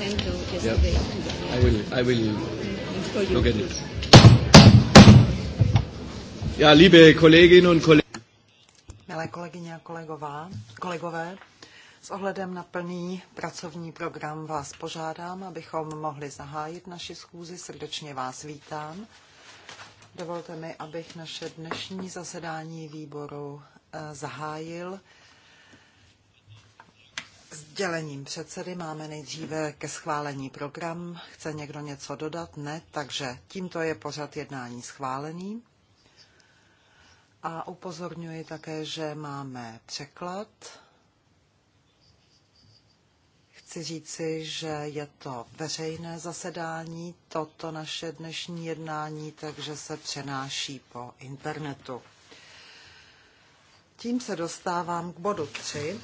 sent out yesterday. Yeah. I will, I will look at it. Ja, liebe Kolleginnen und Kollegen. Milé kolegyně a kolegová, kolegové, s ohledem na plný pracovní program vás požádám, abychom mohli zahájit naši schůzi. Srdečně vás vítám. Dovolte mi, abych naše dnešní zasedání výboru eh, zahájil sdělením předsedy máme nejdříve ke schválení program. Chce někdo něco dodat? Ne, takže tímto je pořad jednání schválený. A upozorňuji také, že máme překlad. Chci říci, že je to veřejné zasedání, toto naše dnešní jednání, takže se přenáší po internetu. Tím se dostávám k bodu 3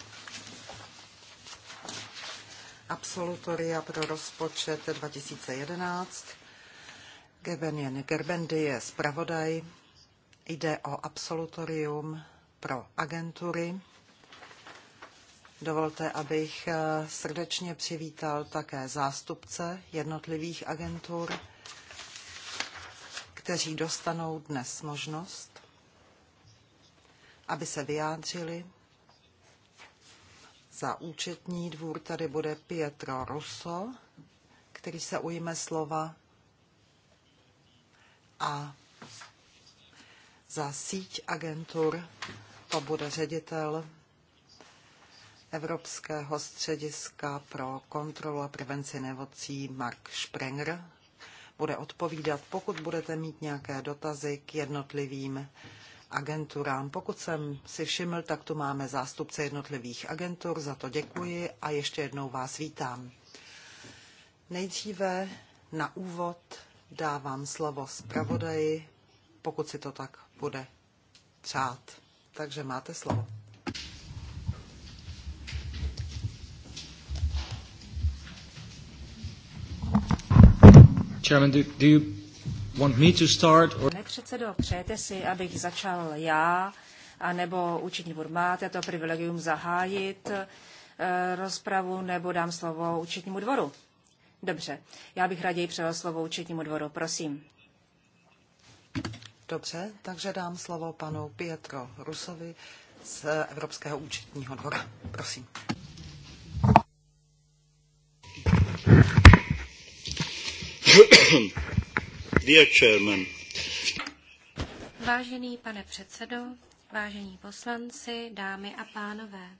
absolutoria pro rozpočet 2011. Gerben Gerbendy je zpravodaj. Jde o absolutorium pro agentury. Dovolte, abych eh, srdečně přivítal také zástupce jednotlivých agentur, kteří dostanou dnes možnost, aby se vyjádřili za účetní dvůr tady bude Pietro Russo, který se ujme slova. A za síť agentur to bude ředitel Evropského střediska pro kontrolu a prevenci nevocí Mark Sprenger bude odpovídat, pokud budete mít nějaké dotazy k jednotlivým agenturám. Pokud jsem si všiml, tak tu máme zástupce jednotlivých agentur, za to děkuji a ještě jednou vás vítám. Nejdříve na úvod dávám slovo zpravodaji, pokud si to tak bude přát. Takže máte slovo. Chairman, do, do you want me to start? Or... Pane předsedo, přejete si, abych začal já, anebo účetní dvůr máte to privilegium zahájit eh, rozpravu, nebo dám slovo účetnímu dvoru? Dobře, já bych raději předal slovo účetnímu dvoru, prosím. Dobře, takže dám slovo panu Pietro Rusovi z Evropského účetního dvora. Prosím. Dear Chairman. Vážený pane předsedo, vážení poslanci, dámy a pánové.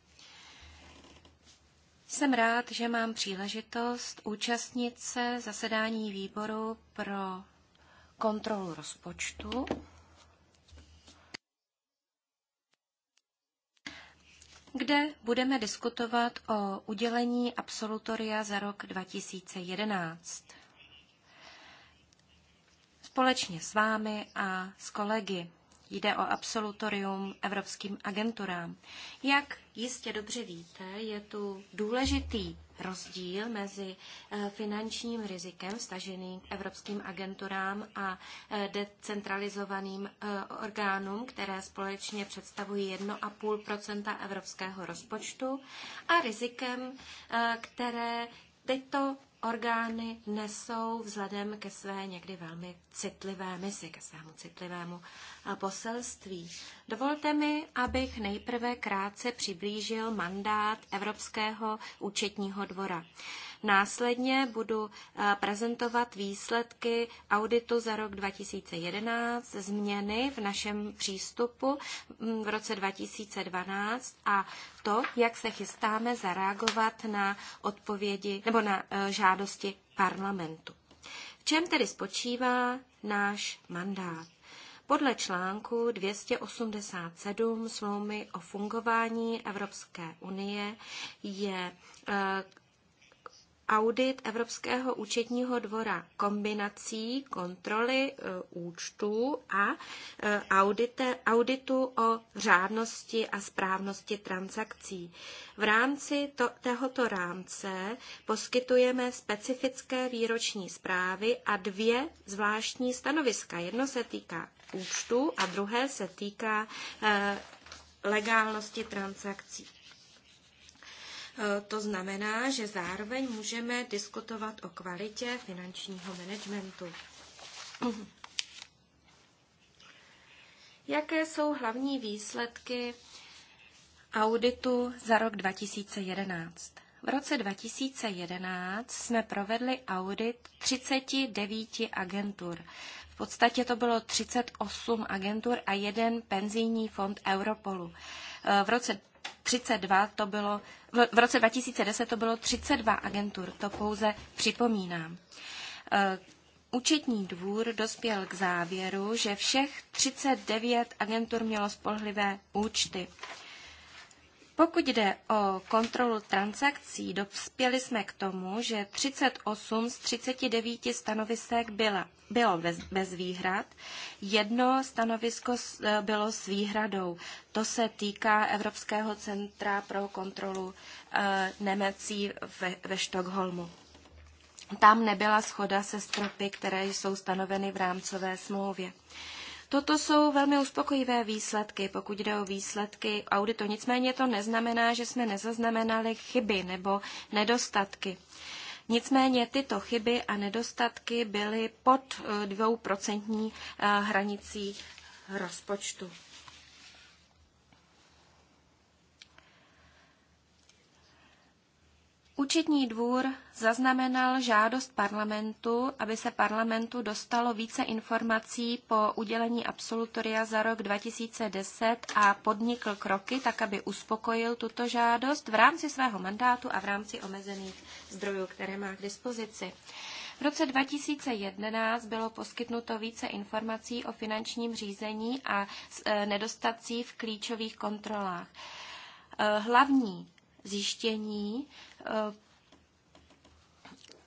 Jsem rád, že mám příležitost účastnit se zasedání výboru pro kontrolu rozpočtu. kde budeme diskutovat o udělení absolutoria za rok 2011 společně s vámi a s kolegy. Jde o absolutorium evropským agenturám. Jak jistě dobře víte, je tu důležitý rozdíl mezi eh, finančním rizikem staženým k evropským agenturám a eh, decentralizovaným eh, orgánům, které společně představují 1,5 evropského rozpočtu, a rizikem, které tyto orgány nesou vzhledem ke své někdy velmi citlivé misi, ke svému citlivému eh, poselství. Dovolte mi, abych nejprve krátce přiblížil mandát Evropského účetního dvora. Následně budu eh, prezentovat výsledky auditu za rok 2011, změny v našem přístupu mm, v roce 2012 a to, jak se chystáme zareagovat na odpovědi nebo na eh, žádosti parlamentu. V čem tedy spočívá náš mandát? podle článku 287 smlouvy o fungování Evropské unie je eh, audit Evropského účetního dvora kombinací kontroly e, účtů a e, audite, auditu o řádnosti a správnosti transakcí. V rámci to, tohoto rámce poskytujeme specifické výroční zprávy a dvě zvláštní stanoviska. Jedno se týká účtu a druhé se týká e, legálnosti transakcí. To znamená, že zároveň můžeme diskutovat o kvalitě finančního managementu. Jaké jsou hlavní výsledky auditu za rok 2011? V roce 2011 jsme provedli audit 39 agentur. V podstatě to bylo 38 agentur a jeden penzijní fond Europolu. Eh, v roce 32 to bylo, v roce 2010 to bylo 32 agentur, to pouze připomínám. E, účetní dvůr dospěl k závěru, že všech 39 agentur mělo spolehlivé účty. Pokud jde o kontrolu transakcí, dospěli jsme k tomu, že 38 z 39 stanovisek byla, bylo bez, bez výhrad, jedno stanovisko e, bylo s výhradou. To se týká Evropského centra pro kontrolu e, nemecí ve, ve Štokholmu. Tam nebyla schoda se stropy, které jsou stanoveny v rámcové smlouvě. E, Toto jsou velmi uspokojivé výsledky, pokud jde o výsledky auditu. Nicméně to neznamená, že jsme nezaznamenali chyby nebo nedostatky. Nicméně tyto chyby a nedostatky byly pod eh, dvouprocentní eh, hranicí rozpočtu. Účetní dvůr zaznamenal žádost parlamentu, aby se parlamentu dostalo více informací po udělení absolutoria za rok 2010 a podnikl kroky tak, aby uspokojil tuto žádost v rámci svého mandátu a v rámci omezených zdrojů, které má k dispozici. V roce 2011 bylo poskytnuto více informací o finančním řízení a e, nedostatcích v klíčových kontrolách. E, hlavní zjištění, eh,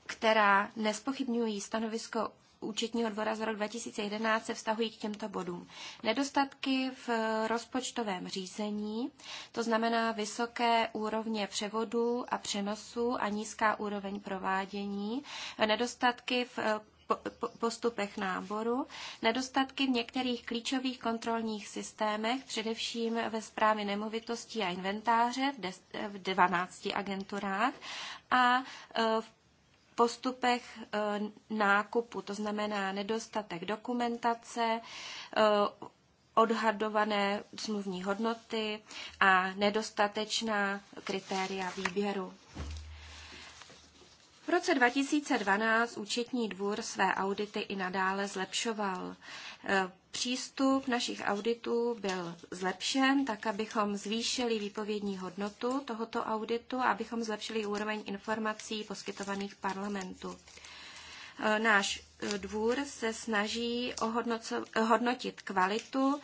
která nespochybňují stanovisko účetního dvora z roku 2011 se vztahují k těmto bodům. Nedostatky v rozpočtovém řízení, to znamená vysoké úrovně převodu a přenosu a nízká úroveň provádění, nedostatky v postupech náboru, nedostatky v některých klíčových kontrolních systémech, především ve zprávě nemovitostí a inventáře v 12 agenturách a e, v postupech e, nákupu, to znamená nedostatek dokumentace, e, odhadované smluvní hodnoty a nedostatečná kritéria výběru. V roce 2012 účetní dvůr své audity i nadále zlepšoval. E, přístup našich auditů byl zlepšen, tak abychom zvýšili výpovědní hodnotu tohoto auditu a abychom zlepšili úroveň informací poskytovaných parlamentu. E, náš e, dvůr se snaží hodnotit kvalitu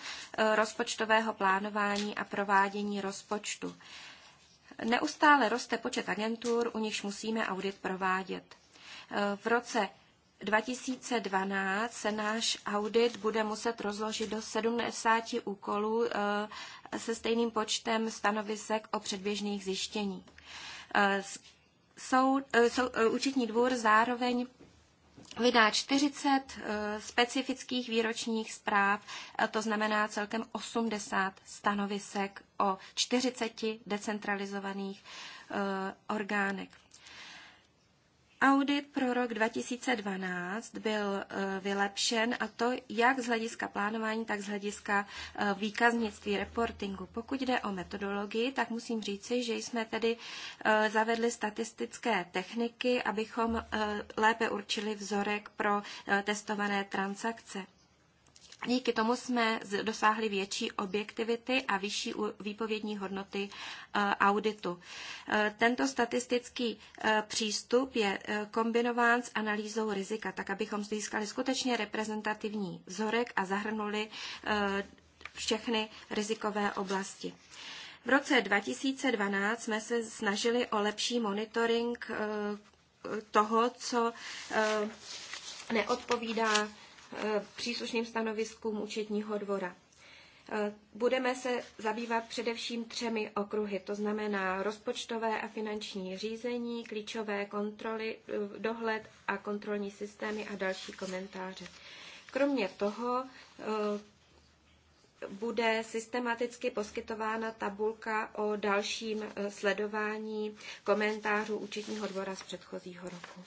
rozpočtového plánování a provádění rozpočtu. Neustále roste počet agentur, u nichž musíme audit provádět. E, v roce 2012 se náš audit bude muset rozložit do 70 úkolů e, se stejným počtem stanovisek o předběžných zjištění. E, Soud, sou, účetní dvůr zároveň vydá 40 eh, specifických výročních zpráv, to znamená celkem 80 stanovisek o 40 decentralizovaných eh, orgánech. Audit pro rok 2012 byl eh, vylepšen a to jak z hlediska plánování, tak z hlediska eh, výkaznictví, reportingu. Pokud jde o metodologii, tak musím říci, že jsme tedy eh, zavedli statistické techniky, abychom lépe určili vzorek pro testované transakce. Díky tomu jsme dosáhli větší objektivity a vyšší výpovědní hodnoty e, auditu. E, tento statistický e, přístup je kombinován s analýzou rizika, tak abychom získali skutečně reprezentativní vzorek a zahrnuli všechny rizikové oblasti. V roce 2012 jsme se snažili o lepší monitoring toho, co neodpovídá Eh, příslušným stanoviskům účetního dvora. Eh, budeme se zabývat především třemi okruhy, to znamená rozpočtové a finanční řízení, klíčové kontroly, eh, dohled a kontrolní systémy a další komentáře. Kromě toho bude systematicky poskytována tabulka o dalším sledování komentářů účetního dvora z předchozího roku.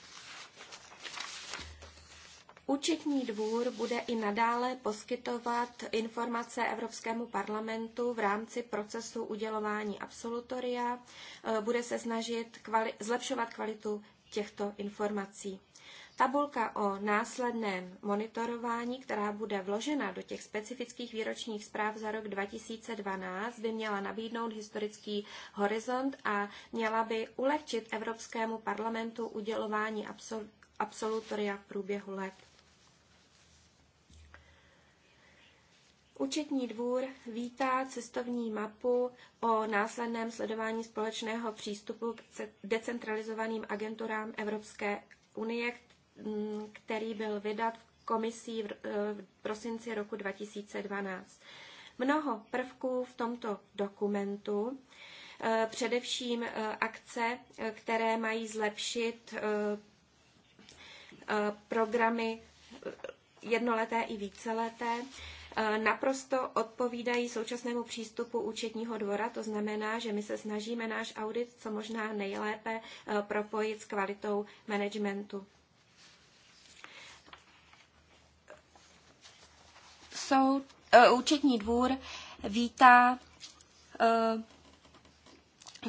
Účetní dvůr bude i nadále poskytovat informace Evropskému parlamentu v rámci procesu udělování absolutoria. Eh, bude se snažit kvali- zlepšovat kvalitu těchto informací. Tabulka o následném monitorování, která bude vložena do těch specifických výročních zpráv za rok 2012, by měla nabídnout historický horizont a měla by ulehčit Evropskému parlamentu udělování absolutoria v průběhu let. Účetní dvůr vítá cestovní mapu o následném sledování společného přístupu k decentralizovaným agenturám Evropské unie, mm, který byl vydat komisí eh, v prosinci roku 2012. Mnoho prvků v tomto dokumentu, eh, především eh, akce, které mají zlepšit programy jednoleté i víceleté, E, naprosto odpovídají současnému přístupu účetního dvora. To znamená, že my se snažíme náš audit co možná nejlépe e, propojit s kvalitou managementu. Soud, e, účetní dvůr vítá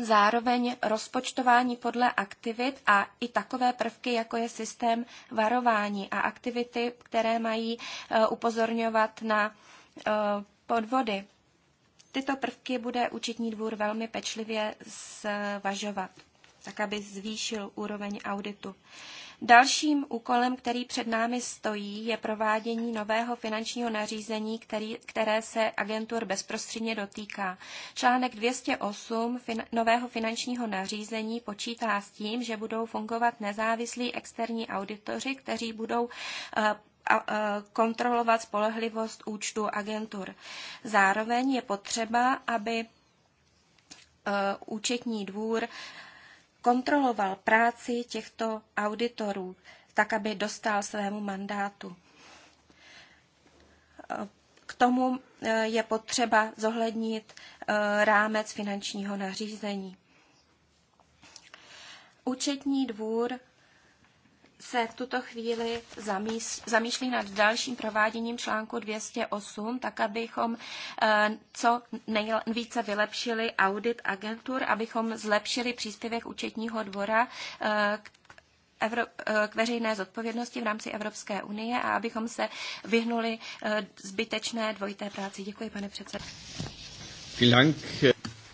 zároveň rozpočtování podle aktivit a i takové prvky, jako je systém varování a aktivity, které mají e, upozorňovat na e, podvody. Tyto prvky bude účetní dvůr velmi pečlivě zvažovat, tak aby zvýšil úroveň auditu. Dalším úkolem, který před námi stojí, je provádění nového finančního nařízení, který, které se agentur bezprostředně dotýká. Článek 208 fin, nového finančního nařízení počítá s tím, že budou fungovat nezávislí externí auditoři, kteří budou uh, kontrolovat spolehlivost účtu agentur. Zároveň je potřeba, aby eh, účetní dvůr kontroloval práci těchto auditorů, tak aby dostal svému mandátu. K tomu e, je potřeba zohlednit e, rámec finančního nařízení. Účetní dvůr se v tuto chvíli zamýšlí nad dalším prováděním článku 208, tak abychom eh, co nejvíce vylepšili audit agentur, abychom zlepšili příspěvek účetního dvora eh, k eh, k veřejné zodpovědnosti v rámci Evropské unie a abychom se vyhnuli zbytečné dvojité práci. Děkuji, pane předsedo.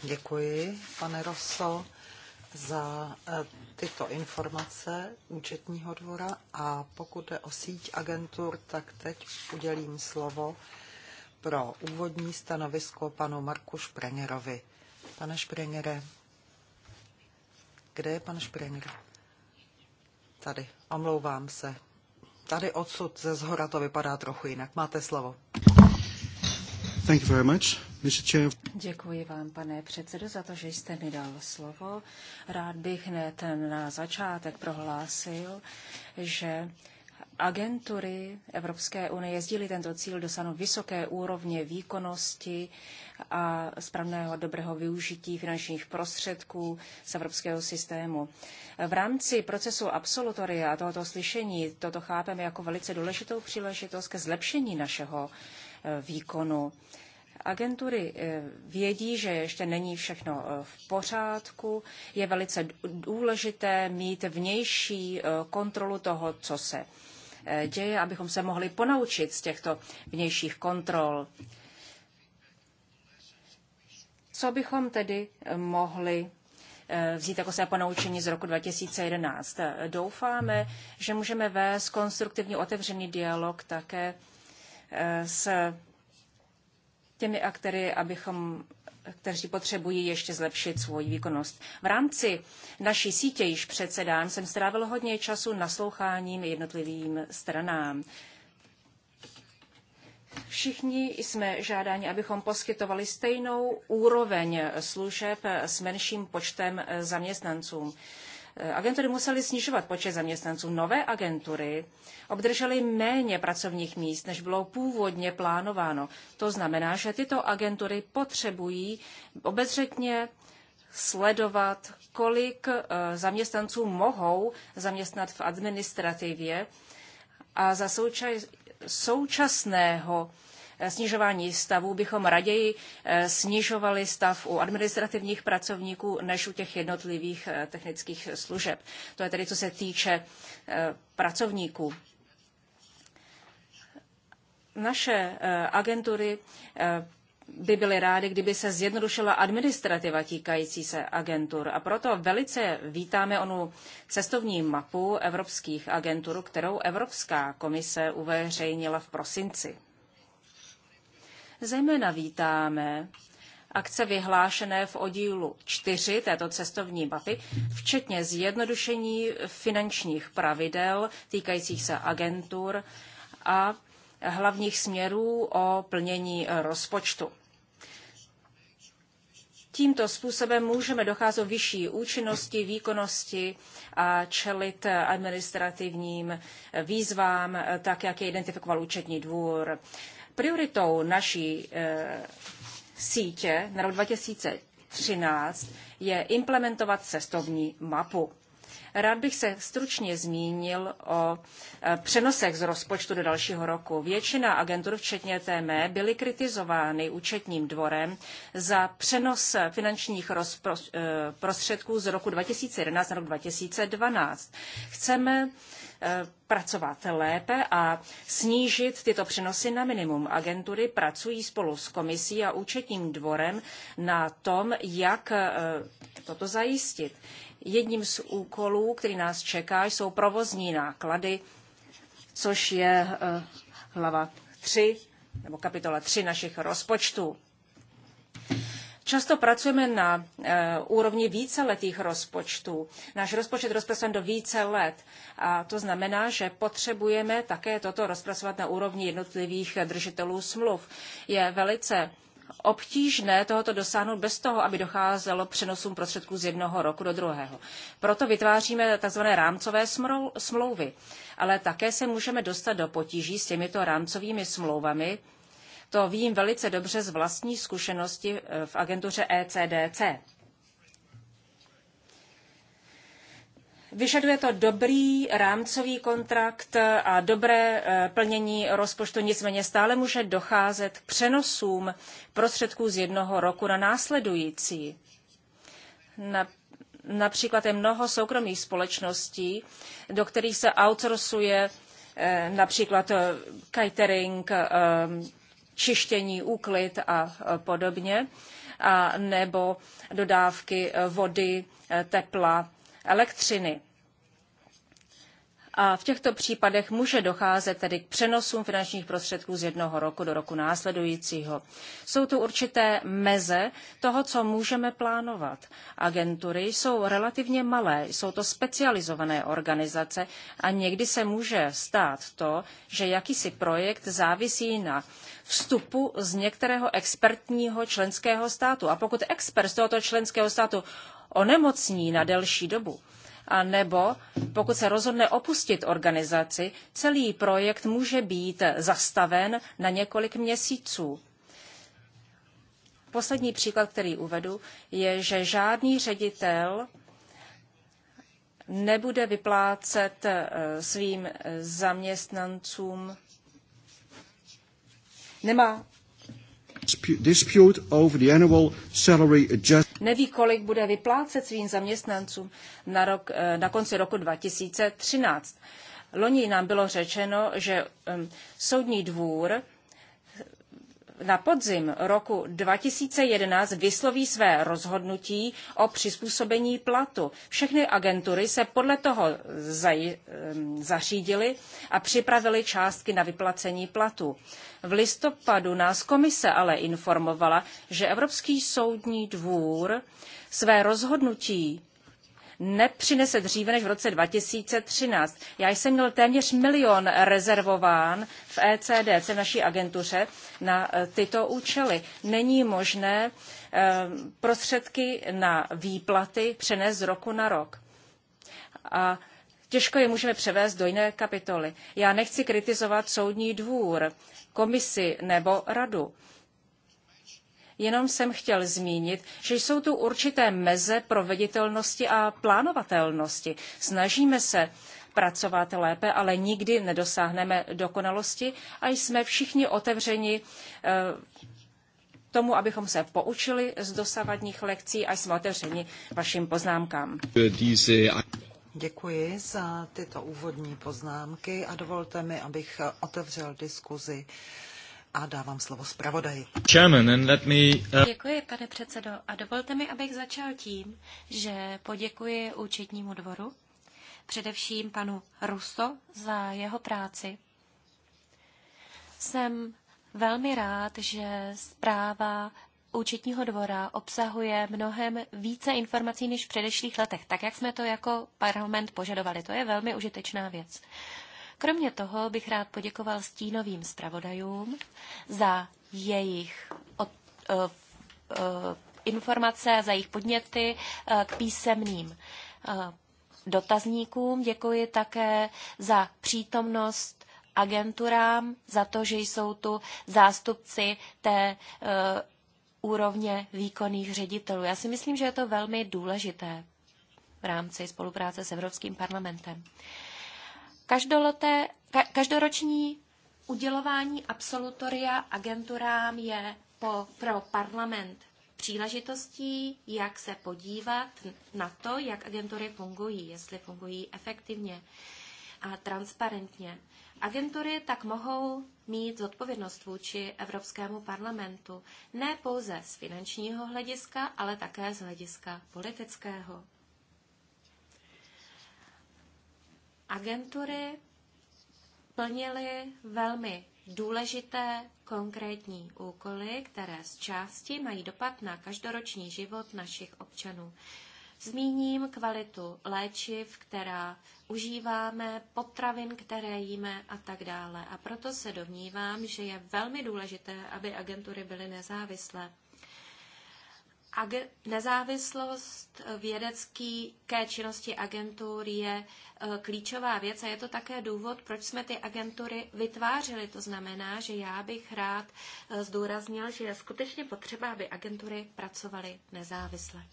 Děkuji, pane Rosso za eh, tyto informace účetního dvora a pokud jde o síť agentur, tak teď udělím slovo pro úvodní stanovisko panu Marku Šprengerovi. Pane Šprengere, kde je pan Šprenger? Tady, omlouvám se. Tady odsud ze zhora to vypadá trochu jinak. Máte slovo. Thank you very much. Děkuji vám, pane předsedo, za to, že jste mi dal slovo. Rád bych hned na začátek prohlásil, že agentury Evropské unie jezdili tento cíl dosáhnout vysoké úrovně výkonnosti a správného dobrého využití finančních prostředků z evropského systému. V rámci procesu absolutoria tohoto slyšení toto chápeme jako velice důležitou příležitost ke zlepšení našeho eh, výkonu. Agentury eh, vědí, že ještě není všechno eh, v pořádku. Je velice důležité mít vnější eh, kontrolu toho, co se děje, abychom se mohli ponaučit z těchto vnějších kontrol. Co bychom tedy mohli vzít jako své ponaučení z roku 2011? Doufáme, že můžeme vést konstruktivní, otevřený dialog také s těmi aktéry, abychom kteří potřebují ještě zlepšit svoji výkonnost. V rámci naší sítě již předsedám jsem strávil hodně času nasloucháním jednotlivým stranám. Všichni jsme žádáni, abychom poskytovali stejnou úroveň služeb s menším počtem zaměstnancům. Eh, agentury musely snižovat počet zaměstnanců. Nové agentury obdržely méně pracovních míst, než bylo původně plánováno. To znamená, že tyto agentury potřebují obezřetně sledovat, kolik eh, zaměstnanců mohou zaměstnat v administrativě a za současného Eh, snižování stavů bychom raději eh, snižovali stav u administrativních pracovníků než u těch jednotlivých eh, technických služeb. To je tedy, co se týče pracovníků. Naše agentury by byly rádi, kdyby se zjednodušila administrativa týkající se agentur. A proto velice vítáme onu cestovní mapu evropských agentur, kterou Evropská komise uveřejnila v prosinci. Zejména vítáme akce vyhlášené v oddílu 4 této cestovní mapy, včetně zjednodušení finančních pravidel týkajících se agentur a hlavních směrů o plnění rozpočtu. Tímto způsobem můžeme docházet vyšší účinnosti, výkonnosti a čelit administrativním výzvám, tak jak je identifikoval účetní dvůr. Prioritou naší eh, sítě na rok 2013 je implementovat cestovní mapu. Rád bych se stručně zmínil o eh, přenosech z rozpočtu do dalšího roku. Většina agentur, včetně té mé, byly kritizovány účetním dvorem za přenos finančních eh, prostředků z roku 2011 na rok 2012. Chceme Eh, pracovat lépe a snížit tyto přenosy na minimum. Agentury pracují spolu s komisí a účetním dvorem na tom, jak eh, toto zajistit. Jedním z úkolů, který nás čeká, jsou provozní náklady, což je eh, hlava 3 nebo kapitola 3 našich rozpočtů. Často pracujeme na e, úrovni víceletých rozpočtů. Náš rozpočet rozpracovan do více let a to znamená, že potřebujeme také toto rozpracovat na úrovni jednotlivých držitelů smluv. Je velice obtížné tohoto dosáhnout bez toho, aby docházelo přenosům prostředků z jednoho roku do druhého. Proto vytváříme tzv. rámcové smlouvy, ale také se můžeme dostat do potíží s těmito rámcovými smlouvami, to vím velice dobře z vlastní zkušenosti eh, v agentuře ECDC. Vyžaduje to dobrý rámcový kontrakt a dobré eh, plnění rozpočtu, nicméně stále může docházet k přenosům prostředků z jednoho roku na následující. Na, například je mnoho soukromých společností, do kterých se outsourcuje eh, například catering, čištění, úklid a e, podobně, a nebo dodávky e, vody, e, tepla, elektřiny a v těchto případech může docházet tedy k přenosům finančních prostředků z jednoho roku do roku následujícího. Jsou tu určité meze toho, co můžeme plánovat. Agentury jsou relativně malé, jsou to specializované organizace a někdy se může stát to, že jakýsi projekt závisí na vstupu z některého expertního členského státu. A pokud expert z tohoto členského státu onemocní na delší dobu, a nebo pokud se rozhodne opustit organizaci, celý projekt může být zastaven na několik měsíců. Poslední příklad, který uvedu, je, že žádný ředitel nebude vyplácet eh, svým eh, zaměstnancům nemá dispute over the annual salary adjustment. Neví, kolik bude vyplácet svým zaměstnancům na, rok, eh, na konci roku 2013. Loni nám bylo řečeno, že soudní dvůr na podzim roku 2011 vysloví své rozhodnutí o přizpůsobení platu. Všechny agentury se podle toho zaj, zařídily a připravily částky na vyplacení platu. V listopadu nás komise ale informovala, že Evropský soudní dvůr své rozhodnutí nepřinese dříve než v roce 2013. Já jsem měl téměř milion rezervován v ECDC, v naší agentuře, na eh, tyto účely. Není možné eh, prostředky na výplaty přenést z roku na rok. A těžko je můžeme převést do jiné kapitoly. Já nechci kritizovat soudní dvůr, komisi nebo radu. Jenom jsem chtěl zmínit, že jsou tu určité meze proveditelnosti a plánovatelnosti. Snažíme se pracovat lépe, ale nikdy nedosáhneme dokonalosti a jsme všichni otevřeni eh, tomu, abychom se poučili z dosavadních lekcí a jsme otevřeni vašim poznámkám. Děkuji za tyto úvodní poznámky a dovolte mi, abych otevřel diskuzi a dávám slovo zpravodaji. Uh, Děkuji, pane předsedo, a dovolte mi, abych začal tím, že poděkuji účetnímu dvoru, především panu Russo za jeho práci. Jsem velmi rád, že zpráva účetního dvora obsahuje mnohem více informací než v předešlých letech, tak jak jsme to jako parlament požadovali. To je velmi užitečná věc. Kromě toho bych rád poděkoval stínovým zpravodajům za jejich od, uh, uh, informace, za jejich podněty uh, k písemným uh, dotazníkům. Děkuji také za přítomnost agenturám, za to, že jsou tu zástupci té e, úrovně výkonných ředitelů. Já si myslím, že je to velmi důležité v rámci spolupráce s Evropským parlamentem. E, Každoloté, ka, každoroční udělování absolutoria agenturám je po, pro parlament příležitostí, jak se podívat na to, jak agentury fungují, jestli fungují efektivně a transparentně. Agentury tak mohou mít zodpovědnost vůči Evropskému parlamentu ne pouze z finančního hlediska, ale také z hlediska politického. agentury plnily velmi důležité konkrétní úkoly, které z části mají dopad na každoroční život našich občanů. Zmíním kvalitu léčiv, která užíváme, potravin, které jíme a tak dále. A proto se domnívám, že je velmi důležité, aby agentury byly nezávislé nezávislost vědecké činnosti agentur je e, klíčová věc a je to také důvod, proč jsme ty agentury vytvářeli. To znamená, že já bych rád e, zdůraznil, že je skutečně potřeba, aby agentury pracovaly nezávisle.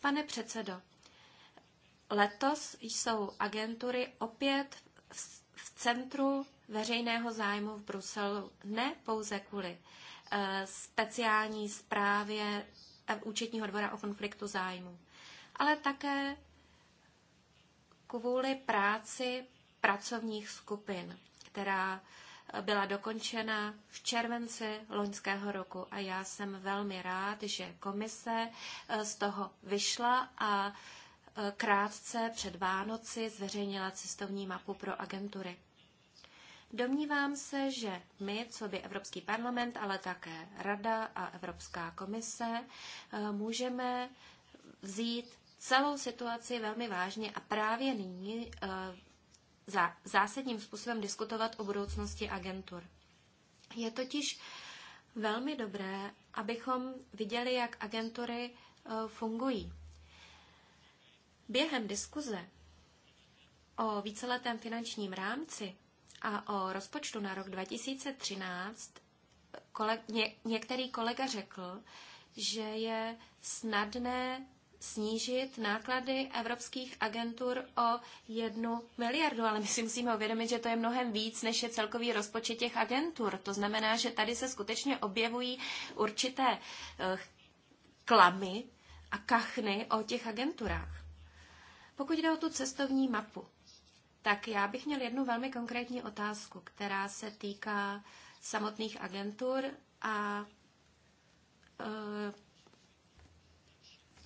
Pane předsedo, letos jsou agentury opět v centru veřejného zájmu v Bruselu, ne pouze kvůli e, speciální zprávě účetního dvora o konfliktu zájmů, ale také kvůli práci pracovních skupin, která byla dokončena v červenci loňského roku a já jsem velmi rád, že komise eh, z toho vyšla a eh, krátce před Vánoci zveřejnila cestovní mapu pro agentury. Domnívám se, že my, co by Evropský parlament, ale také Rada a Evropská komise, eh, můžeme vzít celou situaci velmi vážně a právě nyní eh, zásadním způsobem diskutovat o budoucnosti agentur. Je totiž velmi dobré, abychom viděli, jak agentury eh, fungují. Během diskuze o víceletém finančním rámci a o rozpočtu na rok 2013 kole, ně, některý kolega řekl, že je snadné snížit náklady evropských agentur o jednu miliardu, ale my si musíme uvědomit, že to je mnohem víc, než je celkový rozpočet těch agentur. To znamená, že tady se skutečně objevují určité eh, klamy a kachny o těch agenturách. Pokud jde o tu cestovní mapu, tak já bych měl jednu velmi konkrétní otázku, která se týká samotných agentur a e,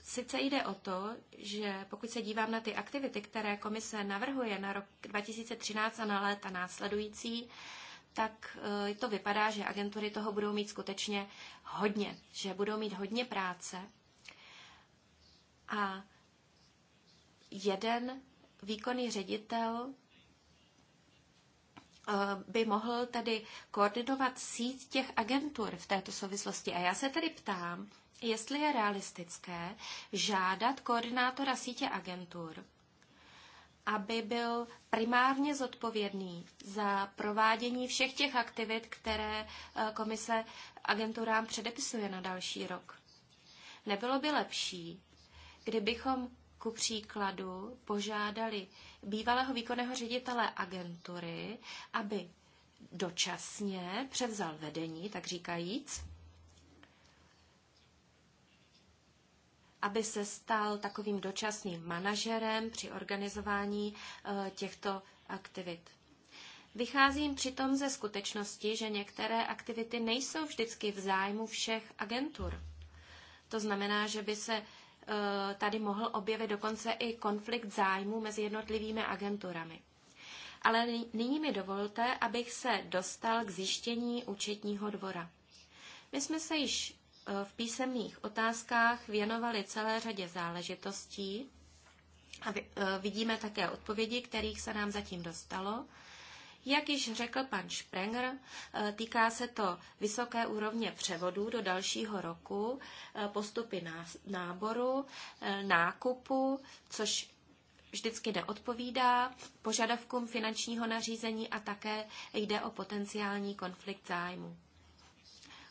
sice jde o to, že pokud se dívám na ty aktivity, které komise navrhuje na rok 2013 a na léta následující, tak e, to vypadá, že agentury toho budou mít skutečně hodně, že budou mít hodně práce. A jeden výkonný ředitel eh, by mohl tedy koordinovat síť těch agentur v této souvislosti. A já se tedy ptám, jestli je realistické žádat koordinátora sítě agentur, aby byl primárně zodpovědný za provádění všech těch aktivit, které eh, komise agenturám předepisuje na další rok. Nebylo by lepší, kdybychom ku příkladu požádali bývalého výkonného ředitele agentury, aby dočasně převzal vedení, tak říkajíc, aby se stal takovým dočasným manažerem při organizování eh, těchto aktivit. Vycházím přitom ze skutečnosti, že některé aktivity nejsou vždycky v zájmu všech agentur. To znamená, že by se Eh, tady mohl objevit dokonce i konflikt zájmů mezi jednotlivými agenturami. Ale nyní mi dovolte, abych se dostal k zjištění účetního dvora. My jsme se již eh, v písemných otázkách věnovali celé řadě záležitostí a eh, vidíme také odpovědi, kterých se nám zatím dostalo. Jak již řekl pan Sprenger, eh, týká se to vysoké úrovně převodů do dalšího roku, eh, postupy náboru, eh, nákupu, což vždycky neodpovídá požadavkům finančního nařízení a také jde o potenciální konflikt zájmu.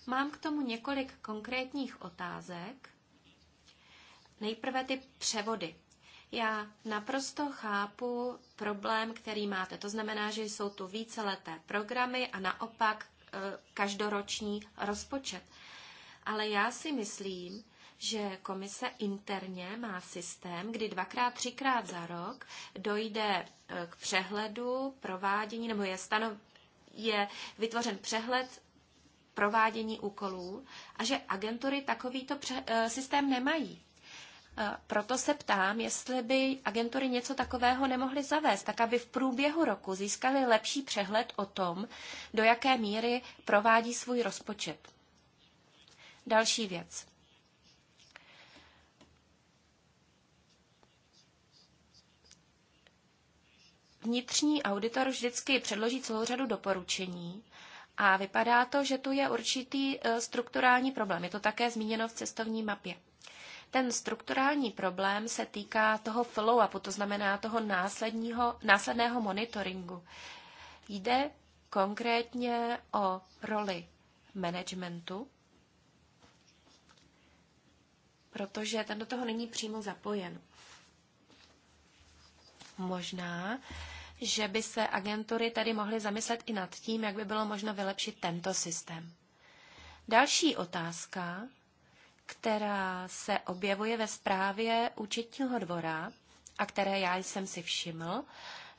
Mám k tomu několik konkrétních otázek. Nejprve ty převody já naprosto chápu problém, který máte. To znamená, že jsou tu víceleté programy a naopak e, každoroční rozpočet. Ale já si myslím, že komise interně má systém, kdy dvakrát, třikrát za rok dojde e, k přehledu provádění, nebo je, stanov, je vytvořen přehled provádění úkolů a že agentury takovýto pře, e, systém nemají. Proto se ptám, jestli by agentury něco takového nemohly zavést, tak aby v průběhu roku získali lepší přehled o tom, do jaké míry provádí svůj rozpočet. Další věc. Vnitřní auditor vždycky předloží celou řadu doporučení a vypadá to, že tu je určitý e, strukturální problém. Je to také zmíněno v cestovní mapě. Ten strukturální problém se týká toho follow-upu, to znamená toho následního, následného monitoringu. Jde konkrétně o roli managementu, protože ten do toho není přímo zapojen. Možná, že by se agentury tady mohly zamyslet i nad tím, jak by bylo možno vylepšit tento systém. Další otázka, která se objevuje ve zprávě účetního dvora a které já jsem si všiml,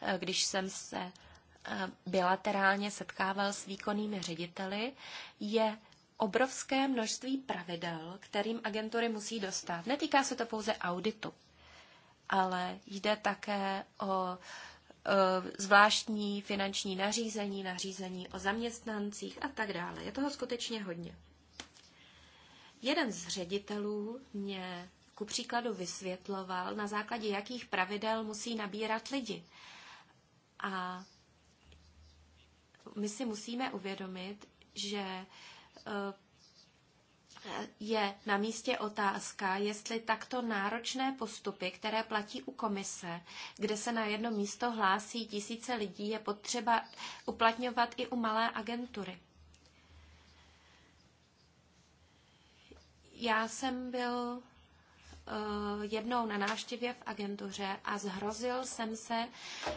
eh, když jsem se eh, bilaterálně setkával s výkonnými řediteli, je obrovské množství pravidel, kterým agentury musí dostat. Netýká se to pouze auditu, ale jde také o eh, zvláštní finanční nařízení, nařízení o zaměstnancích a tak dále. Je toho skutečně hodně. Jeden z ředitelů mě ku příkladu vysvětloval, na základě jakých pravidel musí nabírat lidi. A my si musíme uvědomit, že eh, je na místě otázka, jestli takto náročné postupy, které platí u komise, kde se na jedno místo hlásí tisíce lidí, je potřeba uplatňovat i u malé agentury. Já jsem byl eh, jednou na návštěvě v agentuře a zhrozil jsem se, eh,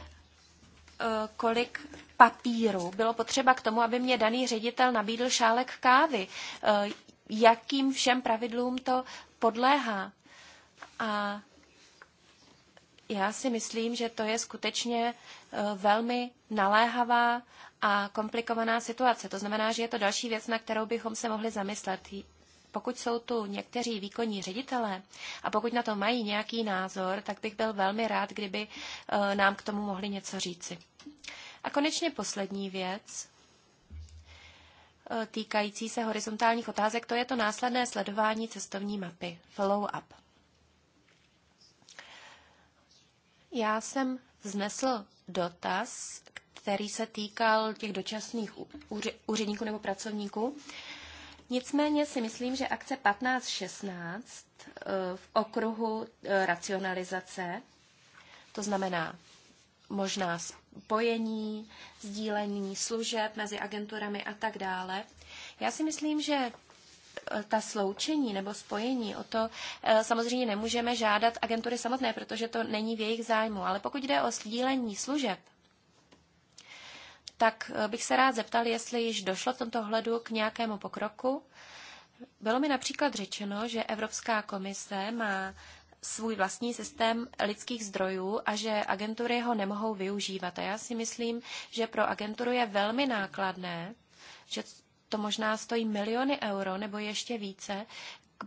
kolik papíru bylo potřeba k tomu, aby mě daný ředitel nabídl šálek kávy. Eh, jakým všem pravidlům to podléhá? A já si myslím, že to je skutečně velmi naléhavá a komplikovaná situace. To znamená, že je to další věc, na kterou bychom se mohli zamyslet pokud jsou tu někteří výkonní ředitelé a pokud na to mají nějaký názor, tak bych byl velmi rád, kdyby eh, nám k tomu mohli něco říci. A konečně poslední věc eh, týkající se horizontálních otázek, to je to následné sledování cestovní mapy, follow-up. Já jsem vznesl dotaz, který se týkal těch dočasných úředníků nebo pracovníků. Nicméně si myslím, že akce 15-16 eh, v okruhu eh, racionalizace, to znamená možná spojení, sdílení služeb mezi agenturami a tak dále. Já si myslím, že eh, ta sloučení nebo spojení, o to samozřejmě nemůžeme žádat agentury samotné, protože to není v jejich zájmu. Ale pokud jde o sdílení služeb, tak eh, bych se rád zeptal, jestli již došlo v tomto hledu k nějakému pokroku. Bylo mi například řečeno, že Evropská komise má svůj vlastní systém lidských zdrojů a že agentury ho nemohou využívat. A já si myslím, že pro agenturu je velmi nákladné, že to možná stojí miliony euro nebo ještě více,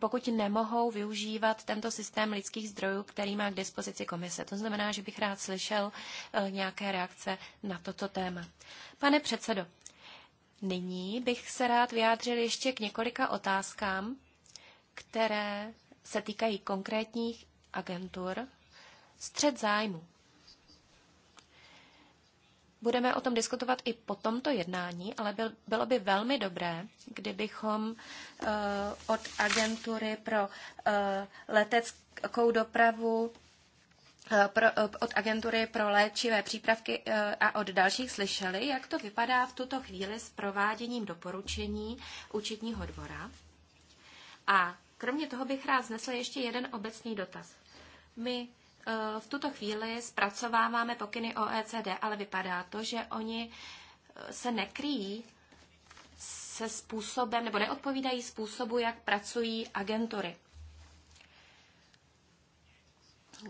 pokud nemohou využívat tento systém lidských zdrojů, který má k dispozici komise. To znamená, že bych rád slyšel eh, nějaké reakce na toto téma. Pane předsedo, nyní bych se rád vyjádřil ještě k několika otázkám, které se týkají konkrétních agentur. Střed zájmu. Budeme o tom diskutovat i po tomto jednání, ale byl, bylo by velmi dobré, kdybychom uh, od agentury pro uh, leteckou dopravu eh, pro, od agentury pro léčivé přípravky a od dalších slyšeli, jak to vypadá v tuto chvíli s prováděním doporučení účetního dvora. A kromě toho bych rád znesla ještě jeden obecný dotaz. My v tuto chvíli zpracováváme pokyny OECD, ale vypadá to, že oni e, se nekryjí se způsobem nebo neodpovídají způsobu, jak pracují agentury.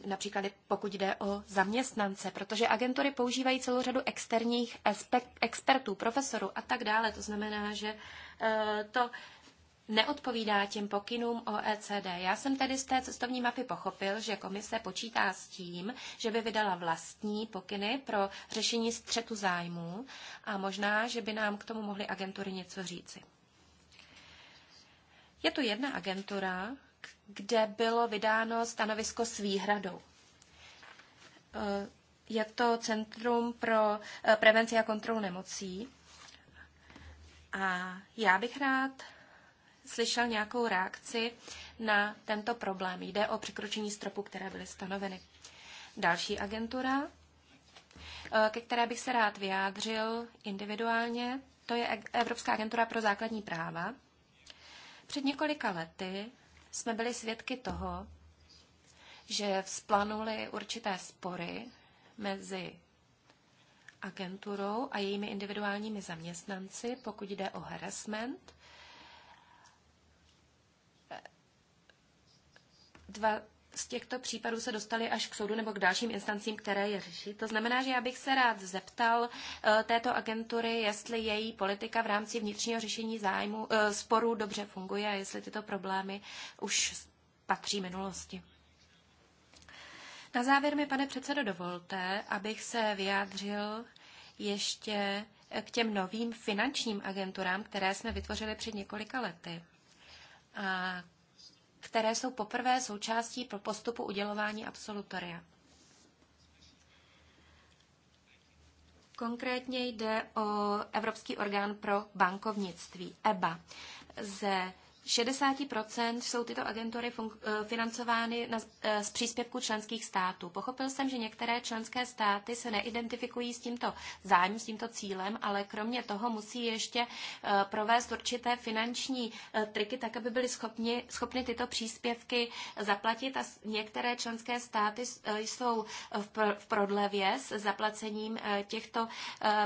Například pokud jde o zaměstnance, protože agentury používají celou řadu externích expertů, profesorů a tak dále. To znamená, že e, to neodpovídá těm pokynům OECD. Já jsem tedy z té cestovní mapy pochopil, že komise počítá s tím, že by vydala vlastní pokyny pro řešení střetu zájmů a možná, že by nám k tomu mohly agentury něco říci. Je tu jedna agentura, kde bylo vydáno stanovisko s výhradou. E, je to Centrum pro e, prevenci a kontrolu nemocí. A já bych rád slyšel nějakou reakci na tento problém. Jde o překročení stropu, které byly stanoveny. Další agentura, eh, ke které bych se rád vyjádřil individuálně, to je e- Evropská agentura pro základní práva. Před několika lety jsme byli svědky toho, že vzplanuly určité spory mezi agenturou a jejími individuálními zaměstnanci, pokud jde o harassment. dva z těchto případů se dostali až k soudu nebo k dalším instancím, které je řeší. To znamená, že já bych se rád zeptal eh, této agentury, jestli její politika v rámci vnitřního řešení zájmu eh, sporů dobře funguje a jestli tyto problémy už patří minulosti. Na závěr mi, pane předsedo, dovolte, abych se vyjádřil ještě k těm novým finančním agenturám, které jsme vytvořili před několika lety a které jsou poprvé součástí pro postupu udělování absolutoria. Konkrétně jde o Evropský orgán pro bankovnictví, EBA. Ze 60% jsou tyto agentury eh, financovány na, eh, z příspěvku členských států. Pochopil jsem, že některé členské státy se neidentifikují s tímto zájmem, s tímto cílem, ale kromě toho musí ještě eh, provést určité finanční triky, tak aby byly schopni, schopny tyto příspěvky zaplatit a některé členské státy jsou v prodlevě s zaplacením těchto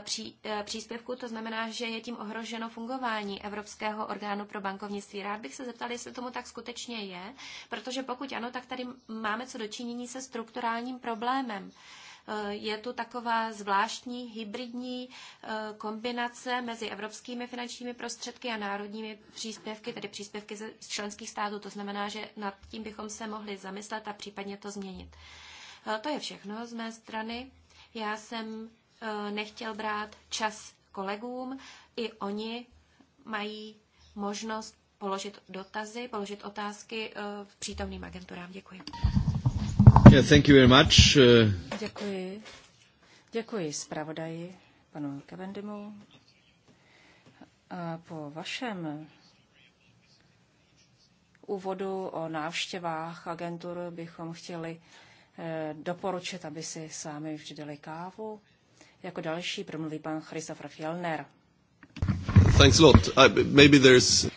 pří, příspěvků. To znamená, že je tím ohroženo fungování Evropského orgánu pro bankovnictví rád bych se zeptal, jestli tomu tak skutečně je, protože pokud ano, tak tady máme co dočinění se strukturálním problémem. Eh, je tu taková zvláštní hybridní eh, kombinace mezi evropskými finančními prostředky a národními příspěvky, tedy příspěvky ze členských států. To znamená, že nad tím bychom se mohli zamyslet a případně to změnit. Eh, to je všechno z mé strany. Já jsem nechtěl brát čas kolegům. I oni mají možnost položit dotazy, položit otázky eh, přítomným agenturám. Děkuji. Yeah, thank you very much. Eh. Děkuji. Děkuji zpravodaji panu Kevendimu. A po vašem úvodu o návštěvách agentur bychom chtěli eh, doporučit, aby si sami vždy dali kávu. Jako další promluví pan Christopher Fjellner. Thanks a lot. I, maybe there's...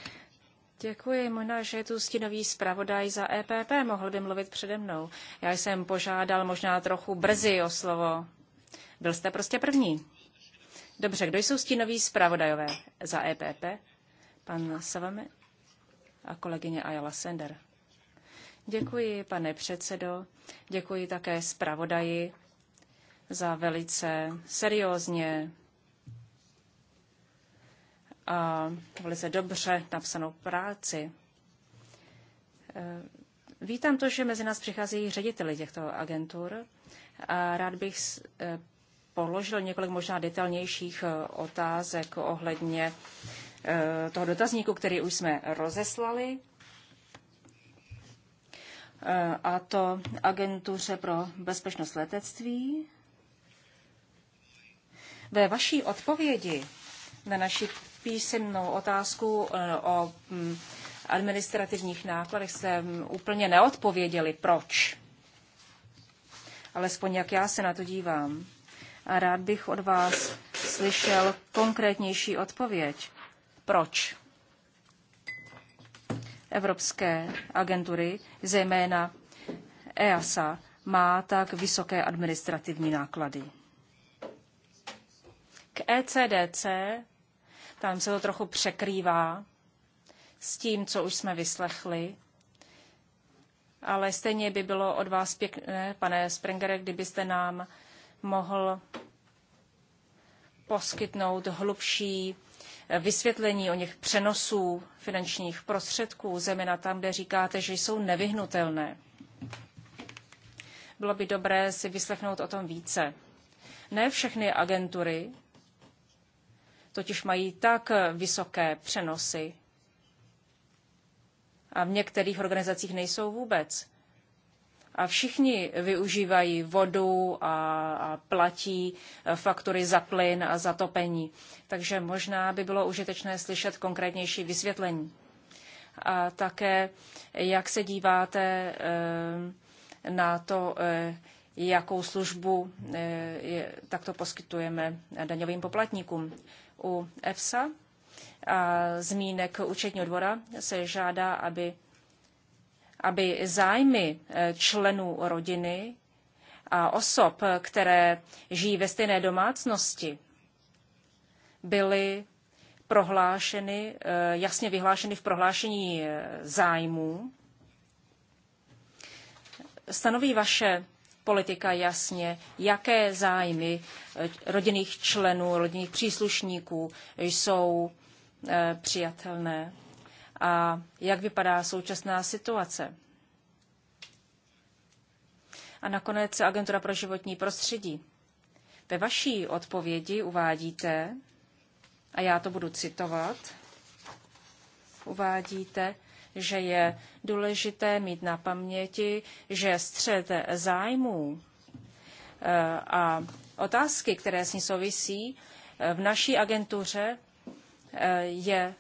Děkuji. Možná, že je tu stinový zpravodaj za EPP, mohl by mluvit přede mnou. Já jsem požádal možná trochu brzy o slovo. Byl jste prostě první. Dobře, kdo jsou stínoví zpravodajové za EPP? Pan Savame a kolegyně Ayala Sender. Děkuji, pane předsedo. Děkuji také zpravodaji za velice seriózně a velice dobře napsanou práci. Eh, vítám to, že mezi nás přicházejí řediteli těchto agentur a rád bych eh, položil několik možná detailnějších eh, otázek ohledně toho dotazníku, který už jsme rozeslali, a to agentuře pro bezpečnost letectví. Ve vaší odpovědi na naši písemnou otázku eh, o mm, administrativních nákladech se úplně neodpověděli. Proč? Alespoň jak já se na to dívám. A rád bych od vás slyšel konkrétnější odpověď. Proč? Evropské agentury, zejména EASA, má tak vysoké administrativní náklady. K ECDC tam se to trochu překrývá s tím, co už jsme vyslechli. Ale stejně by bylo od vás pěkné, pane Sprengere, kdybyste nám mohl poskytnout hlubší vysvětlení o něch přenosů finančních prostředků, na tam, kde říkáte, že jsou nevyhnutelné. Bylo by dobré si vyslechnout o tom více. Ne všechny agentury totiž mají tak vysoké přenosy. A v některých organizacích nejsou vůbec. A všichni využívají vodu a, a platí faktury za plyn a za topení. Takže možná by bylo užitečné slyšet konkrétnější vysvětlení. A také, jak se díváte eh, na to, eh, jakou službu eh, takto poskytujeme daňovým poplatníkům u EFSA a zmínek účetního dvora se žádá, aby, aby zájmy eh, členů rodiny a osob, které žijí ve stejné domácnosti, byly prohlášeny, eh, jasně vyhlášeny v prohlášení eh, zájmů. Stanoví vaše politika jasně, jaké zájmy eh, rodinných členů, rodinných příslušníků jsou eh, přijatelné a jak vypadá současná situace. A nakonec Agentura pro životní prostředí. Ve vaší odpovědi uvádíte, a já to budu citovat, uvádíte, že je důležité mít na paměti, že střed zájmů eh, a otázky, které s ní souvisí, eh, v naší agentuře eh, je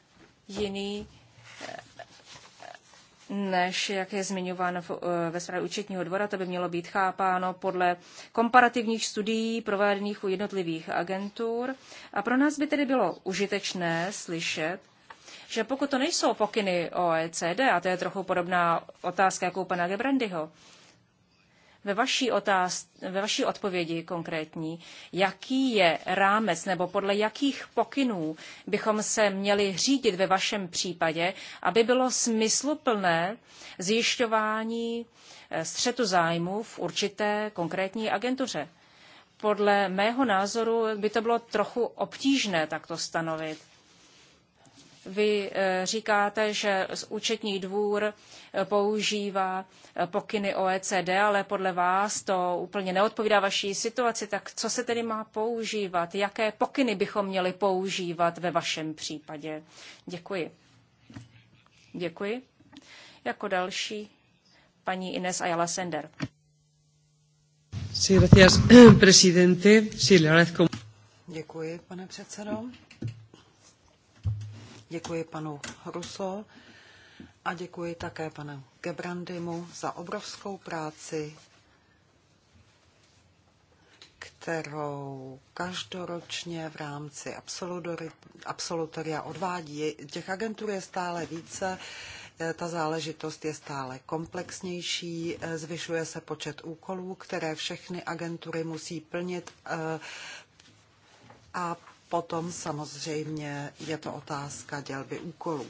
jiný než jak je zmiňováno ve zprávě účetního dvora, to by mělo být chápáno podle komparativních studií provedených u jednotlivých agentur. A pro nás by tedy bylo užitečné slyšet, že pokud to nejsou pokyny OECD, a to je trochu podobná otázka jako u pana Gebrandyho, ve vaší, otáz, ve vaší odpovědi konkrétní, jaký je rámec nebo podle jakých pokynů bychom se měli řídit ve vašem případě, aby bylo smysluplné zjišťování eh, střetu zájmu v určité konkrétní agentuře. Podle mého názoru by to bylo trochu obtížné takto stanovit. Vy eh, říkáte, že účetní dvůr eh, používá eh, pokyny OECD, ale podle vás to úplně neodpovídá vaší situaci. Tak co se tedy má používat? Jaké pokyny bychom měli používat ve vašem případě? Děkuji. Děkuji. Jako další paní Ines Ayala Sender. presidente. Děkuji, pane předsedo. Děkuji panu Ruso a děkuji také panu Gebrandimu za obrovskou práci, kterou každoročně v rámci absolutoria odvádí. Těch agentur je stále více, eh, ta záležitost je stále komplexnější, eh, zvyšuje se počet úkolů, které všechny agentury musí plnit eh, a potom samozřejmě je to otázka dělby úkolů.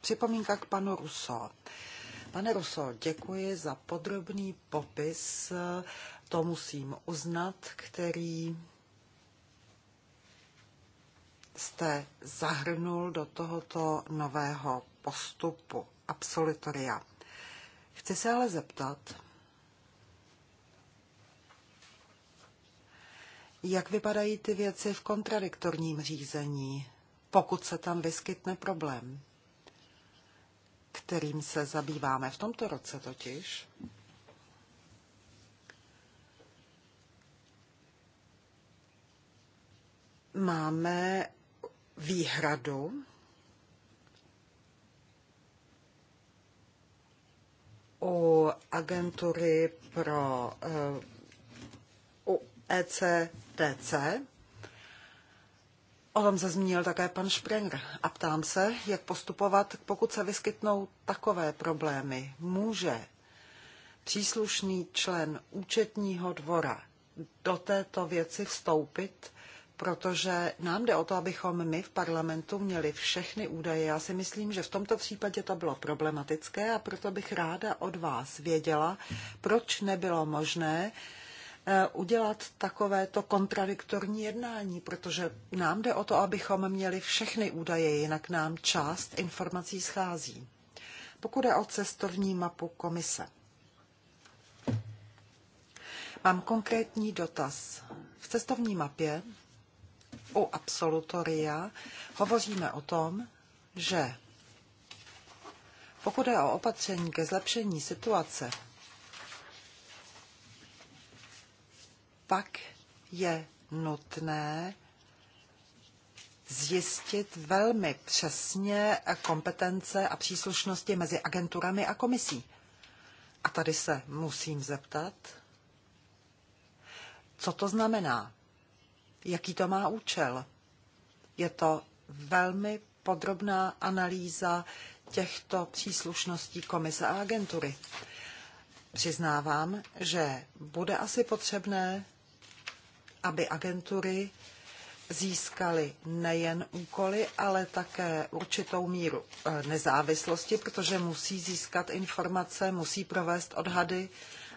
Připomínka k panu Ruso. Pane Ruso, děkuji za podrobný popis, to musím uznat, který jste zahrnul do tohoto nového postupu absolutoria. Chci se ale zeptat, jak vypadají ty věci v kontradiktorním řízení, pokud se tam vyskytne problém, kterým se zabýváme v tomto roce totiž. Máme výhradu u agentury pro eh, u EC TC. O tom se zmínil také pan Sprenger a ptám se, jak postupovat, pokud se vyskytnou takové problémy. Může příslušný člen účetního dvora do této věci vstoupit, protože nám jde o to, abychom my v parlamentu měli všechny údaje. Já si myslím, že v tomto případě to bylo problematické a proto bych ráda od vás věděla, proč nebylo možné Eh, udělat takovéto kontradiktorní jednání, protože nám jde o to, abychom měli všechny údaje, jinak nám část informací schází. Pokud je o cestovní mapu komise. Mám konkrétní dotaz. V cestovní mapě u absolutoria hovoříme o tom, že pokud je o opatření ke zlepšení situace pak je nutné zjistit velmi přesně kompetence a příslušnosti mezi agenturami a komisí. A tady se musím zeptat, co to znamená, jaký to má účel. Je to velmi podrobná analýza těchto příslušností komise a agentury. Přiznávám, že bude asi potřebné aby agentury získaly nejen úkoly, ale také určitou míru eh, nezávislosti, protože musí získat informace, musí provést odhady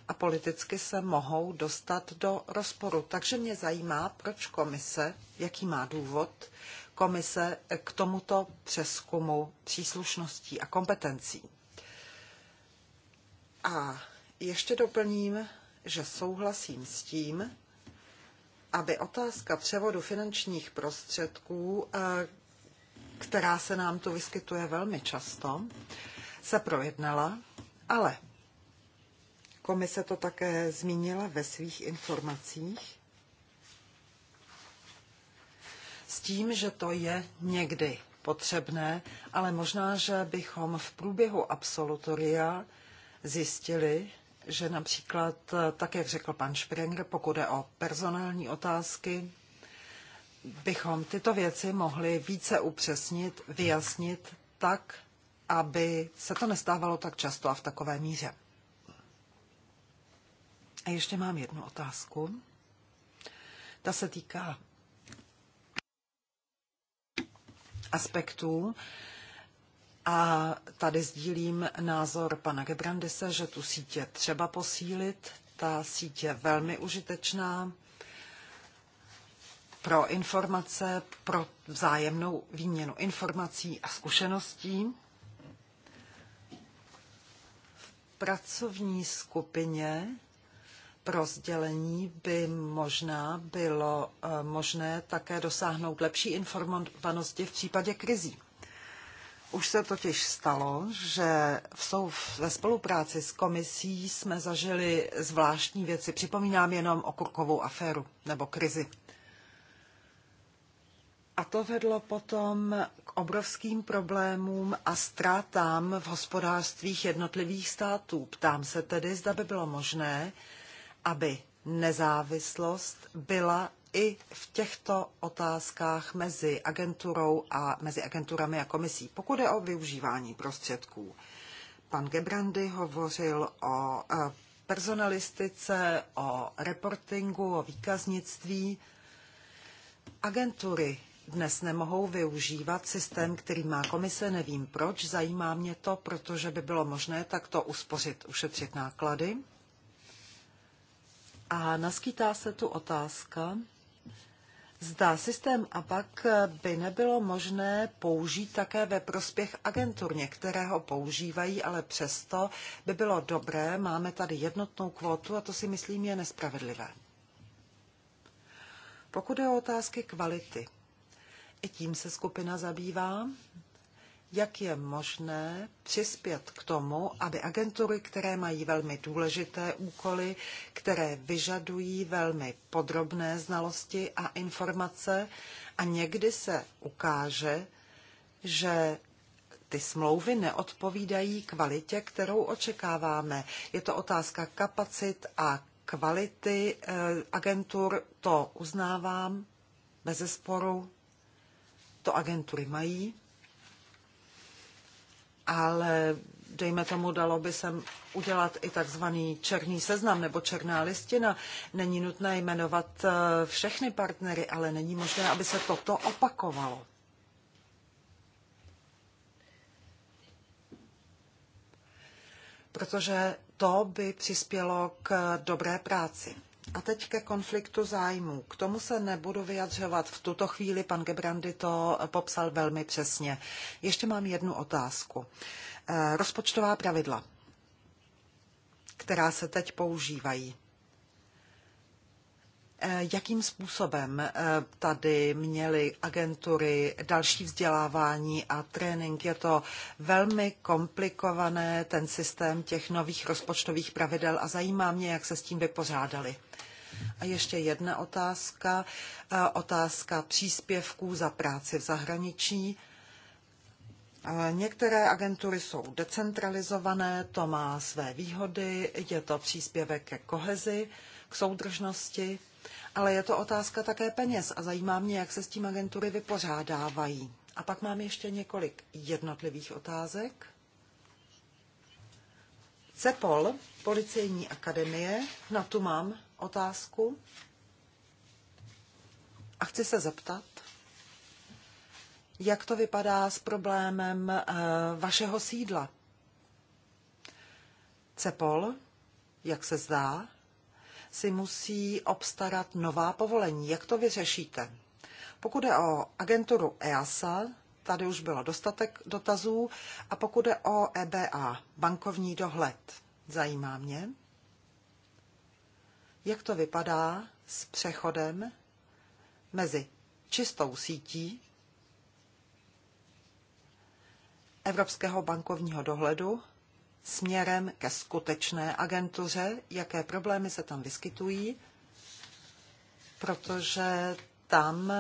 a politicky se mohou dostat do rozporu. Takže mě zajímá, proč komise, jaký má důvod komise k tomuto přeskumu příslušností a kompetencí. A ještě doplním, že souhlasím s tím, aby otázka převodu finančních prostředků, eh, která se nám tu vyskytuje velmi často, se projednala, ale komise to také zmínila ve svých informacích s tím, že to je někdy potřebné, ale možná, že bychom v průběhu absolutoria zjistili, že například, eh, tak jak řekl pan Springer, pokud je o personální otázky, bychom tyto věci mohli více upřesnit, vyjasnit tak, aby se to nestávalo tak často a v takové míře. A ještě mám jednu otázku. Ta se týká aspektů, a tady sdílím názor pana Gebrandise, že tu je třeba posílit. Ta síť je velmi užitečná pro informace, pro vzájemnou výměnu informací a zkušeností. V pracovní skupině pro sdělení by možná bylo eh, možné také dosáhnout lepší informovanosti v případě krizí. Už se totiž stalo, že v sou, ve spolupráci s komisí jsme zažili zvláštní věci. Připomínám jenom o kurkovou aféru nebo krizi. A to vedlo potom k obrovským problémům a ztrátám v hospodářstvích jednotlivých států. Ptám se tedy, zda by bylo možné, aby nezávislost byla i v těchto otázkách mezi agenturou a mezi agenturami a komisí, pokud je o využívání prostředků. Pan Gebrandy hovořil o e, personalistice, o reportingu, o výkaznictví. Agentury dnes nemohou využívat systém, který má komise, nevím proč, zajímá mě to, protože by bylo možné takto uspořit, ušetřit náklady. A naskýtá se tu otázka, zda systém pak by nebylo možné použít také ve prospěch agentur. Některé ho používají, ale přesto by bylo dobré, máme tady jednotnou kvotu a to si myslím je nespravedlivé. Pokud je o otázky kvality, i tím se skupina zabývá jak je možné přispět k tomu, aby agentury, které mají velmi důležité úkoly, které vyžadují velmi podrobné znalosti a informace, a někdy se ukáže, že ty smlouvy neodpovídají kvalitě, kterou očekáváme. Je to otázka kapacit a kvality eh, agentur, to uznávám, bez sporu, to agentury mají, ale dejme tomu, dalo by se udělat i takzvaný černý seznam nebo černá listina. Není nutné jmenovat eh, všechny partnery, ale není možné, aby se toto opakovalo. Protože to by přispělo k dobré práci. A teď ke konfliktu zájmů. K tomu se nebudu vyjadřovat. V tuto chvíli pan Gebrandy to popsal velmi přesně. Ještě mám jednu otázku. Eh, rozpočtová pravidla, která se teď používají. Eh, jakým způsobem eh, tady měly agentury další vzdělávání a trénink. Je to velmi komplikované, ten systém těch nových rozpočtových pravidel a zajímá mě, jak se s tím vypořádali. A ještě jedna otázka, eh, otázka příspěvků za práci v zahraničí. Některé agentury jsou decentralizované, to má své výhody, je to příspěvek ke kohezi, k soudržnosti ale je to otázka také peněz a zajímá mě, jak se s tím agentury vypořádávají. A pak mám ještě několik jednotlivých otázek. CEPOL, Policejní akademie, na tu mám otázku. A chci se zeptat, jak to vypadá s problémem eh, vašeho sídla. CEPOL, jak se zdá, si musí obstarat nová povolení. Jak to vyřešíte? Pokud je o agenturu EASA, tady už bylo dostatek dotazů. A pokud je o EBA, bankovní dohled, zajímá mě, jak to vypadá s přechodem mezi čistou sítí Evropského bankovního dohledu směrem ke skutečné agentuře, jaké problémy se tam vyskytují, protože tam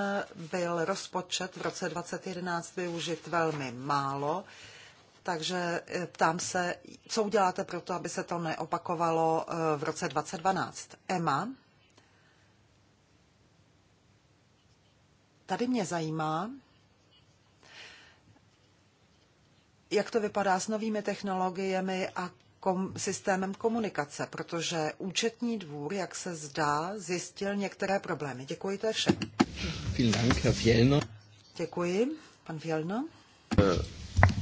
byl rozpočet v roce 2011 využit velmi málo, takže eh, ptám se, co uděláte pro to, aby se to neopakovalo eh, v roce 2012. Emma, tady mě zajímá, jak to vypadá s novými technologiemi a kom, systémem komunikace, protože účetní dvůr, jak se zdá, zjistil některé problémy. Děkuji, to je vše. Děkuji, pan Vělno. Uh,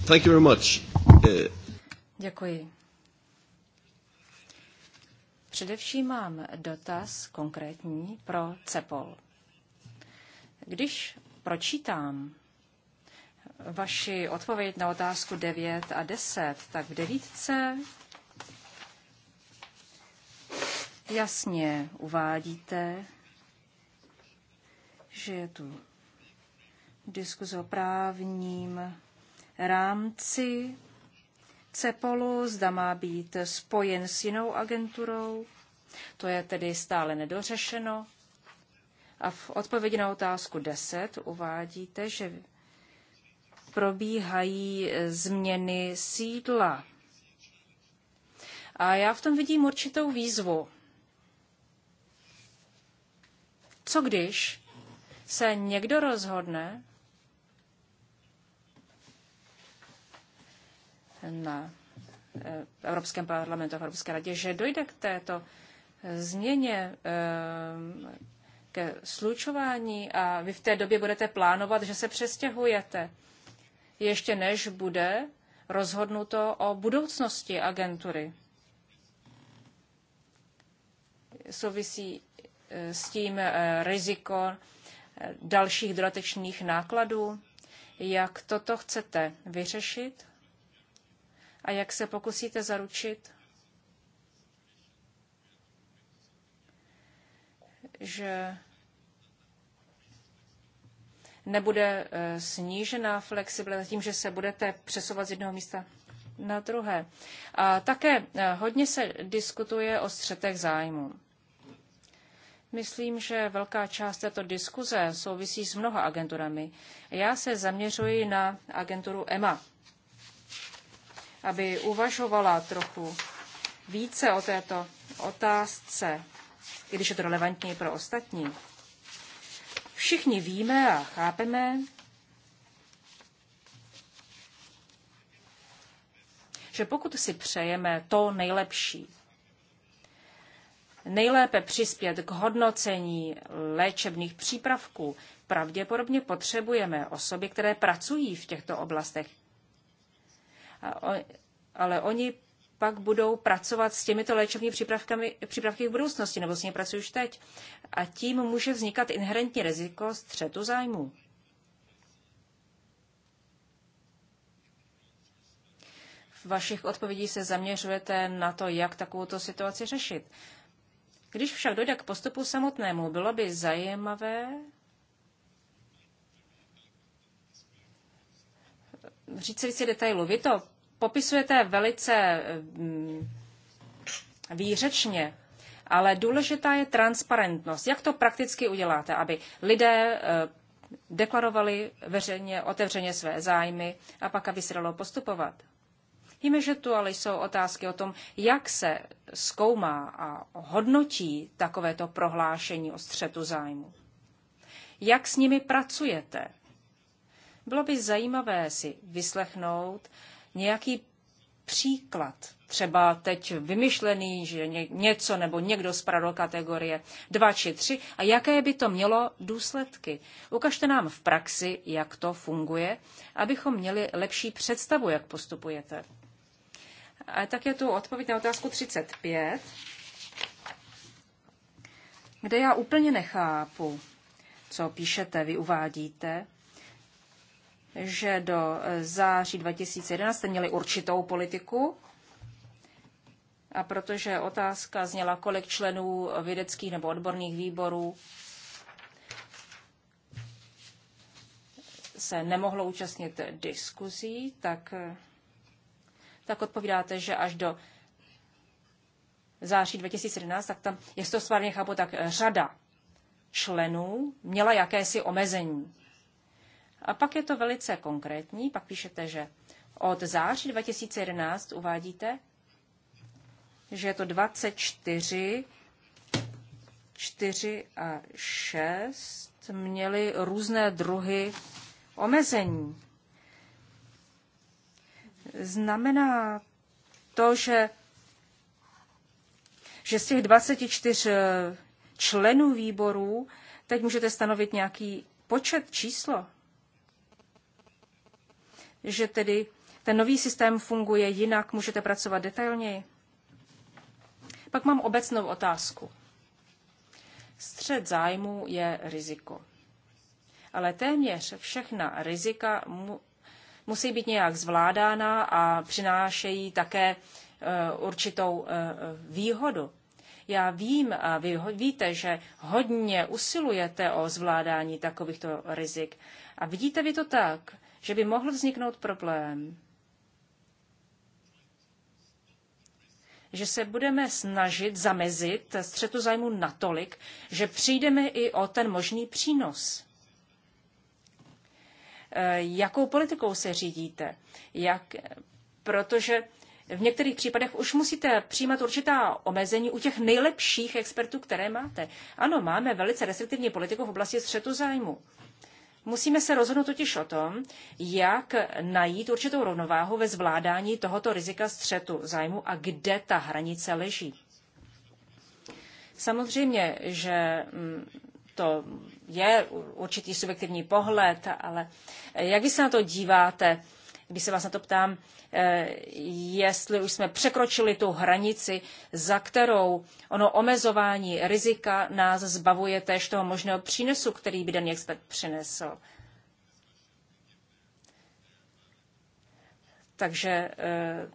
thank you very much. Uh, Děkuji. Především mám dotaz konkrétní pro CEPOL. Když pročítám vaši odpověď na otázku 9 a 10, tak v devítce jasně uvádíte, že je tu diskuze o právním rámci CEPOLu, zda má být spojen s jinou agenturou. To je tedy stále nedořešeno. A v odpovědi na otázku 10 uvádíte, že probíhají eh, změny sídla. A já v tom vidím určitou výzvu. Co když se někdo rozhodne na eh, Evropském parlamentu a Evropské radě, že dojde k této eh, změně, ke slučování a vy v té době budete plánovat, že se přestěhujete ještě než bude rozhodnuto o budoucnosti agentury. Souvisí eh, s tím eh, riziko eh, dalších dodatečných nákladů. Jak toto chcete vyřešit a jak se pokusíte zaručit, že nebude eh, snížena flexibilita tím, že se budete přesovat z jednoho místa na druhé. A také eh, hodně se diskutuje o střetech zájmu. Myslím, že velká část této diskuze souvisí s mnoha agenturami. Já se zaměřuji na agenturu EMA, aby uvažovala trochu více o této otázce, i když je to relevantní pro ostatní všichni víme a chápeme, že pokud si přejeme to nejlepší, nejlépe přispět k hodnocení léčebných přípravků, pravděpodobně potřebujeme osoby, které pracují v těchto oblastech. Ale oni pak budou pracovat s těmito léčebnými přípravkami, přípravky v budoucnosti, nebo s nimi pracují už teď. A tím může vznikat inherentní riziko střetu zájmů. V vašich odpovědích se zaměřujete na to, jak takovouto situaci řešit. Když však dojde k postupu samotnému, bylo by zajímavé říct si detailu. Vy to popisujete velice mm, výřečně, ale důležitá je transparentnost. Jak to prakticky uděláte, aby lidé e, deklarovali veřejně, otevřeně své zájmy a pak, aby se dalo postupovat? Víme, že tu ale jsou otázky o tom, jak se zkoumá a hodnotí takovéto prohlášení o střetu zájmu. Jak s nimi pracujete? Bylo by zajímavé si vyslechnout, nějaký příklad, třeba teď vymyšlený, že něco nebo někdo spravil kategorie 2 či 3 a jaké by to mělo důsledky. Ukažte nám v praxi, jak to funguje, abychom měli lepší představu, jak postupujete. A tak je tu odpověď na otázku 35, kde já úplně nechápu, co píšete, vy uvádíte, že do eh, září 2011 jste měli určitou politiku. A protože otázka zněla, kolik členů vědeckých nebo odborných výborů se nemohlo účastnit diskuzí, tak, eh, tak odpovídáte, že až do září 2017, tak tam, jestli to správně chápu, tak řada členů měla jakési omezení. A pak je to velice konkrétní, pak píšete, že od září 2011 uvádíte, že je to 24, 4 a 6 měly různé druhy omezení. Znamená to, že, že z těch 24 členů výborů teď můžete stanovit nějaký počet, číslo že tedy ten nový systém funguje jinak, můžete pracovat detailněji? Pak mám obecnou otázku. Střed zájmu je riziko. Ale téměř všechna rizika mu, musí být nějak zvládána a přinášejí také e, určitou e, výhodu. Já vím a vy víte, že hodně usilujete o zvládání takovýchto rizik. A vidíte vy to tak, že by mohl vzniknout problém, že se budeme snažit zamezit střetu zájmu natolik, že přijdeme i o ten možný přínos. Eh, jakou politikou se řídíte? Jak, protože v některých případech už musíte přijímat určitá omezení u těch nejlepších expertů, které máte. Ano, máme velice restriktivní politiku v oblasti střetu zájmu. Musíme se rozhodnout totiž o tom, jak najít určitou rovnováhu ve zvládání tohoto rizika střetu zájmu a kde ta hranice leží. Samozřejmě, že mm, to je určitý subjektivní pohled, ale jak vy se na to díváte? když se vás na to ptám, eh, jestli už jsme překročili tu hranici, za kterou ono omezování rizika nás zbavuje též toho možného přínesu, který by daný expert přinesl. Takže eh,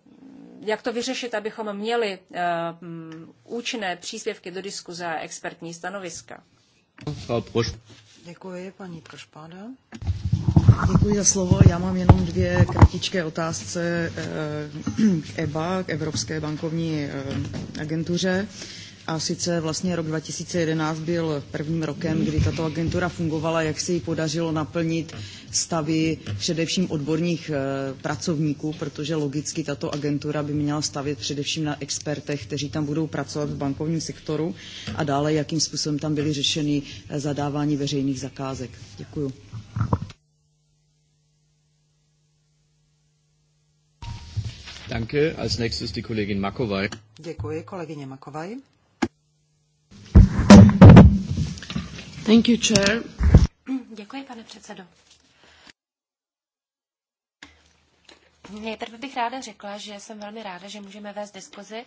jak to vyřešit, abychom měli eh, mm, účinné příspěvky do diskuze a expertní stanoviska? Děkuji, paní Prošpáda. Děkuji za slovo. Já mám jenom dvě kratičké otázce eh, k EBA, k Evropské bankovní eh, agentuře. A sice vlastně rok 2011 byl prvním rokem, kdy tato agentura fungovala, jak se jí podařilo naplnit stavy především odborných eh, pracovníků, protože logicky tato agentura by měla stavět především na expertech, kteří tam budou pracovat v bankovním sektoru a dále, jakým způsobem tam byly řešeny zadávání veřejných zakázek. Děkuju. Danke. Als nächstes die Kollegin Makovaj. Děkuji, kolegyně Makovaj. Thank you, Chair. Děkuji, pane předsedo. Nejprve bych ráda řekla, že jsem velmi ráda, že můžeme vést diskuzi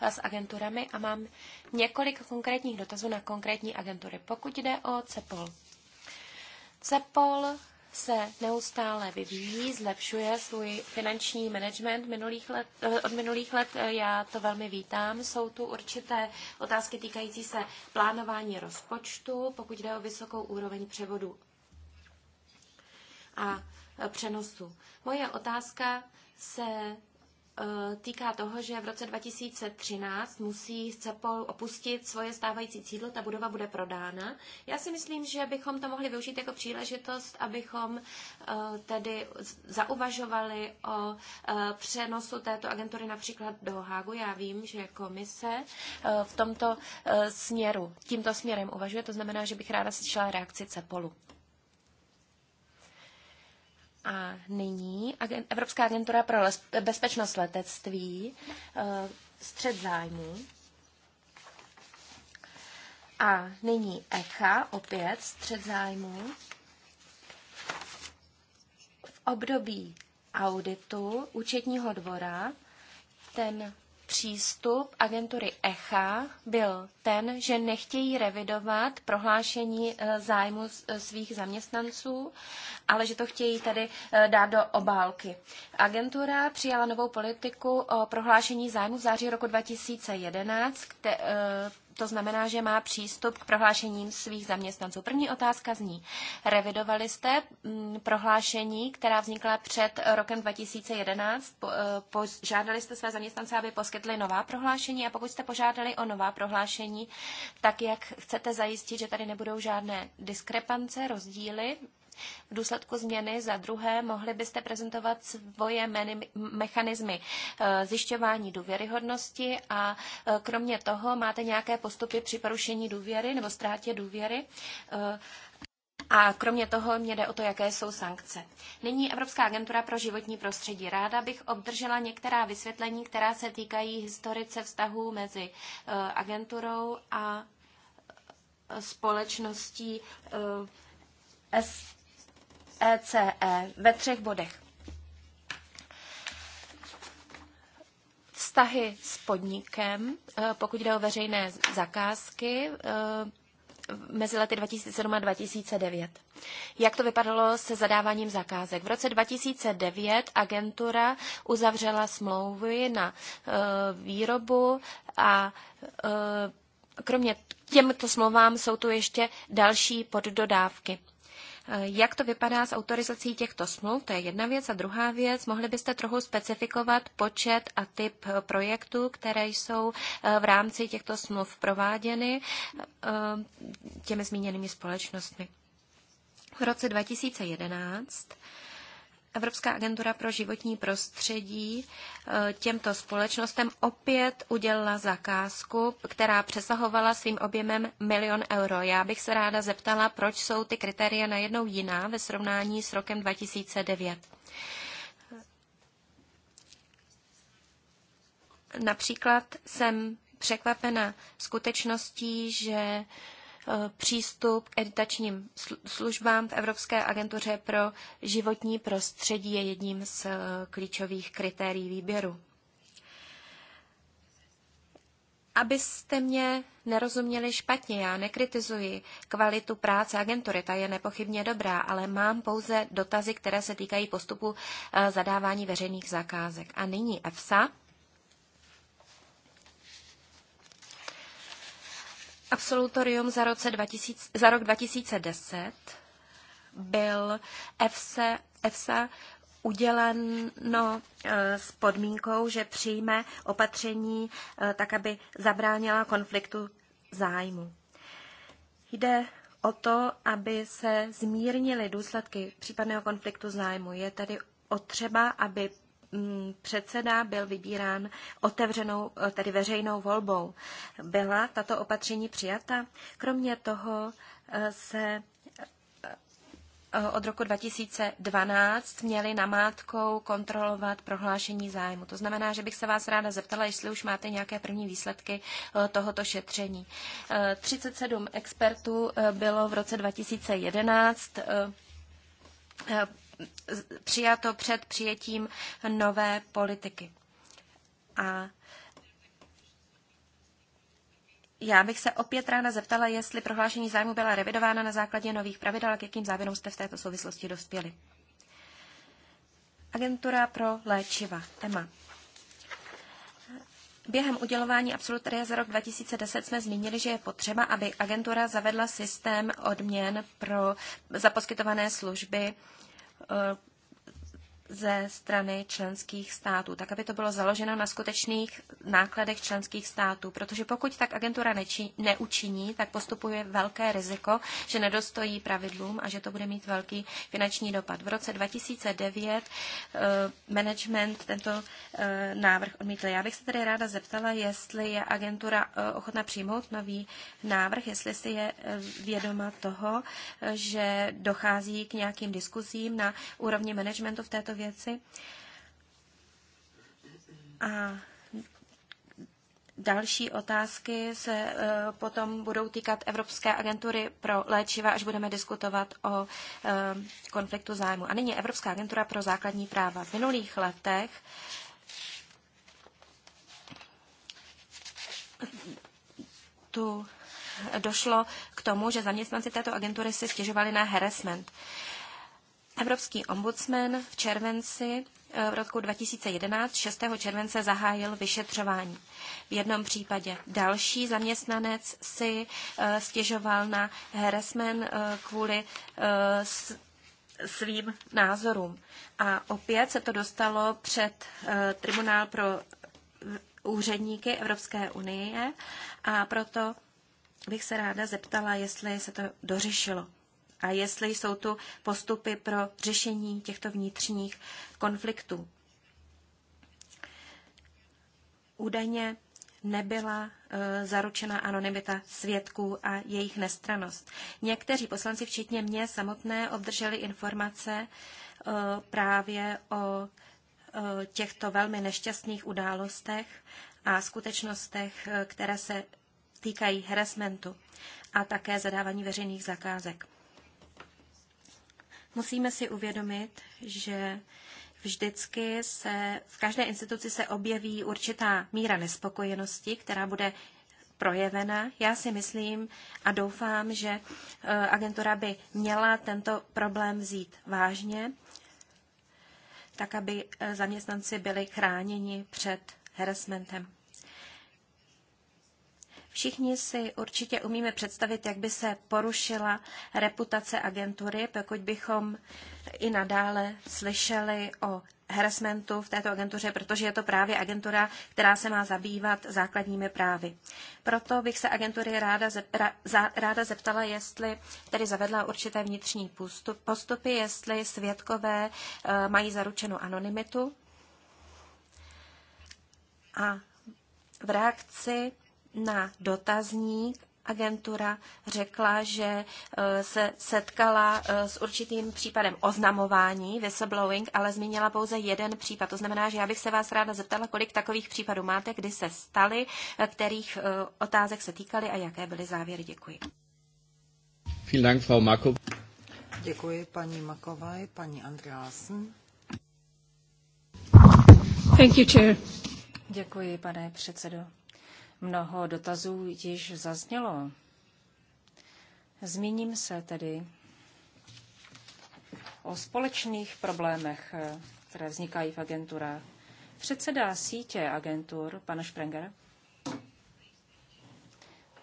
eh, s agenturami a mám několik konkrétních dotazů na konkrétní agentury. Pokud jde o CEPOL. CEPOL se neustále vyvíjí, zlepšuje svůj finanční management minulých let, eh, od minulých let. Eh, já to velmi vítám. Jsou tu určité otázky týkající se plánování rozpočtu, pokud jde o vysokou úroveň převodu a eh, přenosu. Moje otázka se Eh, týká toho, že v roce 2013 musí CEPOL opustit svoje stávající cídlo, ta budova bude prodána. Já si myslím, že bychom to mohli využít jako příležitost, abychom eh, tedy zauvažovali o eh, přenosu této agentury například do Hágu. Já vím, že komise v tomto směru, tímto směrem uvažuje, to znamená, že bych ráda slyšela reakci CEPOLu. A nyní Evropská agentura pro bezpečnost letectví, eh, střed zájmu. A nyní ECHA, opět střed zájmu. V období auditu účetního dvora ten přístup agentury ECHA byl ten, že nechtějí revidovat prohlášení e, zájmu e, svých zaměstnanců, ale že to chtějí tady e, dát do obálky. Agentura přijala novou politiku o prohlášení zájmu v září roku 2011, to znamená, že má přístup k prohlášením svých zaměstnanců. První otázka zní, revidovali jste mm, prohlášení, která vznikla před rokem 2011, eh, požádali jste své zaměstnance, aby poskytli nová prohlášení a pokud jste požádali o nová prohlášení, tak jak chcete zajistit, že tady nebudou žádné diskrepance, rozdíly v důsledku změny. Za druhé, mohli byste prezentovat svoje mechanizmy eh, zjišťování důvěryhodnosti a eh, kromě toho máte nějaké postupy při porušení důvěry nebo ztrátě důvěry. Eh, a kromě toho mě jde o to, jaké jsou sankce. Nyní Evropská agentura pro životní prostředí. Ráda bych obdržela některá vysvětlení, která se týkají historice vztahů mezi agenturou a společností ECE e ve třech bodech. Vztahy s podnikem, e, pokud jde o veřejné zakázky, e, mezi lety 2007 a 2009. Jak to vypadalo se zadáváním zakázek? V roce 2009 agentura uzavřela smlouvy na výrobu a kromě těmto smlouvám jsou tu ještě další poddodávky. Jak to vypadá s autorizací těchto smluv? To je jedna věc. A druhá věc, mohli byste trochu specifikovat počet a typ projektů, které jsou eh, v rámci těchto smluv prováděny eh, těmi zmíněnými společnostmi. V roce 2011 Evropská agentura pro životní prostředí eh, těmto společnostem opět udělala zakázku, která přesahovala svým objemem milion euro. Já bych se ráda zeptala, proč jsou ty kritéria najednou jiná ve srovnání s rokem 2009. Například jsem překvapena skutečností, že Eh, přístup k editačním službám v Evropské agentuře pro životní prostředí je jedním z eh, klíčových kritérií výběru. Abyste mě nerozuměli špatně, já nekritizuji kvalitu práce agentury, ta je nepochybně dobrá, ale mám pouze dotazy, které se týkají postupu eh, zadávání veřejných zakázek. A nyní EFSA. absolutorium za, roce 2000, za rok 2010 byl EFSA, EFSA uděleno eh, s podmínkou, že přijme opatření eh, tak, aby zabránila konfliktu zájmu. Jde o to, aby se zmírnily důsledky případného konfliktu zájmu. Je tedy otřeba, aby Mm, předseda byl vybírán otevřenou, eh, tedy veřejnou volbou. Byla tato opatření přijata? Kromě toho eh, se eh, od roku 2012 měli namátkou kontrolovat prohlášení zájmu. To znamená, že bych se vás ráda zeptala, jestli už máte nějaké první výsledky tohoto šetření. 37 expertů bylo v roce 2011 přijato před přijetím nové politiky. A já bych se opět ráda zeptala, jestli prohlášení zájmu byla revidována na základě nových pravidel a k jakým závěrům jste v této souvislosti dospěli. Agentura pro léčiva EMA. Během udělování absolutoria za rok 2010 jsme zmínili, že je potřeba, aby agentura zavedla systém odměn pro, za poskytované služby yy eh, ze strany členských států, tak aby to bylo založeno na skutečných nákladech členských států, protože pokud tak agentura neči, neučiní, tak postupuje velké riziko, že nedostojí pravidlům a že to bude mít velký finanční dopad. V roce 2009 eh, management tento eh, návrh odmítl. Já bych se tedy ráda zeptala, jestli je agentura eh, ochotna přijmout nový návrh, jestli si je vědoma toho, že dochází k nějakým diskuzím na úrovni managementu v této věci věci. A Další otázky se eh, potom budou týkat Evropské agentury pro léčiva, až budeme diskutovat o eh, konfliktu zájmu. A nyní Evropská agentura pro základní práva. V minulých letech tu došlo k tomu, že zaměstnanci této agentury si stěžovali na harassment. Evropský ombudsman v červenci eh, v roku 2011, 6. července, zahájil vyšetřování. V jednom případě další zaměstnanec si eh, stěžoval na heresmen eh, kvůli svým názorům. A opět se to dostalo před Tribunál pro úředníky Evropské unie a proto bych se ráda zeptala, jestli se to dořešilo a jestli jsou tu postupy pro řešení těchto vnitřních konfliktů. Údajně nebyla e, zaručena anonymita svědků a jejich nestranost. Někteří poslanci, včetně mě samotné, obdrželi informace e, právě o e, těchto velmi nešťastných událostech a skutečnostech, které se týkají harassmentu a také zadávání veřejných zakázek. Musíme si uvědomit, že vždycky se v každé instituci se objeví určitá míra nespokojenosti, která bude projevena. Já si myslím a doufám, že eh, agentura by měla tento problém vzít vážně, tak aby eh, zaměstnanci byli chráněni před harassmentem. Všichni si určitě umíme představit, jak by se porušila reputace agentury, pokud bychom i nadále slyšeli o harassmentu v této agentuře, protože je to právě agentura, která se má zabývat základními právy. Proto bych se agentury ráda, zepra, ráda zeptala, jestli tedy zavedla určité vnitřní postupy, jestli svědkové eh, mají zaručenou anonymitu. A v reakci na dotazník agentura řekla, že e, se setkala e, s určitým případem oznamování, whistleblowing, ale zmínila pouze jeden případ. To znamená, že já bych se vás ráda zeptala, kolik takových případů máte, kdy se staly, e, kterých otázek se týkaly a jaké byly závěry. Děkuji. Vielen Dank, Frau Mako. Děkuji paní Makovaj, paní Andreasen. Thank you, Chair. Děkuji, pane předsedo. Mnoho dotazů již zaznělo. Zmíním se tedy o společných problémech, které vznikají v agenturách. Předseda sítě agentur, pan Sprenger,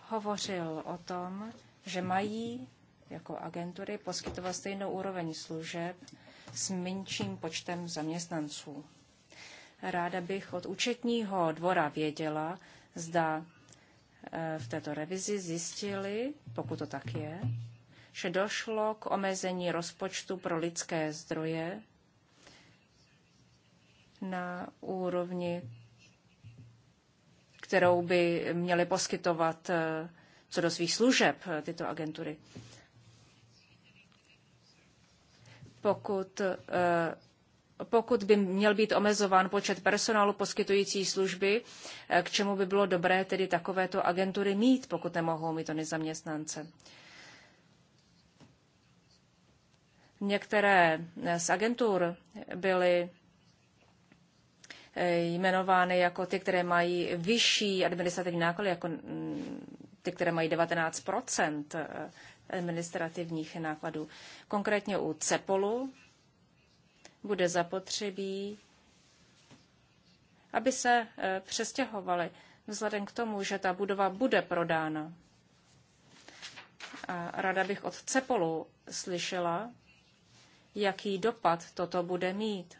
hovořil o tom, že mají jako agentury poskytovat stejnou úroveň služeb s menším počtem zaměstnanců. Ráda bych od účetního dvora věděla, zda eh, v této revizi zjistili, pokud to tak je, že došlo k omezení rozpočtu pro lidské zdroje na úrovni, kterou by měly poskytovat eh, co do svých služeb eh, tyto agentury. Pokud pokud by měl být omezován počet personálu poskytující služby, eh, k čemu by bylo dobré tedy takovéto agentury mít, pokud nemohou mít oni zaměstnance. Některé eh, z agentur byly eh, jmenovány jako ty, které mají vyšší administrativní náklady, jako mm, ty, které mají 19 administrativních nákladů. Konkrétně u CEPOLu bude zapotřebí, aby se eh, přestěhovali, vzhledem k tomu, že ta budova bude prodána. A rada bych od Cepolu slyšela, jaký dopad toto bude mít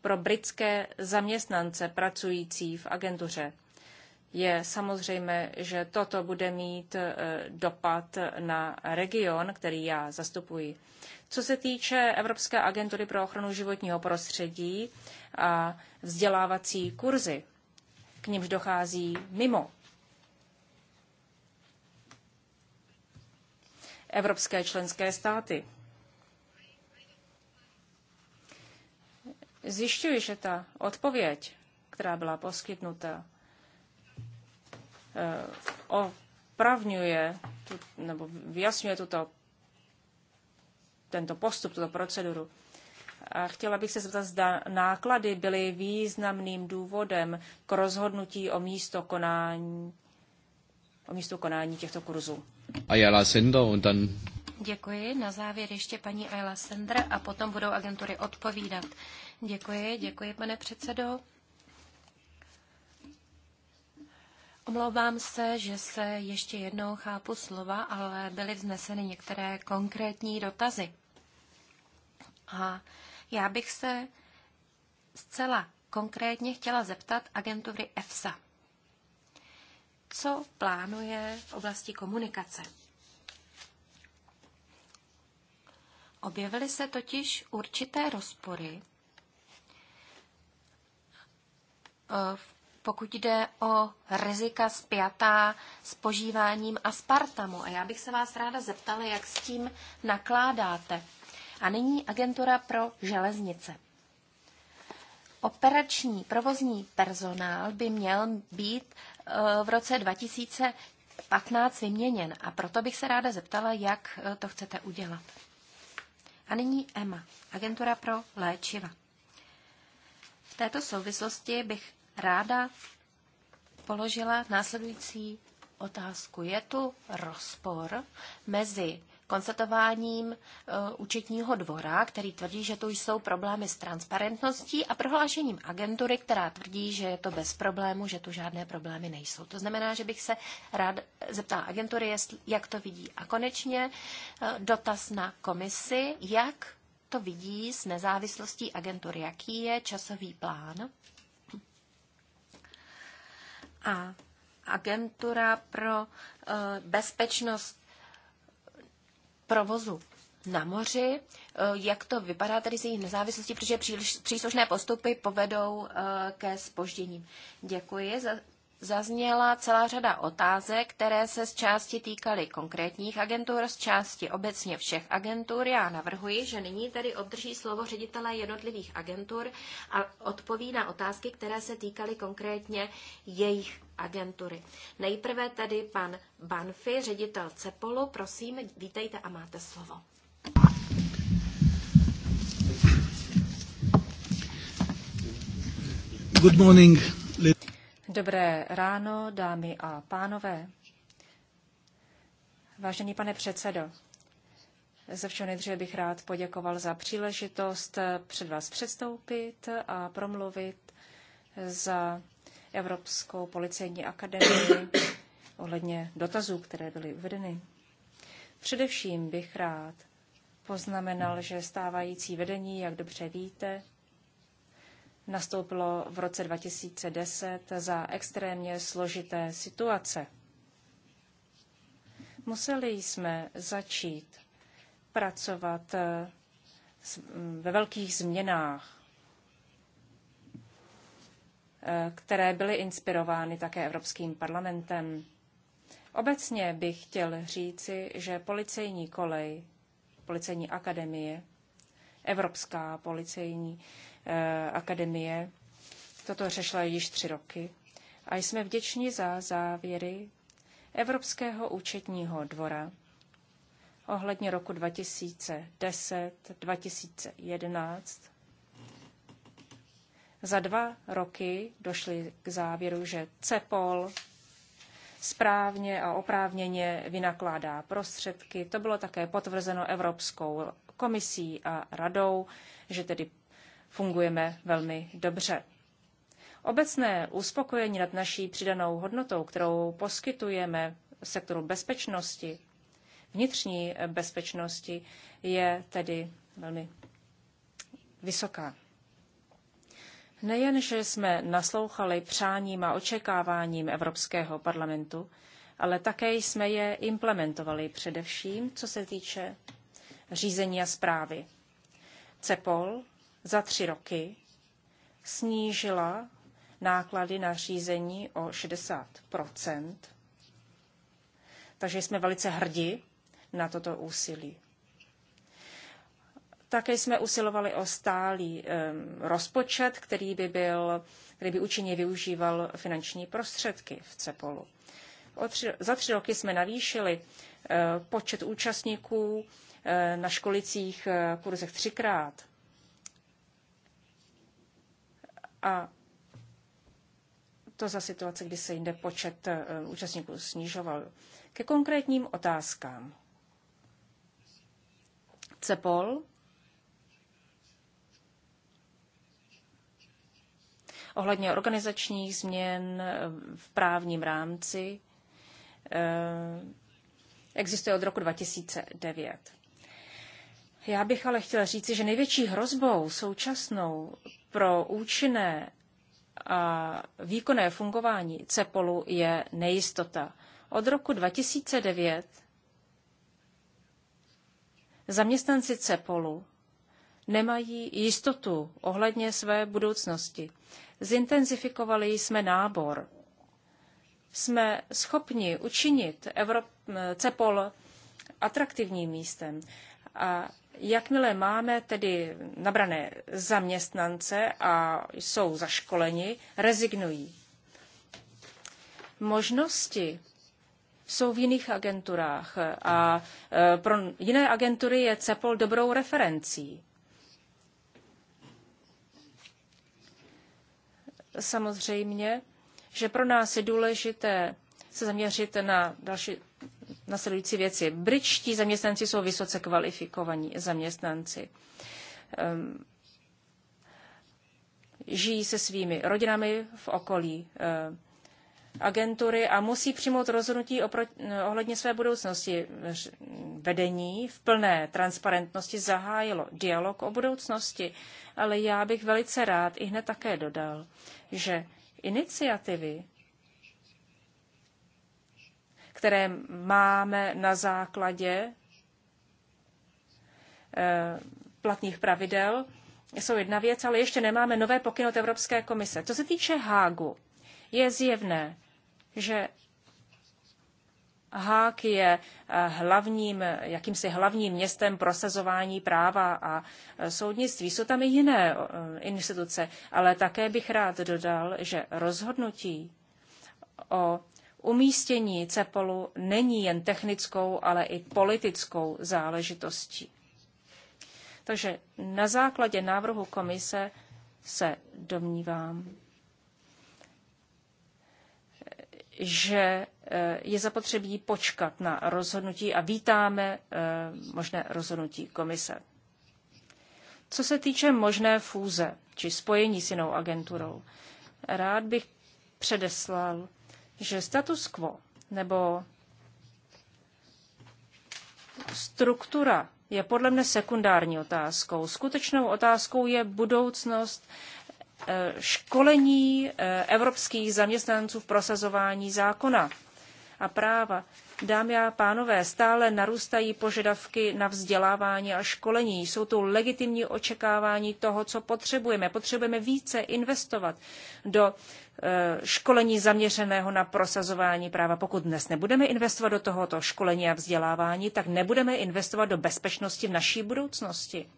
pro britské zaměstnance pracující v agentuře je samozřejmé, že toto bude mít e, dopad na region, který já zastupuji. Co se týče Evropské agentury pro ochranu životního prostředí a vzdělávací kurzy, k nimž dochází mimo evropské členské státy. Zjišťuji, že ta odpověď, která byla poskytnuta, Eh, opravňuje tu, nebo vyjasňuje tuto, tento postup, tuto proceduru. A chtěla bych se zeptat, zda náklady byly významným důvodem k rozhodnutí o místo konání, o místo konání těchto kurzů. A já Děkuji. Na závěr ještě paní Ayla Sender a potom budou agentury odpovídat. Děkuji, děkuji, pane předsedo. Omlouvám se, že se ještě jednou chápu slova, ale byly vzneseny některé konkrétní dotazy. A já bych se zcela konkrétně chtěla zeptat agentury EFSA. Co plánuje v oblasti komunikace? Objevily se totiž určité rozpory eh, v pokud jde o rizika zpětá s požíváním aspartamu. A já bych se vás ráda zeptala, jak s tím nakládáte. A nyní agentura pro železnice. Operační provozní personál by měl být e, v roce 2015 vyměněn a proto bych se ráda zeptala, jak e, to chcete udělat. A nyní EMA, agentura pro léčiva. V této souvislosti bych ráda položila následující otázku. Je tu rozpor mezi konstatováním uh, účetního dvora, který tvrdí, že tu jsou problémy s transparentností a prohlášením agentury, která tvrdí, že je to bez problému, že tu žádné problémy nejsou. To znamená, že bych se rád zeptala agentury, jestli, jak to vidí. A konečně uh, dotaz na komisi, jak to vidí s nezávislostí agentury, jaký je časový plán a agentura pro eh, bezpečnost provozu na moři, eh, jak to vypadá tady z jejich nezávislosti, protože příliš, příslušné postupy povedou eh, ke spožděním. Děkuji za zazněla celá řada otázek, které se z části týkaly konkrétních agentur, z části obecně všech agentur. Já navrhuji, že nyní tedy obdrží slovo ředitele jednotlivých agentur a odpoví na otázky, které se týkaly konkrétně jejich agentury. Nejprve tedy pan Banfi, ředitel CEPOLu. Prosím, vítejte a máte slovo. Good morning. Dobré ráno, dámy a pánové. Vážený pane předsedo, ze všeho nejdříve bych rád poděkoval za příležitost před vás předstoupit a promluvit za Evropskou policejní akademii ohledně dotazů, které byly uvedeny. Především bych rád poznamenal, že stávající vedení, jak dobře víte, nastoupilo v roce 2010 za extrémně složité situace. Museli jsme začít pracovat eh, mm, ve velkých změnách, eh, které byly inspirovány také Evropským parlamentem. Obecně bych chtěl říci, že policejní kolej, policejní akademie, Evropská policejní Eh, akademie. Toto řešila již tři roky. A jsme vděční za závěry Evropského účetního dvora ohledně roku 2010-2011. Za dva roky došli k závěru, že CEPOL správně a oprávněně vynakládá prostředky. To bylo také potvrzeno Evropskou komisí a radou, že tedy fungujeme velmi dobře. Obecné uspokojení nad naší přidanou hodnotou, kterou poskytujeme sektoru bezpečnosti, vnitřní bezpečnosti, je tedy velmi vysoká. Nejen, že jsme naslouchali přáním a očekáváním Evropského parlamentu, ale také jsme je implementovali především, co se týče řízení a zprávy. CEPOL za tři roky snížila náklady na řízení o 60 Takže jsme velice hrdí na toto úsilí. Také jsme usilovali o stálý rozpočet, který by, byl, který by účinně využíval finanční prostředky v CEPOLu. Tři, za tři roky jsme navýšili eh, počet účastníků eh, na školicích eh, kurzech třikrát A to za situace, kdy se jinde počet eh, účastníků snižoval. Ke konkrétním otázkám. CEPOL ohledně organizačních změn eh, v právním rámci eh, existuje od roku 2009. Já bych ale chtěla říci, že největší hrozbou současnou pro účinné a výkonné fungování CEPOLu je nejistota. Od roku 2009 zaměstnanci CEPOLu nemají jistotu ohledně své budoucnosti. Zintenzifikovali jsme nábor. Jsme schopni učinit Evrop, CEPOL atraktivním místem a Jakmile máme tedy nabrané zaměstnance a jsou zaškoleni, rezignují. Možnosti jsou v jiných agenturách a e, pro jiné agentury je CEPOL dobrou referencí. Samozřejmě, že pro nás je důležité se zaměřit na další nasledující věci. Britští zaměstnanci jsou vysoce kvalifikovaní zaměstnanci. Ehm, žijí se svými rodinami v okolí eh, agentury a musí přijmout rozhodnutí eh, ohledně své budoucnosti. Vedení v plné transparentnosti zahájilo dialog o budoucnosti, ale já bych velice rád i hned také dodal, že iniciativy které máme na základě eh, platných pravidel, jsou jedna věc, ale ještě nemáme nové pokyny od Evropské komise. Co se týče Hágu, je zjevné, že Hák je eh, hlavním, jakýmsi hlavním městem prosazování práva a eh, soudnictví. Jsou tam i jiné instituce, ale také bych rád dodal, že rozhodnutí o Umístění CEPOLu není jen technickou, ale i politickou záležitostí. Takže na základě návrhu komise se domnívám, že e, je zapotřebí počkat na rozhodnutí a vítáme e, možné rozhodnutí komise. Co se týče možné fúze či spojení s jinou agenturou, rád bych předeslal, že status quo nebo struktura je podle mne sekundární otázkou. Skutečnou otázkou je budoucnost eh, školení eh, evropských zaměstnanců v prosazování zákona a práva. Dámy a pánové, stále narůstají požadavky na vzdělávání a školení. Jsou tu legitimní očekávání toho, co potřebujeme. Potřebujeme více investovat do e, školení zaměřeného na prosazování práva. Pokud dnes nebudeme investovat do tohoto školení a vzdělávání, tak nebudeme investovat do bezpečnosti v naší budoucnosti.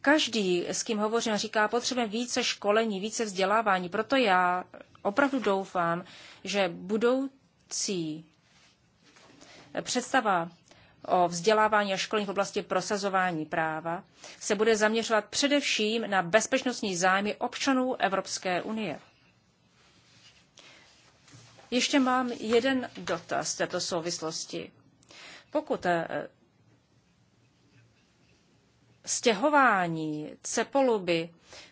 Každý, s kým hovořím, říká, potřebujeme více školení, více vzdělávání. Proto já opravdu doufám, že budou budoucí představa o vzdělávání a školení v oblasti prosazování práva se bude zaměřovat především na bezpečnostní zájmy občanů Evropské unie. Ještě mám jeden dotaz této souvislosti. Pokud eh, stěhování Cepoluby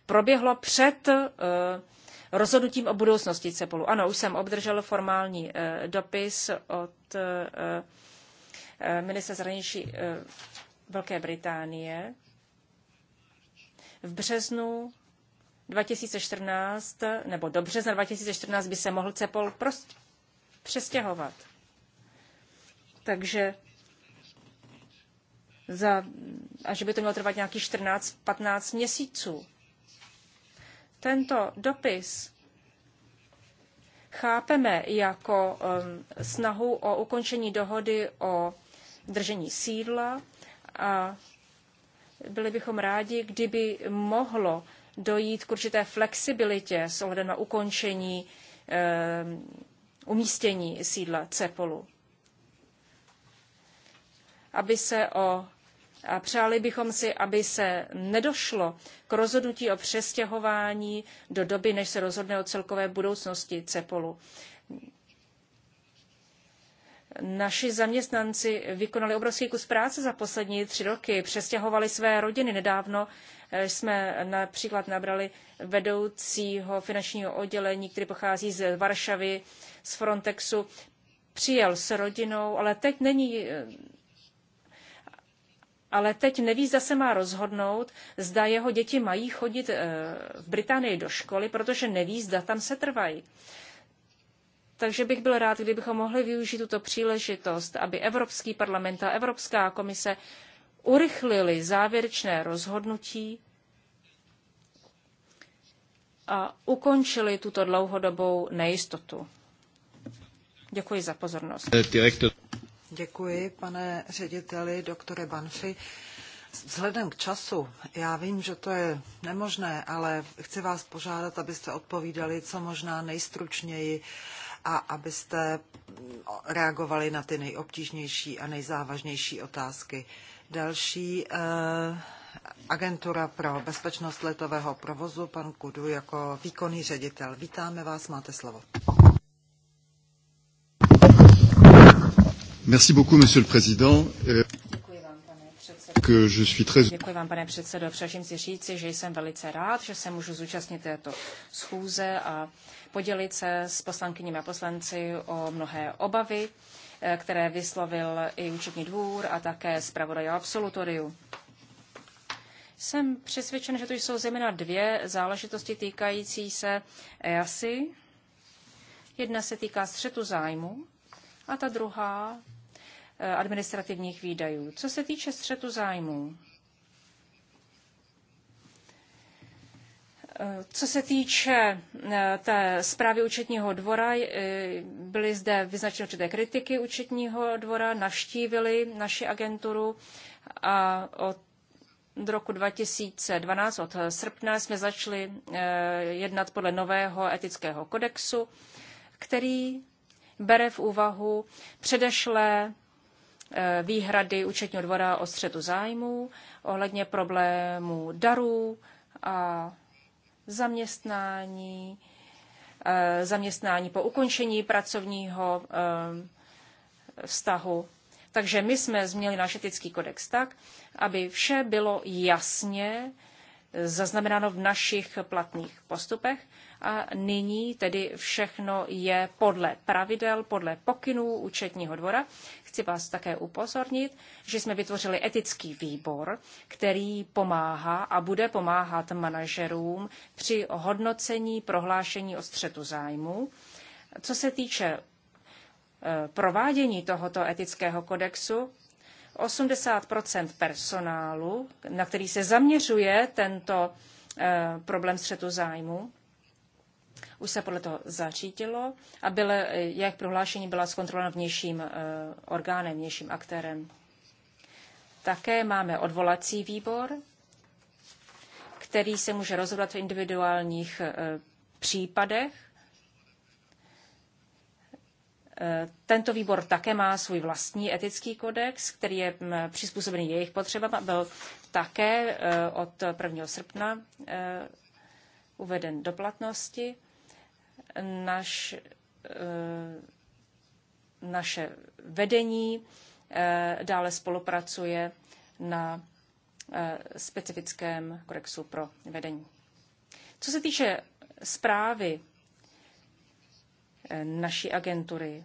proběhlo před eh, rozhodnutím o budoucnosti CEPOLu. Ano, už jsem obdržel formální eh, dopis od eh, eh, ministra zahraničí Velké Británie. V březnu 2014, nebo do března 2014 by se mohl CEPOL prostě přestěhovat. Takže za, a že by to mělo trvat nějakých 14-15 měsíců. Tento dopis chápeme jako um, snahu o ukončení dohody o držení sídla a byli bychom rádi, kdyby mohlo dojít k určité flexibilitě s ohledem na ukončení um, umístění sídla CEPOLu, aby se o a přáli bychom si, aby se nedošlo k rozhodnutí o přestěhování do doby, než se rozhodne o celkové budoucnosti CEPOLu. Naši zaměstnanci vykonali obrovský kus práce za poslední tři roky, přestěhovali své rodiny. Nedávno eh, jsme například nabrali vedoucího finančního oddělení, který pochází z Varšavy, z Frontexu. Přijel s rodinou, ale teď není eh, ale teď neví, zda se má rozhodnout, zda jeho děti mají chodit eh, v Británii do školy, protože neví, zda tam se trvají. Takže bych byl rád, kdybychom mohli využít tuto příležitost, aby Evropský parlament a Evropská komise urychlili závěrečné rozhodnutí a ukončili tuto dlouhodobou nejistotu. Děkuji za pozornost. Direktor. Děkuji, pane řediteli, doktore Banfi. Vzhledem k času, já vím, že to je nemožné, ale chci vás požádat, abyste odpovídali co možná nejstručněji a abyste reagovali na ty nejobtížnější a nejzávažnější otázky. Další eh, agentura pro bezpečnost letového provozu, pan Kudu jako výkonný ředitel. Vítáme vás, máte slovo. Merci beaucoup, monsieur le président. Euh, Děkuji vám, pane předsedo. Přeším si říci, že jsem velice rád, že se můžu zúčastnit této schůze a podělit se s poslankyním a poslanci o mnohé obavy, eh, které vyslovil i účetní dvůr a také zpravodaj absolutoriu. Jsem přesvědčen, že to jsou zejména dvě záležitosti týkající se EASY. Jedna se týká střetu zájmu a ta druhá Eh, administrativních výdajů. Co se týče střetu zájmů, eh, Co se týče eh, té zprávy účetního dvora, byly zde vyznačeny určité kritiky účetního dvora, navštívili naši agenturu a od roku 2012, od srpna, jsme začali jednat podle nového etického kodexu, který bere v úvahu předešlé Eh, výhrady účetního dvora o střetu zájmů, ohledně problémů darů a zaměstnání, eh, zaměstnání po ukončení pracovního eh, vztahu. Takže my jsme změnili náš etický kodex tak, aby vše bylo jasně zaznamenáno v našich platných postupech a nyní tedy všechno je podle pravidel, podle pokynů účetního dvora. Chci vás také upozornit, že jsme vytvořili etický výbor, který pomáhá a bude pomáhat manažerům při hodnocení prohlášení o střetu zájmu. Co se týče e, provádění tohoto etického kodexu, 80 personálu, na který se zaměřuje tento e, problém střetu zájmu, už se podle toho začítilo a bylo, jak prohlášení byla zkontrolována vnějším eh, orgánem, vnějším aktérem. Také máme odvolací výbor, který se může rozhodovat v individuálních eh, případech. Eh, tento výbor také má svůj vlastní etický kodex, který je mm, přizpůsobený jejich potřebám. Byl také od 1. srpna uveden do platnosti naš, eh, naše vedení eh, dále spolupracuje na eh, specifickém korexu pro vedení. Co se týče zprávy naší agentury,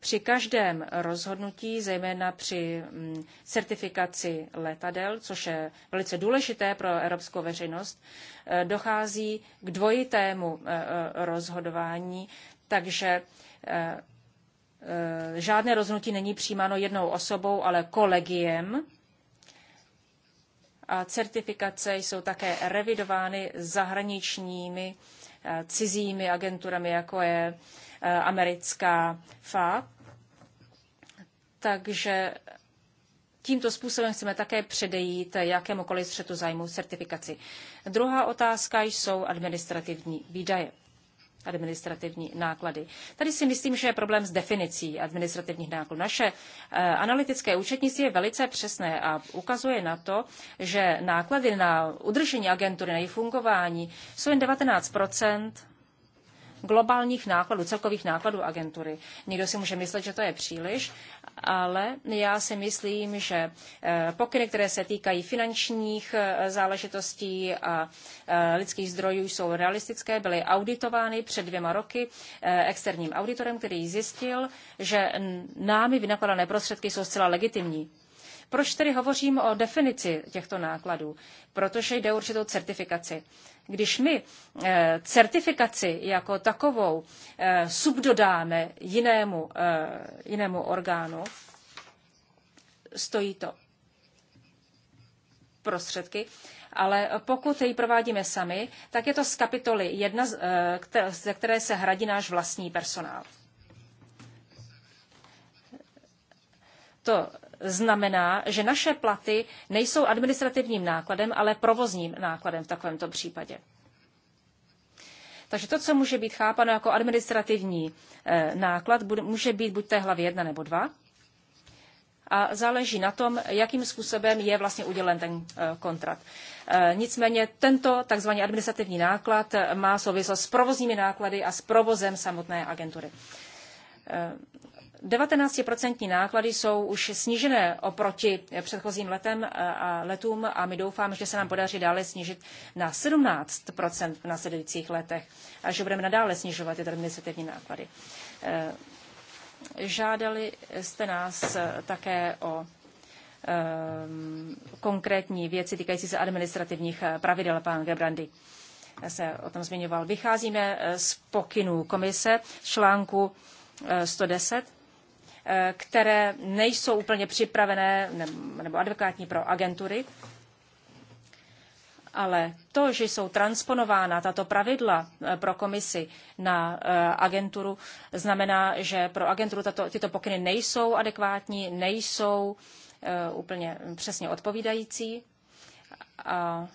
při každém rozhodnutí, zejména při mm, certifikaci letadel, což je velice důležité pro evropskou veřejnost, eh, dochází k dvojitému eh, eh, rozhodování, takže žádné rozhodnutí není přijímáno jednou osobou, ale kolegiem. A certifikace jsou také revidovány zahraničními cizími agenturami, jako je eh, americká FA. Takže tímto způsobem chceme také předejít jakémukoliv střetu zájmu certifikaci. Druhá otázka jsou administrativní výdaje administrativní náklady. Tady si myslím, že je problém s definicí administrativních nákladů. Naše eh, analytické účetnictví je velice přesné a ukazuje na to, že náklady na udržení agentury, na její fungování jsou jen 19 globálních nákladů, celkových nákladů agentury. Někdo si může myslet, že to je příliš, ale já si myslím, že eh, pokyny, které se týkají finančních eh, záležitostí a eh, lidských zdrojů, jsou realistické, byly auditovány před dvěma roky externím auditorem, který zjistil, že námi vynakladané prostředky jsou zcela legitimní. Proč tedy hovořím o definici těchto nákladů? Protože jde určitou certifikaci. Když my eh, certifikaci jako takovou eh, subdodáme jinému, eh, jinému orgánu, stojí to prostředky, ale pokud ji provádíme sami, tak je to z kapitoly jedna, ze které se hradí náš vlastní personál. To znamená, že naše platy nejsou administrativním nákladem, ale provozním nákladem v takovémto případě. Takže to, co může být chápano jako administrativní eh, náklad, může být buď té hlavy jedna nebo dva. A záleží na tom, jakým způsobem je vlastně udělen ten eh, kontrakt. Eh, nicméně tento takzvaný administrativní náklad má souvislost s provozními náklady a s provozem samotné agentury. 19% náklady jsou už snížené oproti předchozím letem a letům a my doufáme, že se nám podaří dále snížit na 17% v následujících letech a že budeme nadále snižovat tyto administrativní náklady. Eh, žádali jste nás eh, také o eh, konkrétní věci týkající se administrativních pravidel, pán Gebrandy se o tom zmiňoval. Vycházíme z pokynů komise z článku 110 Eh, které nejsou úplně připravené nebo advokátní pro agentury. Ale to, že jsou transponována tato pravidla eh, pro komisi na eh, agenturu, znamená, že pro agenturu tato, tyto pokyny nejsou adekvátní, nejsou úplně přesně odpovídající. A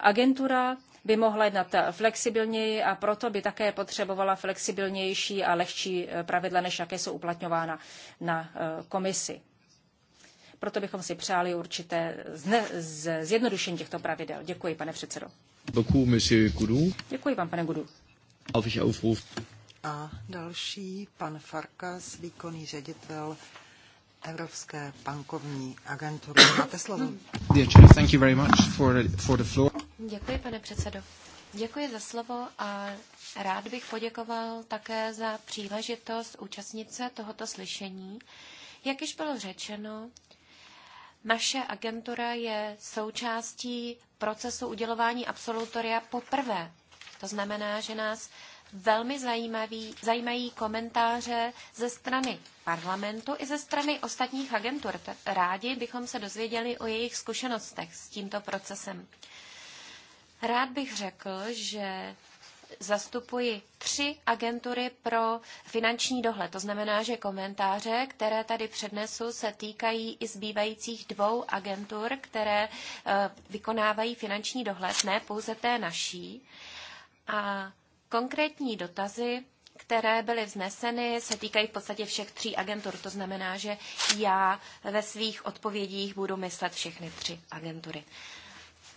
agentura by mohla jednat flexibilněji a proto by také potřebovala flexibilnější a lehčí eh, pravidla, než jaké jsou uplatňována na eh, komisi. Proto bychom si přáli určité zjednodušení těchto pravidel. Děkuji, pane předsedo. Děkuji vám, pane Gudu. A další, pan Farkas, výkonný ředitel Evropské bankovní agentury. Máte slovo. Thank you very much for for the floor. Děkuji, pane předsedo. Děkuji za slovo a rád bych poděkoval také za příležitost účastnit se tohoto slyšení. Jak již bylo řečeno, naše agentura je součástí procesu udělování absolutoria poprvé. To znamená, že nás velmi zajímavý, zajímají komentáře ze strany parlamentu i ze strany ostatních agentur. Rádi bychom se dozvěděli o jejich zkušenostech s tímto procesem. Rád bych řekl, že zastupuji tři agentury pro finanční dohled. To znamená, že komentáře, které tady přednesu, se týkají i zbývajících dvou agentur, které eh, vykonávají finanční dohled, ne pouze té naší. A konkrétní dotazy které byly vzneseny, se týkají v podstatě všech tří agentur. To znamená, že já ve svých odpovědích budu myslet všechny tři agentury.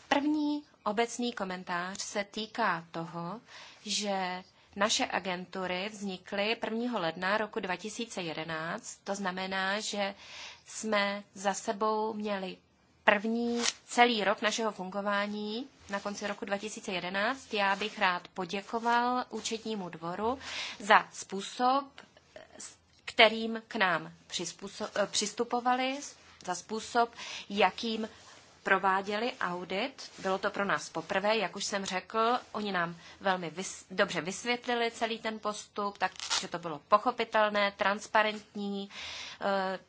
První obecný komentář se týká toho, že naše agentury vznikly 1. ledna roku 2011. To znamená, že jsme za sebou měli první celý rok našeho fungování na konci roku 2011. Já bych rád poděkoval účetnímu dvoru za způsob, kterým k nám eh, přistupovali, za způsob, jakým prováděli audit. Bylo to pro nás poprvé, jak už jsem řekl. Oni nám velmi vys- dobře vysvětlili celý ten postup, takže to bylo pochopitelné, transparentní, e,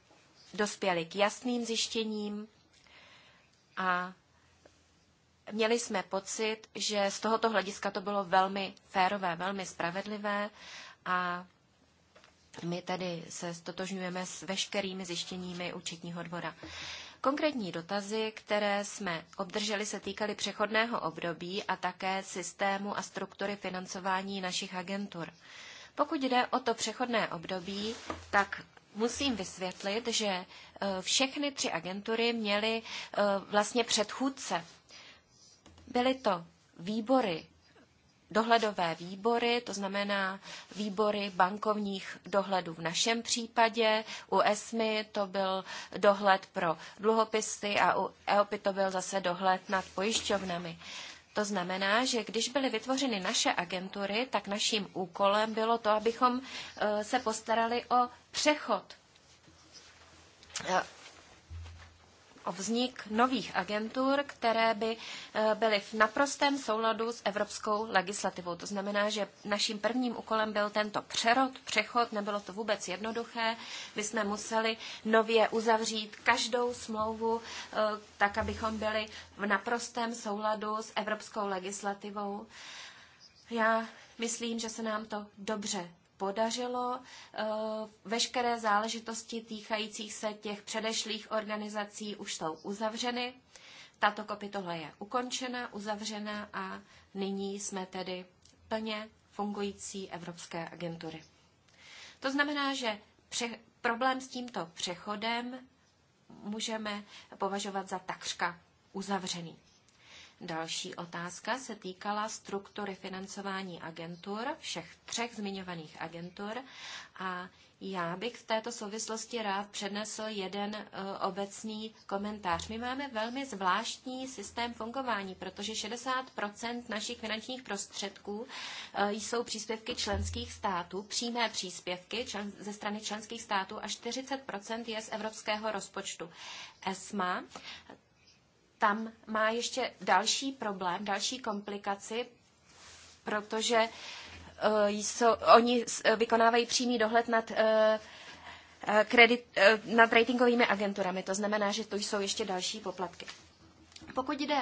dospěli k jasným zjištěním a měli jsme pocit, že z tohoto hlediska to bylo velmi férové, velmi spravedlivé a my tedy se stotožňujeme s veškerými zjištěními účetního dvora. Konkrétní dotazy, které jsme obdrželi, se týkaly přechodného období a také systému a struktury financování našich agentur. Pokud jde o to přechodné období, tak musím vysvětlit, že e, všechny tři agentury měly e, vlastně předchůdce. Byly to výbory dohledové výbory, to znamená výbory bankovních dohledů v našem případě. U ESMI to byl dohled pro dluhopisy a u EOPy to byl zase dohled nad pojišťovnami. To znamená, že když byly vytvořeny naše agentury, tak naším úkolem bylo to, abychom eh, se postarali o přechod eh, o vznik nových agentur, které by eh, byly v naprostém souladu s evropskou legislativou. To znamená, že naším prvním úkolem byl tento přerod, přechod, nebylo to vůbec jednoduché. My jsme museli nově uzavřít každou smlouvu, eh, tak abychom byli v naprostém souladu s evropskou legislativou. Já myslím, že se nám to dobře podařilo eh, veškeré záležitosti týkajících se těch předešlých organizací už jsou uzavřeny. Tato kapitola je ukončena, uzavřena a nyní jsme tedy plně fungující evropské agentury. To znamená, že pře- problém s tímto přechodem můžeme považovat za takřka uzavřený. Další otázka se týkala struktury financování agentur, všech třech zmiňovaných agentur. A já bych v této souvislosti rád přednesl jeden e, obecný komentář. My máme velmi zvláštní systém fungování, protože 60 našich finančních prostředků e, jsou příspěvky členských států, přímé příspěvky ze strany členských států a 40 je z evropského rozpočtu. ESMA tam má ještě další problém, další komplikaci, protože eh, jsou, oni eh, vykonávají přímý dohled nad, eh, kredit, nad ratingovými agenturami. To znamená, že tu jsou ještě další poplatky. Pokud jde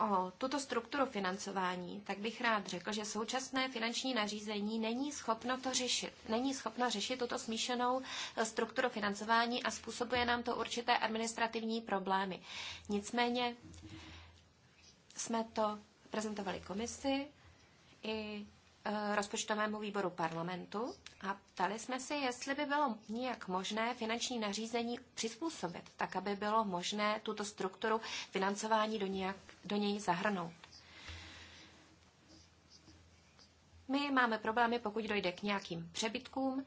o tuto strukturu financování, tak bych rád řekl, že současné finanční nařízení není schopno to řešit. Není schopno řešit tuto smíšenou eh, strukturu financování a způsobuje nám to určité administrativní problémy. Nicméně jsme to prezentovali komisi i eh, rozpočtovému výboru parlamentu a ptali jsme si, jestli by bylo nějak možné finanční nařízení přizpůsobit, tak aby bylo možné tuto strukturu financování do nějak do něj zahrnout. My máme problémy, pokud dojde k nějakým přebytkům,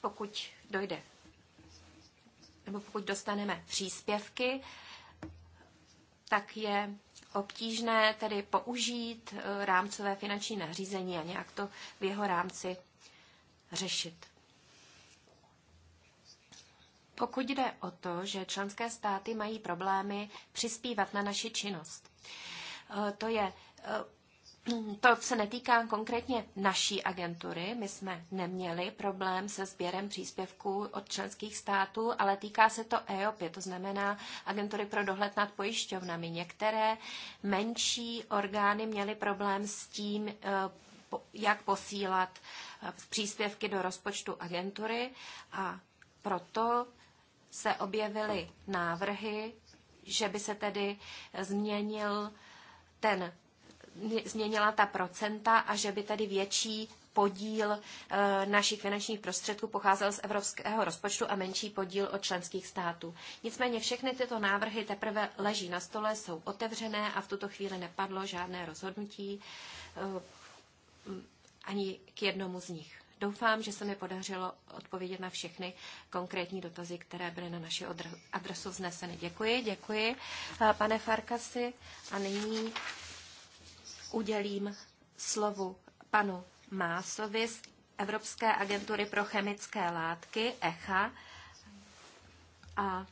pokud dojde nebo pokud dostaneme příspěvky, tak je obtížné tedy použít eh, rámcové finanční nařízení a nějak to v jeho rámci řešit pokud jde o to, že členské státy mají problémy přispívat na naši činnost. Eh, to je eh, to se netýká konkrétně naší agentury. My jsme neměli problém se sběrem příspěvků od členských států, ale týká se to EOP. to znamená agentury pro dohled nad pojišťovnami. Některé menší orgány měly problém s tím, eh, jak posílat příspěvky do rozpočtu agentury a proto se objevily návrhy, že by se tedy změnil ten, změnila ta procenta a že by tedy větší podíl eh, našich finančních prostředků pocházel z evropského rozpočtu a menší podíl od členských států. Nicméně všechny tyto návrhy teprve leží na stole, jsou otevřené a v tuto chvíli nepadlo žádné rozhodnutí eh, ani k jednomu z nich. Doufám, že se mi podařilo odpovědět na všechny konkrétní dotazy, které byly na naši adresu vzneseny. Děkuji, děkuji, pane Farkasi. A nyní udělím slovu panu Másovi z Evropské agentury pro chemické látky, ECHA. A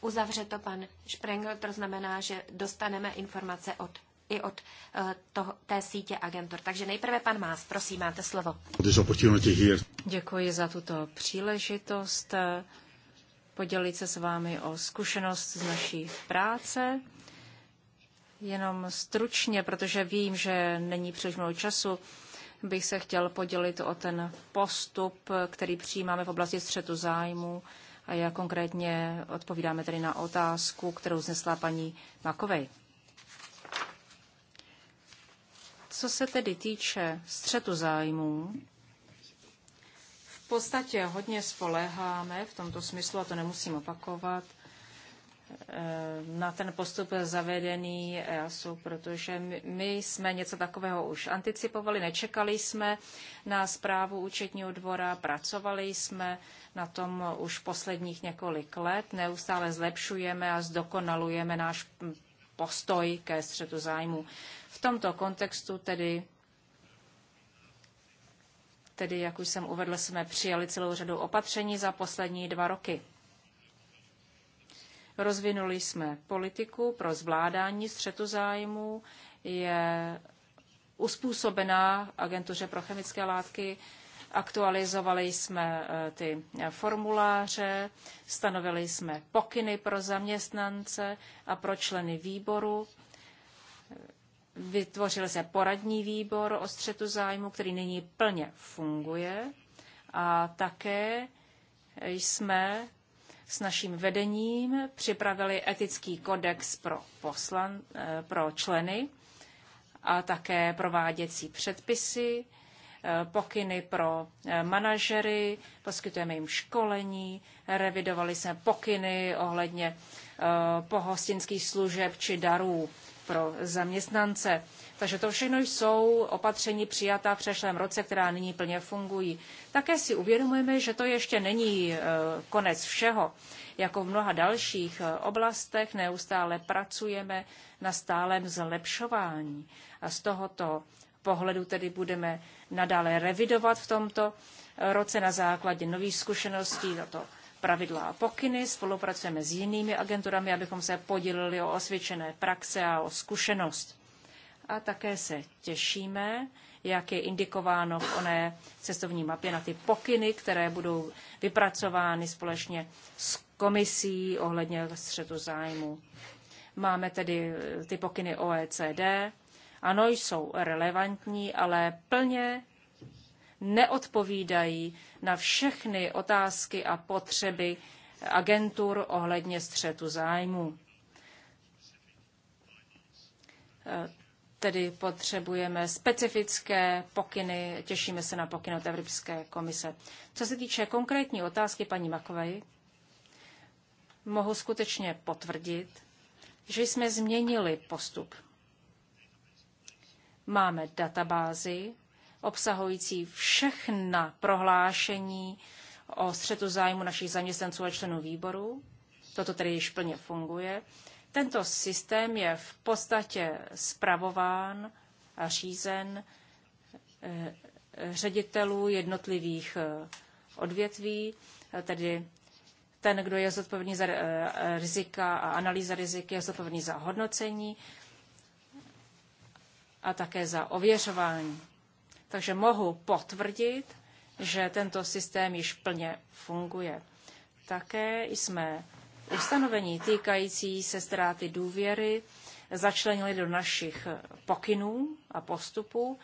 uzavře to pan Sprengel, to znamená, že dostaneme informace od i od eh, toho, té sítě agentur. Takže nejprve pan Más, prosím, máte slovo. Děkuji za tuto příležitost eh, podělit se s vámi o zkušenost z naší práce. Jenom stručně, protože vím, že není příliš mnoho času, bych se chtěl podělit o ten postup, který přijímáme v oblasti střetu zájmu a já konkrétně odpovídáme tedy na otázku, kterou znesla paní Makovej. Co se tedy týče střetu zájmů, v podstatě hodně spoléháme v tomto smyslu, a to nemusím opakovat, eh, na ten postup zavedený EASu, protože my jsme něco takového už anticipovali, nečekali jsme na zprávu účetního dvora, pracovali jsme na tom už posledních několik let, neustále zlepšujeme a zdokonalujeme náš postoj ke střetu zájmu. V tomto kontextu tedy Tedy, jak už jsem uvedl, jsme přijali celou řadu opatření za poslední dva roky. Rozvinuli jsme politiku pro zvládání střetu zájmu, je uspůsobená agentuře pro chemické látky, Aktualizovali jsme e, ty e, formuláře, stanovili jsme pokyny pro zaměstnance a pro členy výboru. Vytvořil se poradní výbor o střetu zájmu, který nyní plně funguje. A také jsme s naším vedením připravili etický kodex pro, poslan, e, pro členy a také prováděcí předpisy, Eh, pokyny pro eh, manažery, poskytujeme jim školení, revidovali jsme pokyny ohledně eh, pohostinských služeb či darů pro zaměstnance. Takže to všechno jsou opatření přijatá v přešlém roce, která nyní plně fungují. Také si uvědomujeme, že to ještě není konec všeho. Jako v mnoha dalších oblastech neustále pracujeme na stálem zlepšování. A z tohoto pohledu tedy budeme nadále revidovat v tomto roce na základě nových zkušeností tato pravidla a pokyny. Spolupracujeme s jinými agenturami, abychom se podělili o osvědčené praxe a o zkušenost. A také se těšíme, jak je indikováno v oné cestovní mapě na ty pokyny, které budou vypracovány společně s komisí ohledně střetu zájmu. Máme tedy ty pokyny OECD, ano, jsou relevantní, ale plně neodpovídají na všechny otázky a potřeby agentur ohledně střetu zájmu. Tedy potřebujeme specifické pokyny, těšíme se na pokyny od Evropské komise. Co se týče konkrétní otázky paní Makovej, mohu skutečně potvrdit, že jsme změnili postup. Máme databázi obsahující všechna prohlášení o střetu zájmu našich zaměstnanců a členů výboru. Toto tedy již plně funguje. Tento systém je v podstatě spravován a řízen eh, ředitelů jednotlivých eh, odvětví, eh, tedy ten, kdo je zodpovědný za rizika a analýza rizik, je zodpovědný za hodnocení a také za ověřování. Takže mohu potvrdit, že tento systém již plně funguje. Také jsme ustanovení týkající se ztráty důvěry začlenili do našich pokynů a postupů.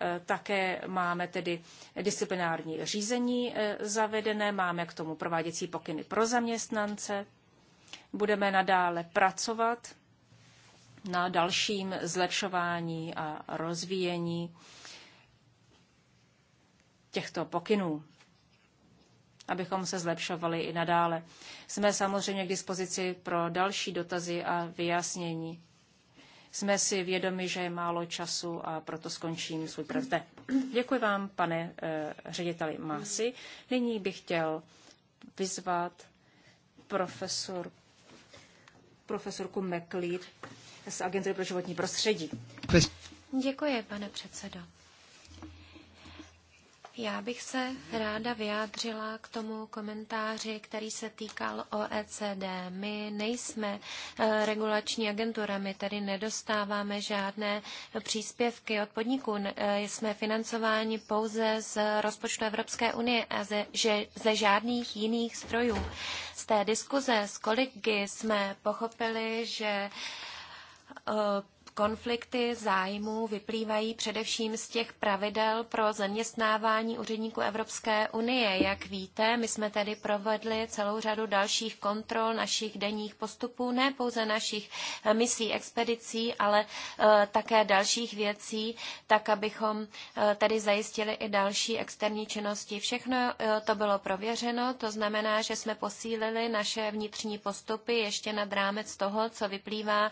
Eh, také máme tedy disciplinární řízení eh, zavedené, máme k tomu prováděcí pokyny pro zaměstnance. Budeme nadále pracovat na dalším zlepšování a rozvíjení těchto pokynů, abychom se zlepšovali i nadále. Jsme samozřejmě k dispozici pro další dotazy a vyjasnění. Jsme si vědomi, že je málo času a proto skončím svůj prvte. Děkuji vám, pane e, řediteli Masi. Nyní bych chtěl vyzvat profesor, profesorku McLeod, z Agentury pro životní prostředí. Děkuji, pane předsedo. Já bych se ráda vyjádřila k tomu komentáři, který se týkal OECD. My nejsme eh, regulační agentura, my tedy nedostáváme žádné příspěvky od podniků. Eh, jsme financováni pouze z rozpočtu Evropské unie a ze, že, ze žádných jiných strojů. Z té diskuze s kolegy jsme pochopili, že uh, konflikty zájmů vyplývají především z těch pravidel pro zaměstnávání úředníků Evropské unie. Jak víte, my jsme tedy provedli celou řadu dalších kontrol našich denních postupů, ne pouze našich eh, misí, expedicí, ale eh, také dalších věcí, tak abychom eh, tedy zajistili i další externí činnosti. Všechno to bylo prověřeno, to znamená, že jsme posílili naše vnitřní postupy ještě nad rámec toho, co vyplývá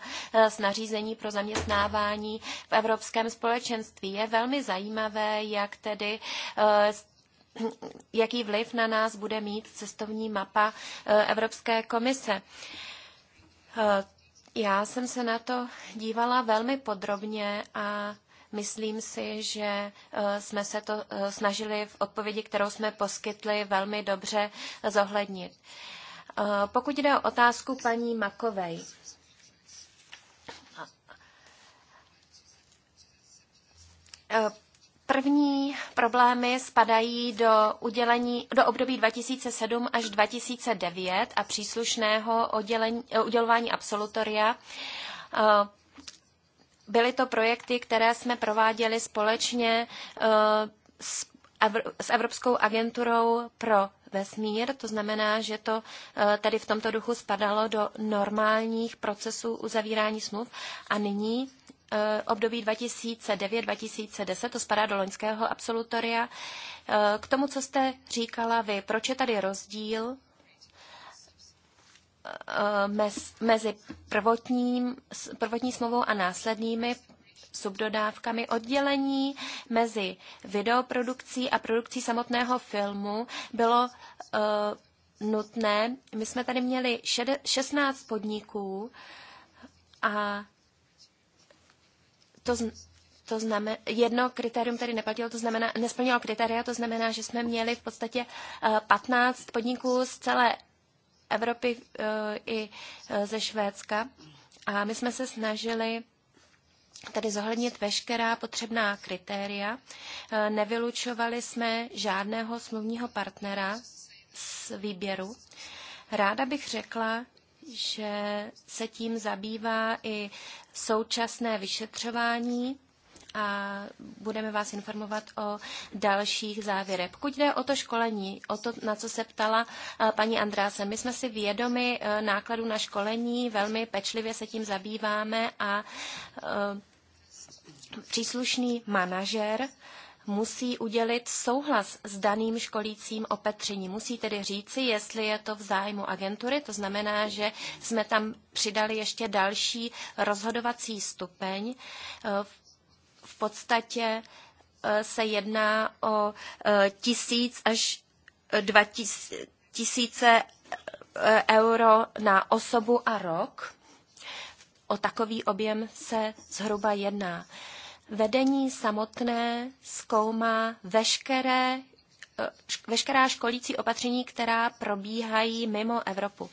z nařízení pro zaměstnávání zaměstnávání v Evropském společenství. Je velmi zajímavé, jak tedy eh, jaký vliv na nás bude mít cestovní mapa eh, Evropské komise. Eh, já jsem se na to dívala velmi podrobně a myslím si, že jsme se to snažili v odpovědi, kterou jsme poskytli, velmi dobře zohlednit. Pokud jde o otázku paní Makovej, První problémy spadají do, udělení, do období 2007 až 2009 a příslušného oddělení, eh, udělování absolutoria. Eh, byly to projekty, které jsme prováděli společně eh, s Evropskou agenturou pro vesmír, to znamená, že to tady v tomto duchu spadalo do normálních procesů uzavírání smluv a nyní Eh, období 2009-2010, to spadá do loňského absolutoria. Eh, k tomu, co jste říkala vy, proč je tady rozdíl eh, mezi prvotním, prvotní smlouvou a následnými subdodávkami, oddělení mezi videoprodukcí a produkcí samotného filmu bylo nutné. My jsme tady měli 16 podniků a to, to znamen, jedno kritérium tady neplatilo, to znamená, nesplnilo kritéria, to znamená, že jsme měli v podstatě 15 eh, podniků z celé Evropy eh, i eh, ze Švédska. A my jsme se snažili tady zohlednit veškerá potřebná kritéria. Nevylučovali jsme žádného smluvního partnera z výběru. Ráda bych řekla, že se tím zabývá i současné vyšetřování a budeme vás informovat o dalších závěrech. Pokud jde o to školení, o to, na co se ptala eh, paní Andráse, my jsme si vědomi eh, nákladu na školení, velmi pečlivě se tím zabýváme a eh, příslušný manažer musí udělit souhlas s daným školícím opatřením. Musí tedy říci, jestli je to v zájmu agentury, to znamená, že jsme tam přidali ještě další rozhodovací stupeň. E, v podstatě e, se jedná o e, tisíc až dva tisíce euro na osobu a rok. O takový objem se zhruba jedná vedení samotné zkoumá veškeré, eh, veškerá školící opatření, která probíhají mimo Evropu.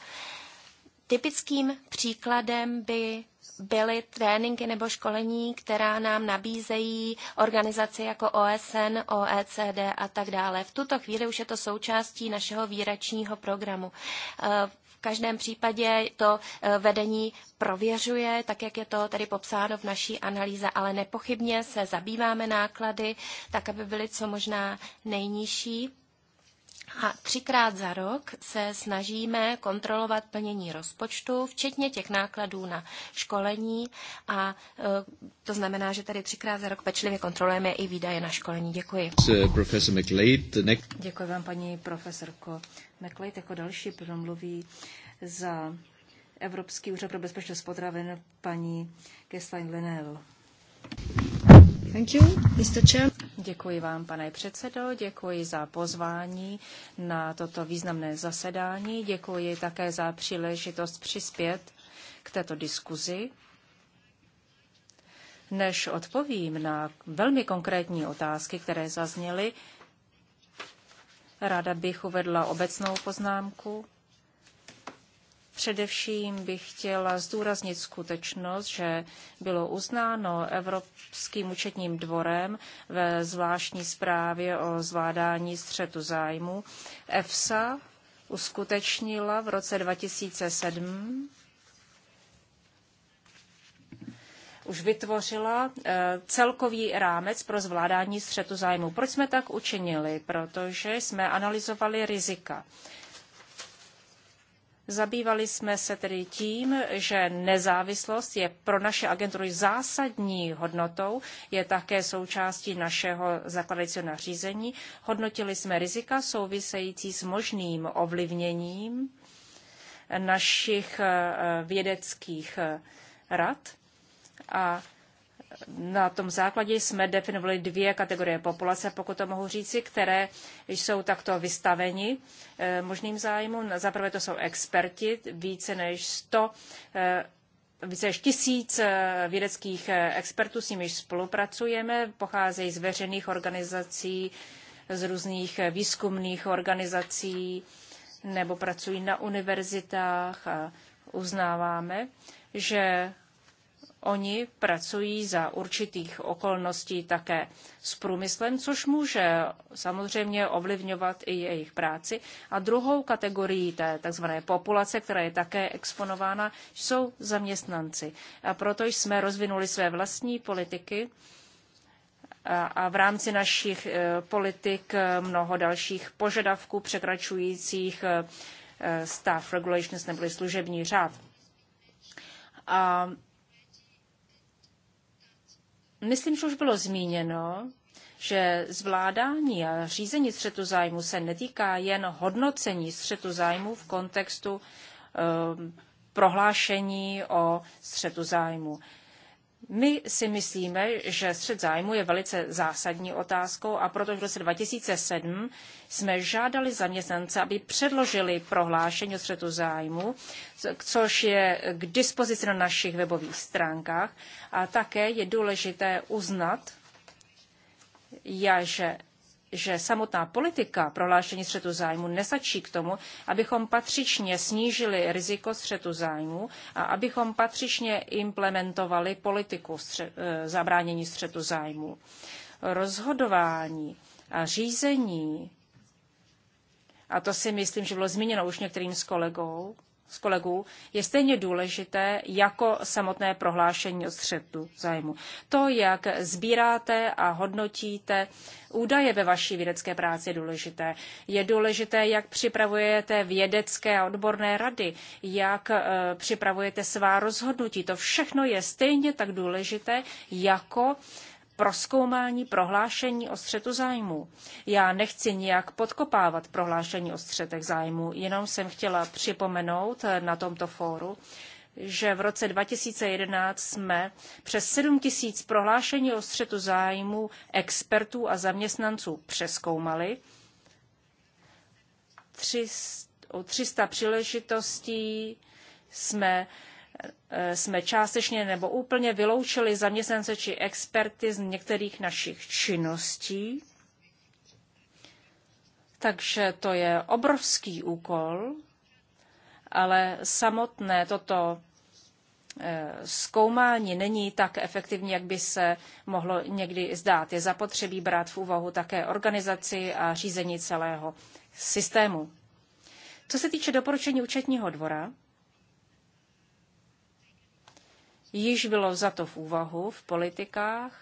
Typickým příkladem by byly tréninky nebo školení, která nám nabízejí organizace jako OSN, OECD a tak dále. V tuto chvíli už je to součástí našeho výračního programu. Eh, každém případě to eh, vedení prověřuje, tak jak je to tady popsáno v naší analýze, ale nepochybně se zabýváme náklady, tak aby byly co možná nejnižší a třikrát za rok se snažíme kontrolovat plnění rozpočtu, včetně těch nákladů na školení a e, to znamená, že tady třikrát za rok pečlivě kontrolujeme i výdaje na školení. Děkuji. Eh, eh, Děkuji vám, paní profesorko. McLeod jako další promluví za Evropský úřad pro bezpečnost potravin paní Kestlein Lenel. Thank you, Mr. Chair. Děkuji vám, pane předsedo, děkuji za pozvání na toto významné zasedání, děkuji také za příležitost přispět k této diskuzi. Než odpovím na velmi konkrétní otázky, které zazněly, ráda bych uvedla obecnou poznámku. Především bych chtěla zdůraznit skutečnost, že bylo uznáno Evropským účetním dvorem ve zvláštní zprávě o zvládání střetu zájmu. EFSA uskutečnila v roce 2007 už vytvořila eh, celkový rámec pro zvládání střetu zájmu. Proč jsme tak učinili? Protože jsme analyzovali rizika Zabývali jsme se tedy tím, že nezávislost je pro naše agentury zásadní hodnotou, je také součástí našeho zakladacího nařízení. Hodnotili jsme rizika související s možným ovlivněním našich eh, vědeckých eh, rad a na tom základě jsme definovali dvě kategorie populace, pokud to mohu říci, které jsou takto vystaveni eh, možným zájmům. zaprvé to jsou experti, více než 100 eh, více než tisíc eh, vědeckých expertů, s nimiž spolupracujeme, pocházejí z veřejných organizací, z různých výzkumných organizací nebo pracují na univerzitách a uznáváme, že Oni pracují za určitých okolností také s průmyslem, což může samozřejmě ovlivňovat i jejich práci. A druhou kategorií té tzv. populace, která je také exponována, jsou zaměstnanci. A proto jsme rozvinuli své vlastní politiky a v rámci našich e, politik e, mnoho dalších požadavků překračujících e, staff regulations neboli služební řád. A Myslím, že už bylo zmíněno, že zvládání a řízení střetu zájmu se netýká jen hodnocení střetu zájmu v kontextu e, prohlášení o střetu zájmu. My si myslíme, že střed zájmu je velice zásadní otázkou a proto v roce 2007 jsme žádali zaměstnance, aby předložili prohlášení o střetu zájmu, což je k dispozici na našich webových stránkách. A také je důležité uznat, že že samotná politika prohlášení střetu zájmu nestačí k tomu, abychom patřičně snížili riziko střetu zájmu a abychom patřičně implementovali politiku stře- eh, zabránění střetu zájmu. Rozhodování a řízení, a to si myslím, že bylo zmíněno už některým z kolegou, z kolegů je stejně důležité jako samotné prohlášení o střetu zájmu. To, jak sbíráte a hodnotíte údaje ve vaší vědecké práci, je důležité. Je důležité, jak připravujete vědecké a odborné rady, jak e, připravujete svá rozhodnutí. To všechno je stejně tak důležité jako proskoumání prohlášení o střetu zájmů. Já nechci nijak podkopávat prohlášení o střetech zájmů, jenom jsem chtěla připomenout na tomto fóru, že v roce 2011 jsme přes 7 tisíc prohlášení o střetu zájmů expertů a zaměstnanců přeskoumali. o 300 příležitostí jsme Eh, jsme částečně nebo úplně vyloučili zaměstnance či experty z některých našich činností. Takže to je obrovský úkol, ale samotné toto eh, zkoumání není tak efektivní, jak by se mohlo někdy zdát. Je zapotřebí brát v úvahu také organizaci a řízení celého systému. Co se týče doporučení účetního dvora, již bylo vzato v úvahu v politikách,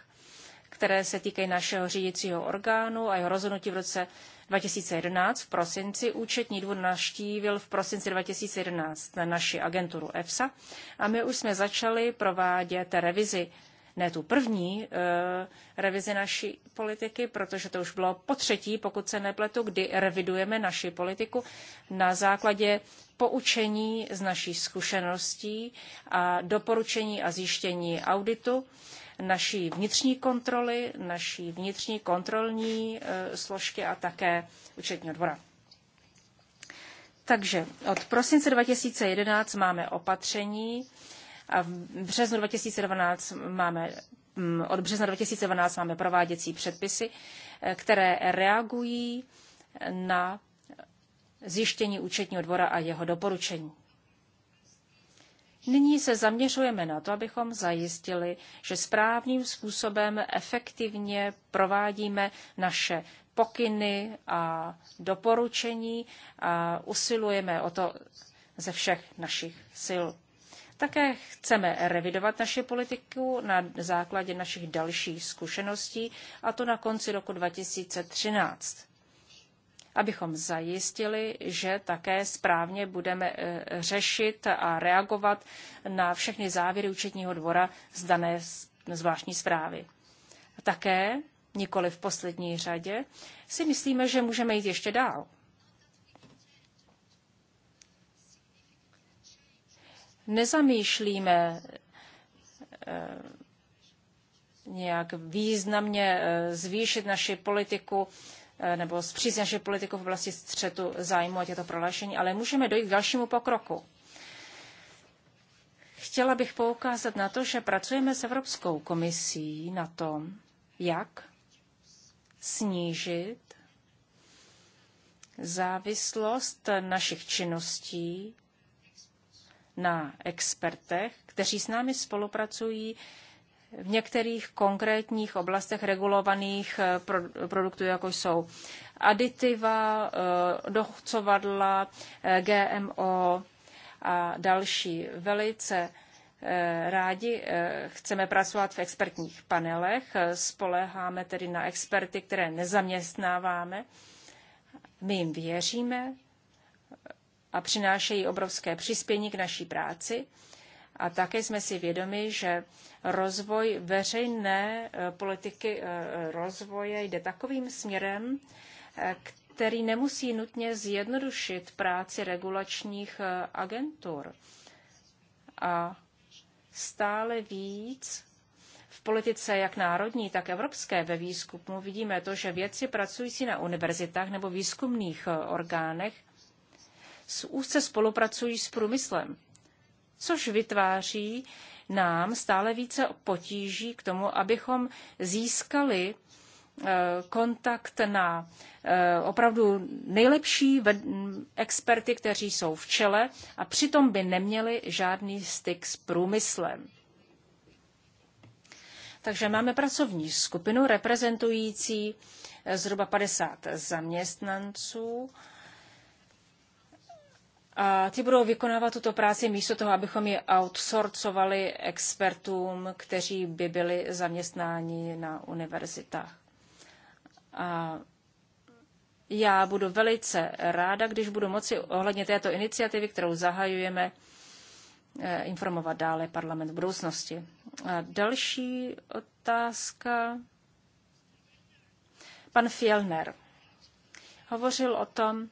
které se týkají našeho řídícího orgánu a jeho rozhodnutí v roce 2011 v prosinci. Účetní dvůr naštívil v prosinci 2011 na naši agenturu EFSA a my už jsme začali provádět revizi ne tu první eh, revizi naší politiky, protože to už bylo po třetí, pokud se nepletu, kdy revidujeme naši politiku na základě poučení z naší zkušeností a doporučení a zjištění auditu naší vnitřní kontroly, naší vnitřní kontrolní eh, složky a také účetního dvora. Takže od prosince 2011 máme opatření, a v březnu 2012 máme mm, od března 2012 máme prováděcí předpisy, eh, které reagují na zjištění účetního dvora a jeho doporučení. Nyní se zaměřujeme na to, abychom zajistili, že správným způsobem efektivně provádíme naše pokyny a doporučení a usilujeme o to ze všech našich sil. Také chceme revidovat naši politiku na základě našich dalších zkušeností, a to na konci roku 2013 abychom zajistili, že také správně budeme eh, řešit a reagovat na všechny závěry účetního dvora z dané zvláštní zprávy. Také, nikoli v poslední řadě, si myslíme, že můžeme jít ještě dál. nezamýšlíme eh, nějak významně eh, zvýšit naši politiku eh, nebo zpřísnit naši politiku v oblasti střetu zájmu a těto prohlášení, ale můžeme dojít k dalšímu pokroku. Chtěla bych poukázat na to, že pracujeme s Evropskou komisí na tom, jak snížit závislost našich činností na expertech, kteří s námi spolupracují v některých konkrétních oblastech regulovaných eh, produktů, jako jsou aditiva, eh, dochcovadla, eh, GMO a další. Velice rádi chceme pracovat v expertních panelech, spoléháme tedy na experty, které nezaměstnáváme. My jim věříme, a přinášejí obrovské přispění k naší práci. A také jsme si vědomi, že rozvoj veřejné eh, politiky eh, rozvoje jde takovým směrem, eh, který nemusí nutně zjednodušit práci regulačních agentur. A stále víc v politice jak národní, tak evropské ve výzkumu vidíme to, že věci pracující na univerzitách nebo výzkumných orgánech úzce spolupracují s průmyslem, což vytváří nám stále více potíží k tomu, abychom získali eh, kontakt na eh, opravdu nejlepší experty, kteří jsou v čele a přitom by neměli žádný styk s průmyslem. Takže máme pracovní skupinu reprezentující eh, zhruba 50 zaměstnanců a ty budou vykonávat tuto práci místo toho, abychom ji outsourcovali expertům, kteří by byli zaměstnáni na univerzitách. A já budu velice ráda, když budu moci ohledně této iniciativy, kterou zahajujeme, eh, informovat dále parlament v budoucnosti. A další otázka. Pan Fielner hovořil o tom,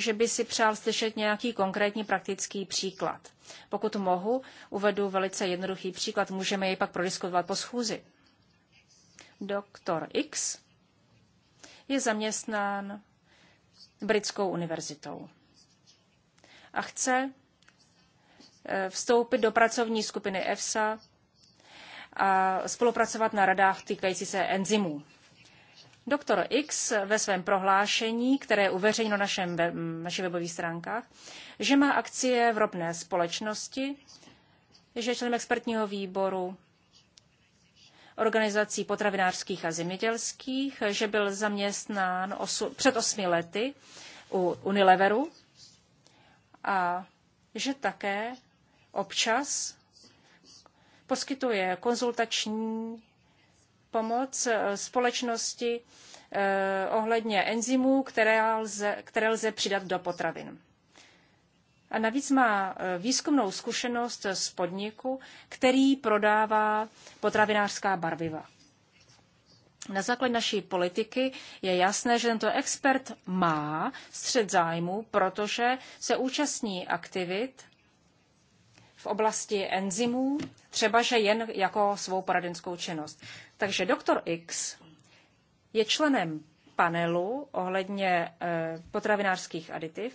že by si přál slyšet nějaký konkrétní praktický příklad. Pokud mohu, uvedu velice jednoduchý příklad, můžeme jej pak prodiskutovat po schůzi. Doktor X je zaměstnán britskou univerzitou a chce eh, vstoupit do pracovní skupiny EFSA a spolupracovat na radách týkající se enzymů. Doktor X ve svém prohlášení, které je uveřejněno na našem, našich webových stránkách, že má akcie v ropné společnosti, že je členem expertního výboru organizací potravinářských a zemědělských, že byl zaměstnán osu, před osmi lety u Unileveru a že také občas poskytuje konzultační pomoc eh, společnosti eh, ohledně enzymů, které lze, které lze přidat do potravin. A navíc má eh, výzkumnou zkušenost z podniku, který prodává potravinářská barviva. Na základě naší politiky je jasné, že tento expert má střed zájmu, protože se účastní aktivit v oblasti enzymů, třeba že jen jako svou poradenskou činnost. Takže doktor X je členem panelu ohledně eh, potravinářských aditiv.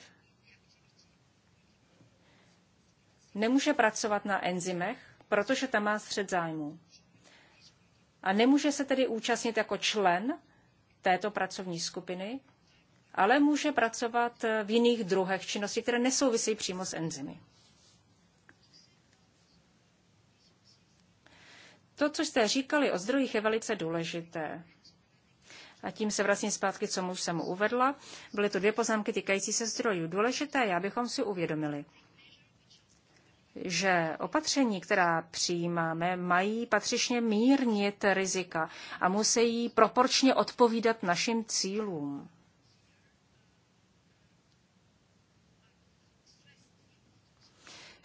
Nemůže pracovat na enzymech, protože tam má střed zájmu. A nemůže se tedy účastnit jako člen této pracovní skupiny, ale může pracovat eh, v jiných druhech činností, které nesouvisí přímo s enzymy. To, co jste říkali o zdrojích, je velice důležité. A tím se vracím zpátky, co už jsem uvedla. Byly tu dvě poznámky týkající se zdrojů. Důležité je, abychom si uvědomili, že opatření, která přijímáme, mají patřičně mírnit rizika a musí proporčně odpovídat našim cílům.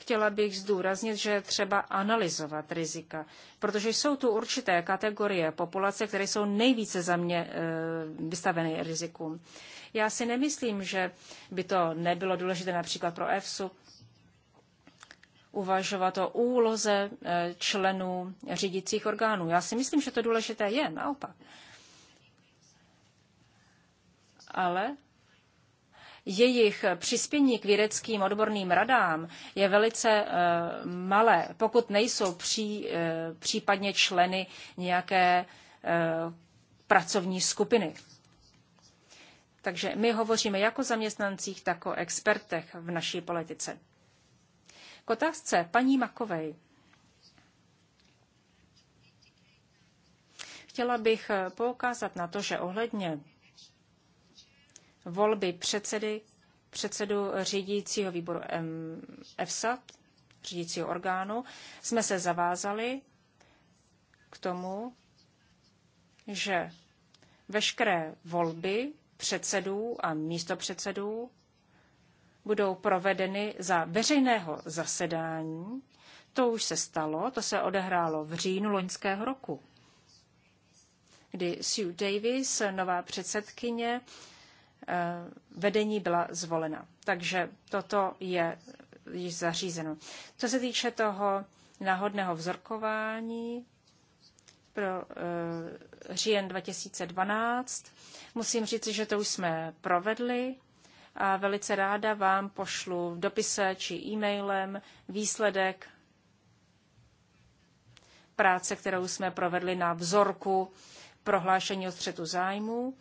chtěla bych zdůraznit, že je třeba analyzovat rizika, protože jsou tu určité kategorie populace, které jsou nejvíce za mě eh, vystaveny rizikům. Já si nemyslím, že by to nebylo důležité například pro EFSU uvažovat o úloze eh, členů řídících orgánů. Já si myslím, že to důležité je, naopak. Ale jejich přispění k vědeckým odborným radám je velice eh, malé, pokud nejsou pří, eh, případně členy nějaké eh, pracovní skupiny. Takže my hovoříme jako zaměstnancích, tak o expertech v naší politice. K otázce paní Makovej. Chtěla bych poukázat na to, že ohledně volby předsedy, předsedu řídícího výboru EFSA, řídícího orgánu, jsme se zavázali k tomu, že veškeré volby předsedů a místopředsedů budou provedeny za veřejného zasedání. To už se stalo, to se odehrálo v říjnu loňského roku, kdy Sue Davis, nová předsedkyně Eh, vedení byla zvolena. Takže toto je již zařízeno. Co se týče toho náhodného vzorkování pro e, říjen 2012, musím říct, že to už jsme provedli a velice ráda vám pošlu v dopise či e-mailem výsledek práce, kterou jsme provedli na vzorku prohlášení o střetu zájmu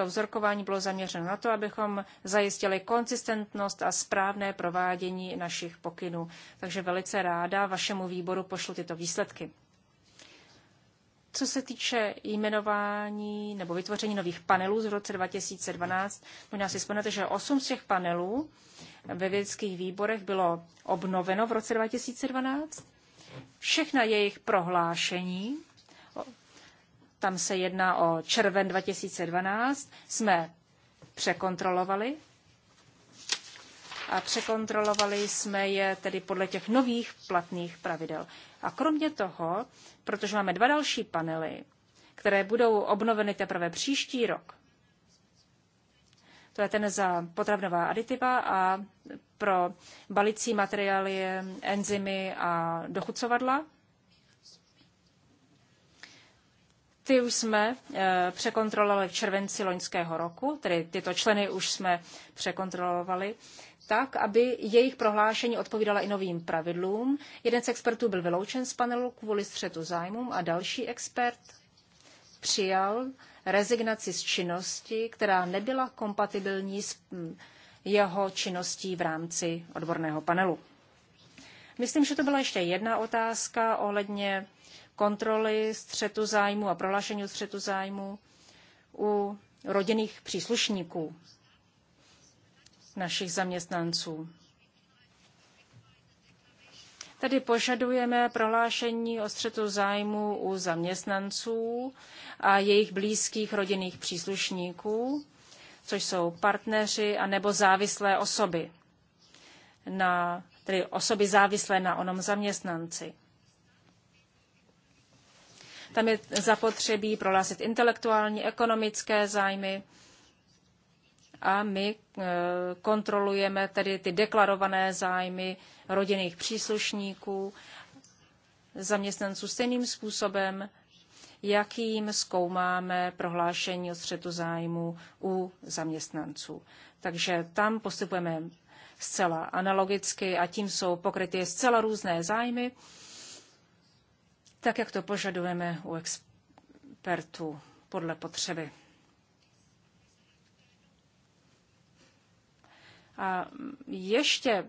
to vzorkování bylo zaměřeno na to, abychom zajistili konzistentnost a správné provádění našich pokynů. Takže velice ráda vašemu výboru pošlu tyto výsledky. Co se týče jmenování nebo vytvoření nových panelů z roce 2012, možná si vzpomenete, že osm z těch panelů ve vědeckých výborech bylo obnoveno v roce 2012. Všechna jejich prohlášení tam se jedná o červen 2012, jsme překontrolovali a překontrolovali jsme je tedy podle těch nových platných pravidel. A kromě toho, protože máme dva další panely, které budou obnoveny teprve příští rok, to je ten za potravnová aditiva a pro balicí materiály, enzymy a dochucovadla, Ty už jsme eh, překontrolovali v červenci loňského roku, tedy tyto členy už jsme překontrolovali tak, aby jejich prohlášení odpovídala i novým pravidlům. Jeden z expertů byl vyloučen z panelu kvůli střetu zájmům a další expert přijal rezignaci z činnosti, která nebyla kompatibilní s hm, jeho činností v rámci odborného panelu. Myslím, že to byla ještě jedna otázka ohledně kontroly střetu zájmu a prohlášení o střetu zájmu u rodinných příslušníků našich zaměstnanců. Tady požadujeme prohlášení o střetu zájmu u zaměstnanců a jejich blízkých rodinných příslušníků, což jsou partneři a nebo závislé osoby, na, tedy osoby závislé na onom zaměstnanci. Tam je zapotřebí prohlásit intelektuální, ekonomické zájmy a my eh, kontrolujeme tedy ty deklarované zájmy rodinných příslušníků, zaměstnanců stejným způsobem, jakým zkoumáme prohlášení o střetu zájmu u zaměstnanců. Takže tam postupujeme zcela analogicky a tím jsou pokryty zcela různé zájmy tak jak to požadujeme u expertů podle potřeby. A ještě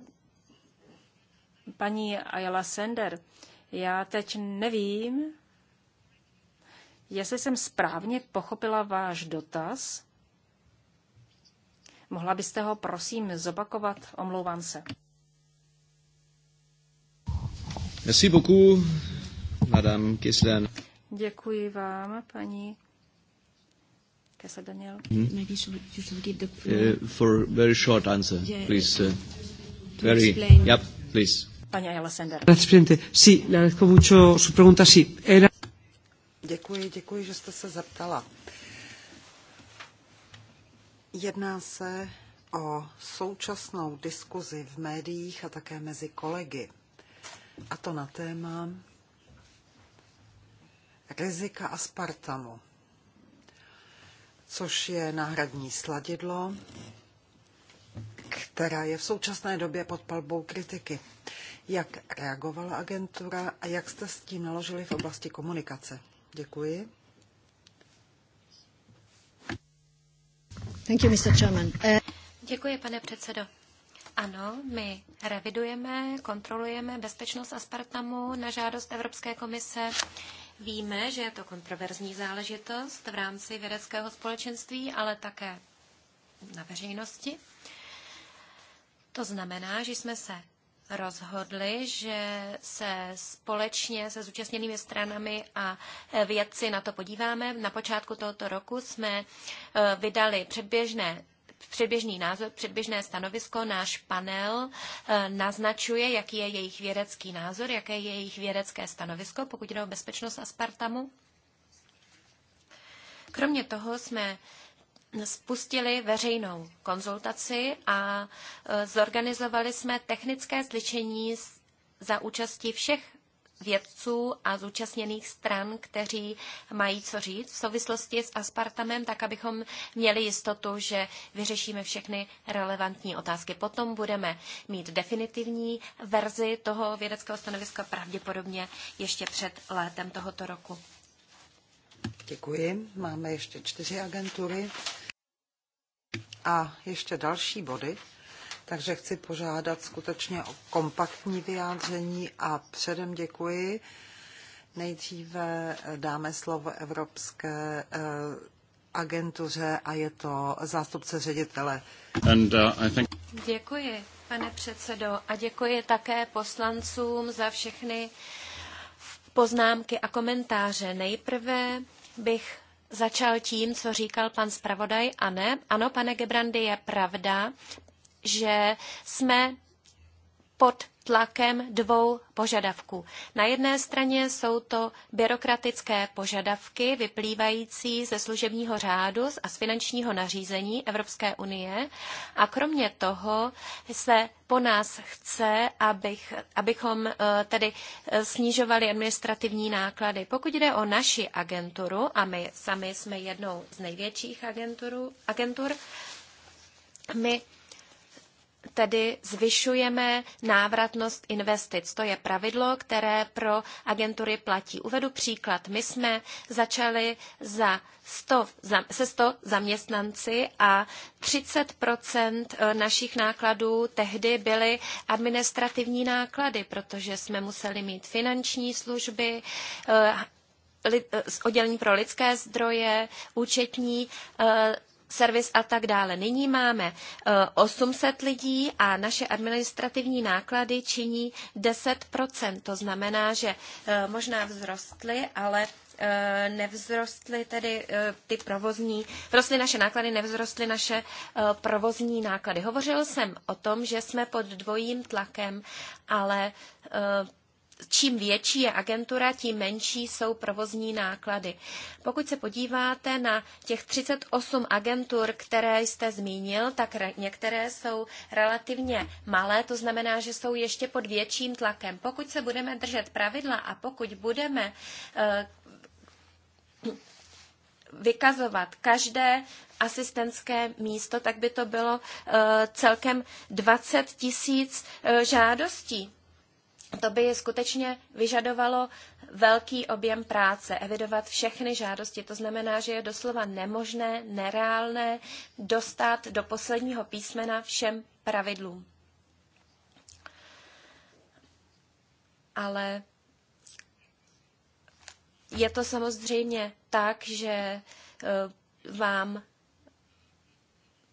paní Ayala Sender, já teď nevím, jestli jsem správně pochopila váš dotaz. Mohla byste ho prosím zopakovat? Omlouvám se. Merci beaucoup. Madame Kislen. Děkuji vám, paní Kesa Daniel. Hmm? Uh, for very short answer, yeah, please. Uh, very, explain. yep, please. Paní Ayala Sender. Gracias, presidente. Sí, le agradezco mucho su pregunta. Sí, era... Děkuji, děkuji, že jste se zeptala. Jedná se o současnou diskuzi v médiích a také mezi kolegy. A to na téma, rizika aspartamu, což je náhradní sladidlo, která je v současné době pod palbou kritiky. Jak reagovala agentura a jak jste s tím naložili v oblasti komunikace? Děkuji. Thank you, Mr. Chairman. Eh, Děkuji, pane předsedo. Ano, my revidujeme, kontrolujeme bezpečnost aspartamu na žádost Evropské komise. Víme, že je to kontroverzní záležitost v rámci vědeckého společenství, ale také na veřejnosti. To znamená, že jsme se rozhodli, že se společně se zúčastněnými stranami a vědci na to podíváme. Na počátku tohoto roku jsme eh, vydali předběžné předběžný názor, předběžné stanovisko, náš panel eh, naznačuje, jaký je jejich vědecký názor, jaké je jejich vědecké stanovisko, pokud jde o bezpečnost Aspartamu. Kromě toho jsme spustili veřejnou konzultaci a eh, zorganizovali jsme technické slyšení za účastí všech vědců a zúčastněných stran, kteří mají co říct v souvislosti s aspartamem, tak abychom měli jistotu, že vyřešíme všechny relevantní otázky. Potom budeme mít definitivní verzi toho vědeckého stanoviska pravděpodobně ještě před létem tohoto roku. Děkuji. Máme ještě čtyři agentury a ještě další body takže chci požádat skutečně o kompaktní vyjádření a předem děkuji. Nejdříve eh, dáme slovo Evropské eh, agentuře a je to zástupce ředitele. And, uh, think... Děkuji, pane předsedo, a děkuji také poslancům za všechny poznámky a komentáře. Nejprve bych začal tím, co říkal pan zpravodaj. A ne, ano, pane Gebrandy, je pravda že jsme pod tlakem dvou požadavků. Na jedné straně jsou to byrokratické požadavky vyplývající ze služebního řádu a z finančního nařízení Evropské unie a kromě toho se po nás chce, abych, abychom eh, tedy eh, snižovali administrativní náklady. Pokud jde o naši agenturu, a my sami jsme jednou z největších agenturu, agentur, my tedy zvyšujeme návratnost investic. To je pravidlo, které pro agentury platí. Uvedu příklad. My jsme začali za 100, se 100 zaměstnanci a 30 eh, našich nákladů tehdy byly administrativní náklady, protože jsme museli mít finanční služby, eh, eh, oddělení pro lidské zdroje, účetní servis a tak dále. Nyní máme 800 eh, lidí a naše administrativní náklady činí 10%. To znamená, že eh, možná vzrostly, ale eh, nevzrostly tedy ty provozní, prostě naše náklady, nevzrostly naše provozní náklady. Hovořil jsem o tom, že jsme pod dvojím tlakem, ale čím větší je agentura, tím menší jsou provozní náklady. Pokud se podíváte na těch 38 agentur, které jste zmínil, tak některé jsou relativně malé, to znamená, že jsou ještě pod větším tlakem. Pokud se budeme držet pravidla a pokud budeme eh, vykazovat každé asistentské místo, tak by to bylo eh, celkem 20 tisíc eh, žádostí. To by skutečně vyžadovalo velký objem práce, evidovat všechny žádosti. To znamená, že je doslova nemožné, nereálné dostat do posledního písmena všem pravidlům. Ale je to samozřejmě tak, že e, vám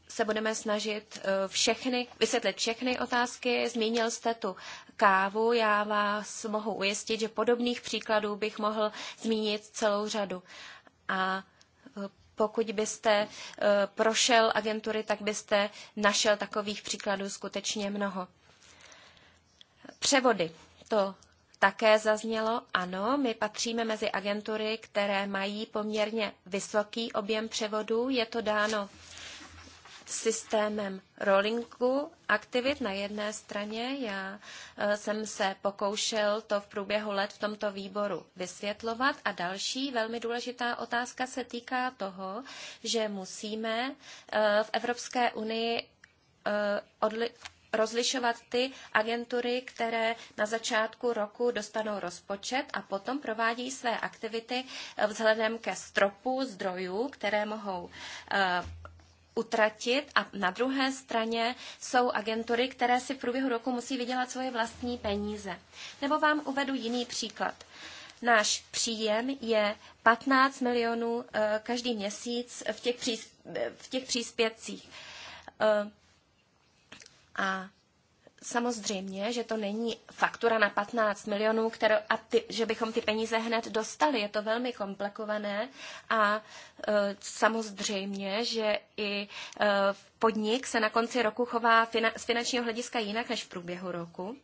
se budeme snažit e, všechny, vysvětlit všechny otázky. Zmínil jste tu kávu, já vás mohu ujistit, že podobných příkladů bych mohl zmínit celou řadu. A e, pokud byste e, prošel agentury, tak byste našel takových příkladů skutečně mnoho. Převody. To také zaznělo, ano, my patříme mezi agentury, které mají poměrně vysoký objem převodů. Je to dáno systémem rollingu aktivit na jedné straně. Já e, jsem se pokoušel to v průběhu let v tomto výboru vysvětlovat. A další velmi důležitá otázka se týká toho, že musíme e, v Evropské unii e, odli- rozlišovat ty agentury, které na začátku roku dostanou rozpočet a potom provádí své aktivity vzhledem ke stropu zdrojů, které mohou utratit a na druhé straně jsou agentury, které si v průběhu roku musí vydělat svoje vlastní peníze. Nebo vám uvedu jiný příklad. Náš příjem je 15 milionů eh, každý měsíc v těch, příspěvcích. Eh, a Samozřejmě, že to není faktura na 15 milionů, kterou, a ty, že bychom ty peníze hned dostali. Je to velmi komplikované a e, samozřejmě, že i e, podnik se na konci roku chová fina, z finančního hlediska jinak než v průběhu roku.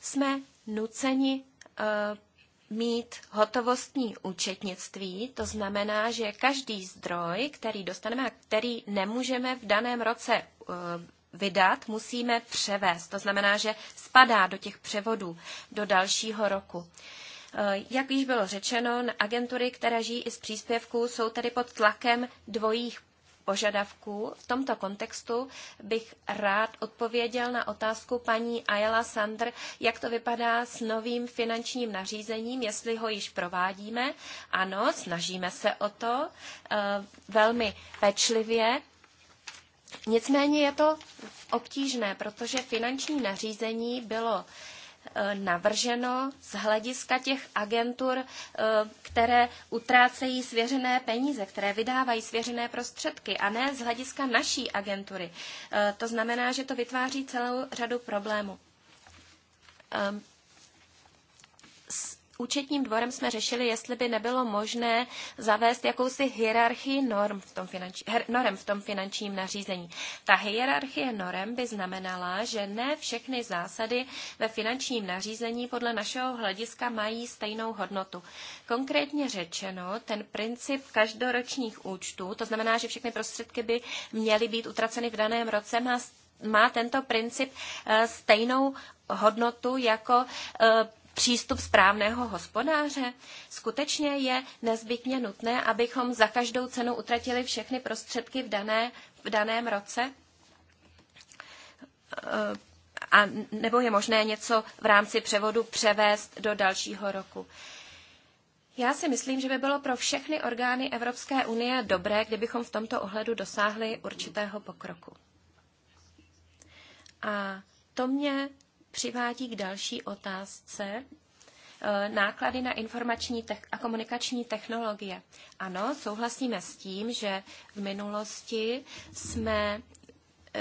Jsme nuceni e, mít hotovostní účetnictví, to znamená, že každý zdroj, který dostaneme a který nemůžeme v daném roce e, vydat, musíme převést. To znamená, že spadá do těch převodů do dalšího roku. Eh, jak již bylo řečeno, agentury, které žijí i z příspěvků, jsou tedy pod tlakem dvojích požadavků. V tomto kontextu bych rád odpověděl na otázku paní Ayala Sandr, jak to vypadá s novým finančním nařízením, jestli ho již provádíme. Ano, snažíme se o to eh, velmi pečlivě. Nicméně je to obtížné, protože finanční nařízení bylo e, navrženo z hlediska těch agentur, e, které utrácejí svěřené peníze, které vydávají svěřené prostředky a ne z hlediska naší agentury. E, to znamená, že to vytváří celou řadu problémů účetním dvorem jsme řešili, jestli by nebylo možné zavést jakousi hierarchii norm v tom, finanční her, norm v tom finančním nařízení. Ta hierarchie norm by znamenala, že ne všechny zásady ve finančním nařízení podle našeho hlediska mají stejnou hodnotu. Konkrétně řečeno, ten princip každoročních účtů, to znamená, že všechny prostředky by měly být utraceny v daném roce, má má tento princip eh, stejnou hodnotu jako eh, přístup správného hospodáře? Skutečně je nezbytně nutné, abychom za každou cenu utratili všechny prostředky v, dané, v daném roce? Eh, a nebo je možné něco v rámci převodu převést do dalšího roku? Já si myslím, že by bylo pro všechny orgány Evropské unie dobré, kdybychom v tomto ohledu dosáhli určitého pokroku. A to mě přivádí k další otázce, eh, náklady na informační a komunikační technologie. Ano, souhlasíme s tím, že v minulosti jsme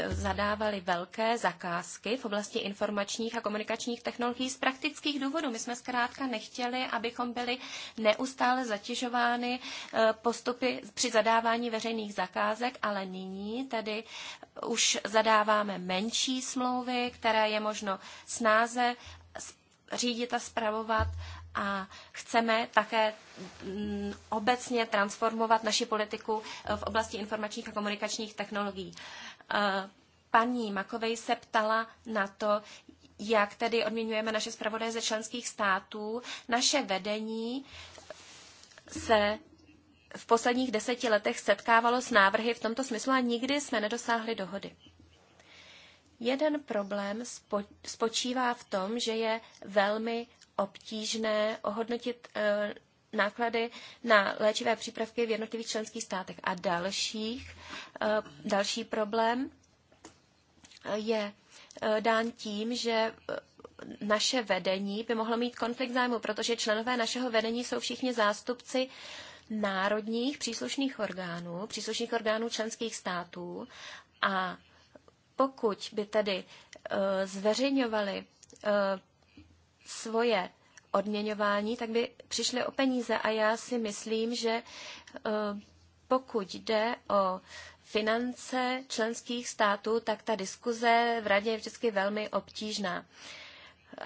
zadávali velké zakázky v oblasti informačních a komunikačních technologií z praktických důvodů. My jsme zkrátka nechtěli, abychom byli neustále zatěžovány eh, postupy při zadávání veřejných zakázek, ale nyní tedy už zadáváme menší smlouvy, které je možno snáze řídit a spravovat a chceme také mm, obecně transformovat naši politiku eh, v oblasti informačních a komunikačních technologií paní Makovej se ptala na to, jak tedy odměňujeme naše zpravodaje ze členských států. Naše vedení se v posledních deseti letech setkávalo s návrhy v tomto smyslu a nikdy jsme nedosáhli dohody. Jeden problém spo, spočívá v tom, že je velmi obtížné ohodnotit e, náklady na léčivé přípravky v jednotlivých členských státech. A dalších, eh, další problém eh, je eh, dán tím, že naše vedení by mohlo mít konflikt zájmu, protože členové našeho vedení jsou všichni zástupci národních příslušných orgánů, příslušných orgánů členských států a pokud by tedy zveřejňovali svoje odměňování, tak by přišly o peníze. A já si myslím, že eh, pokud jde o finance členských států, tak ta diskuze v radě je vždycky velmi obtížná.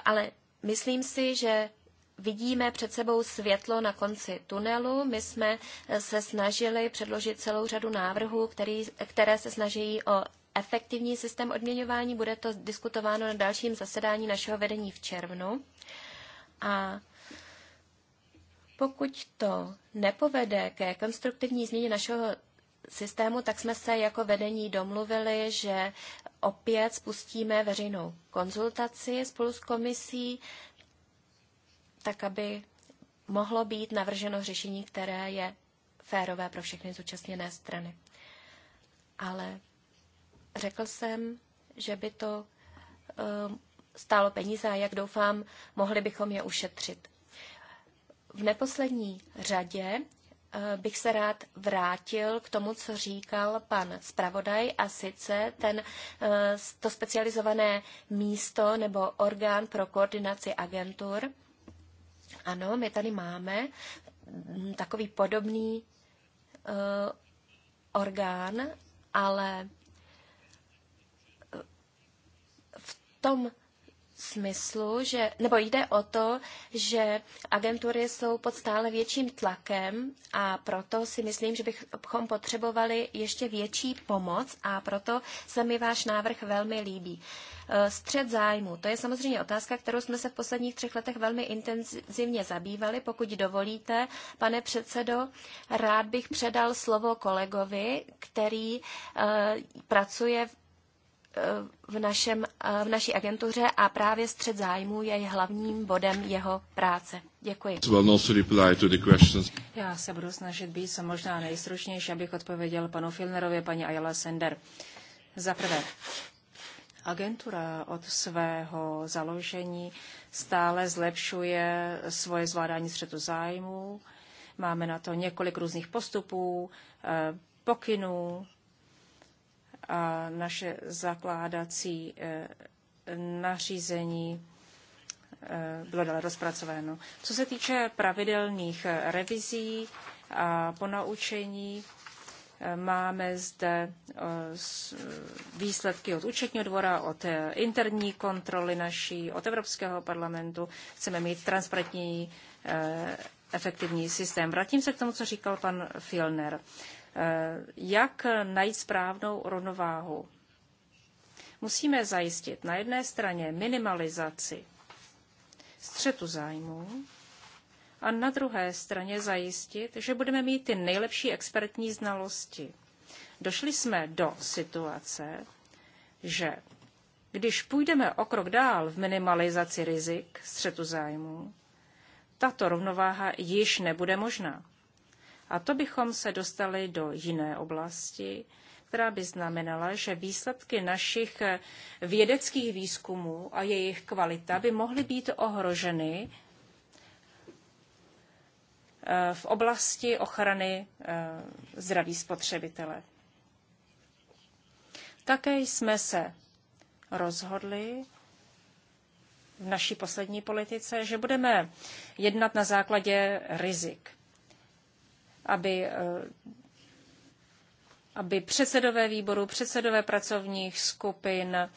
Ale myslím si, že vidíme před sebou světlo na konci tunelu. My jsme se snažili předložit celou řadu návrhů, který, které se snaží o efektivní systém odměňování. Bude to diskutováno na dalším zasedání našeho vedení v červnu. A pokud to nepovede ke konstruktivní změně našeho systému, tak jsme se jako vedení domluvili, že opět spustíme veřejnou konzultaci spolu s komisí, tak aby mohlo být navrženo řešení, které je férové pro všechny zúčastněné strany. Ale řekl jsem, že by to stálo peníze a jak doufám, mohli bychom je ušetřit. V neposlední řadě eh, bych se rád vrátil k tomu, co říkal pan zpravodaj, a sice ten, eh, to specializované místo nebo orgán pro koordinaci agentur. Ano, my tady máme hm, takový podobný eh, orgán, ale v tom smyslu, že, nebo jde o to, že agentury jsou pod stále větším tlakem a proto si myslím, že bychom potřebovali ještě větší pomoc a proto se mi váš návrh velmi líbí. E, střed zájmu, to je samozřejmě otázka, kterou jsme se v posledních třech letech velmi intenzivně zabývali. Pokud dovolíte, pane předsedo, rád bych předal slovo kolegovi, který e, pracuje v, našem, v naší agentuře a právě střed zájmu je hlavním bodem jeho práce. Děkuji. Já se budu snažit být co možná nejstručnější, abych odpověděl panu Filnerovi, paní Ayala Sender. Za prvé, agentura od svého založení stále zlepšuje svoje zvládání střetu zájmu. Máme na to několik různých postupů, eh, pokynů, a naše zakládací eh, nařízení eh, bylo dále rozpracováno. Co se týče pravidelných eh, revizí a ponaučení, máme zde výsledky od účetního dvora, od interní kontroly naší, od Evropského parlamentu. Chceme mít transparentní efektivní systém. Vrátím se k tomu, co říkal pan Filner. Eh, jak najít správnou rovnováhu? Musíme zajistit na jedné straně minimalizaci střetu zájmů a na druhé straně zajistit, že budeme mít ty nejlepší expertní znalosti. Došli jsme do situace, že když půjdeme o krok dál v minimalizaci rizik střetu zájmů, tato rovnováha již nebude možná. A to bychom se dostali do jiné oblasti, která by znamenala, že výsledky našich vědeckých výzkumů a jejich kvalita by mohly být ohroženy eh, v oblasti ochrany eh, zdraví spotřebitele. Také jsme se rozhodli v naší poslední politice, že budeme jednat na základě rizik aby eh, aby předsedové výboru, předsedové pracovních skupin, eh,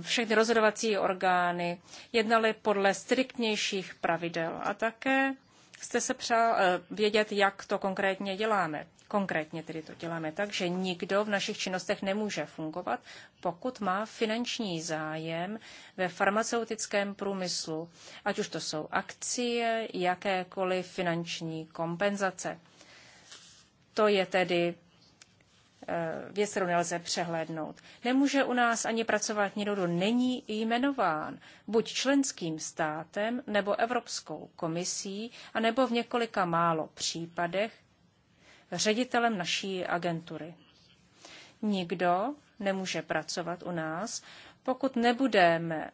všechny rozhodovací orgány jednali podle striktnějších pravidel. A také jste se přál eh, vědět, jak to konkrétně děláme. Konkrétně tedy to děláme tak, že nikdo v našich činnostech nemůže fungovat, pokud má finanční zájem ve farmaceutickém průmyslu, ať už to jsou akcie, jakékoliv finanční kompenzace. To je tedy eh, věc, kterou nelze přehlédnout. Nemůže u nás ani pracovat někdo, kdo není jmenován buď členským státem nebo Evropskou komisí, anebo v několika málo případech ředitelem naší agentury. Nikdo nemůže pracovat u nás, pokud nebudeme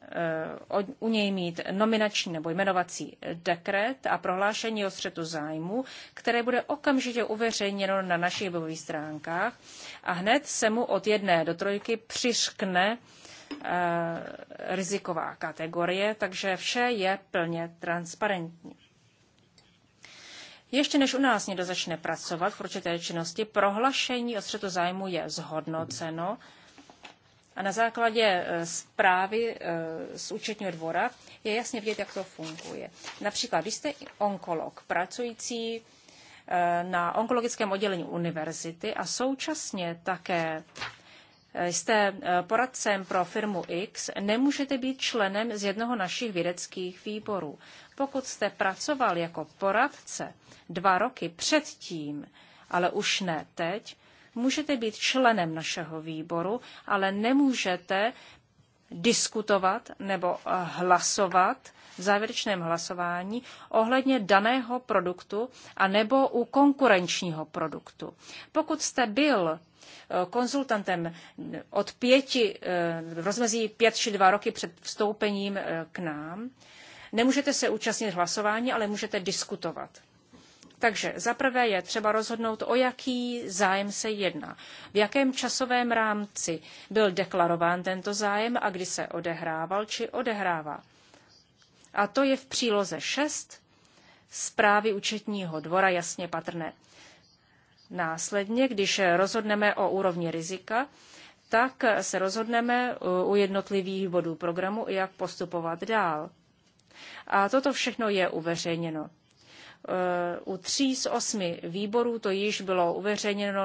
eh, u něj mít nominační nebo jmenovací dekret a prohlášení o střetu zájmu, které bude okamžitě uveřejněno na našich webových stránkách a hned se mu od jedné do trojky přiškne eh, riziková kategorie, takže vše je plně transparentní. Ještě než u nás někdo začne pracovat v určité činnosti, prohlašení o střetu zájmu je zhodnoceno a na základě e, zprávy e, z účetního dvora je jasně vidět, jak to funguje. Například, když jste onkolog pracující e, na onkologickém oddělení univerzity a současně také jste eh, poradcem pro firmu X, nemůžete být členem z jednoho našich vědeckých výborů. Pokud jste pracoval jako poradce dva roky předtím, ale už ne teď, můžete být členem našeho výboru, ale nemůžete diskutovat nebo eh, hlasovat v závěrečném hlasování ohledně daného produktu a nebo u konkurenčního produktu. Pokud jste byl eh, konzultantem od pěti, eh, v rozmezí pět či dva roky před vstoupením k nám, nemůžete se účastnit hlasování, ale můžete diskutovat. Takže zaprvé je třeba rozhodnout, o jaký zájem se jedná, v jakém časovém rámci byl deklarován tento zájem a kdy se odehrával či odehrává. A to je v příloze 6 zprávy účetního dvora jasně patrné. Následně, když rozhodneme o úrovni rizika, tak se rozhodneme uh, u jednotlivých bodů programu, jak postupovat dál. A toto všechno je uveřejněno. U tří z osmi výborů to již bylo uveřejněno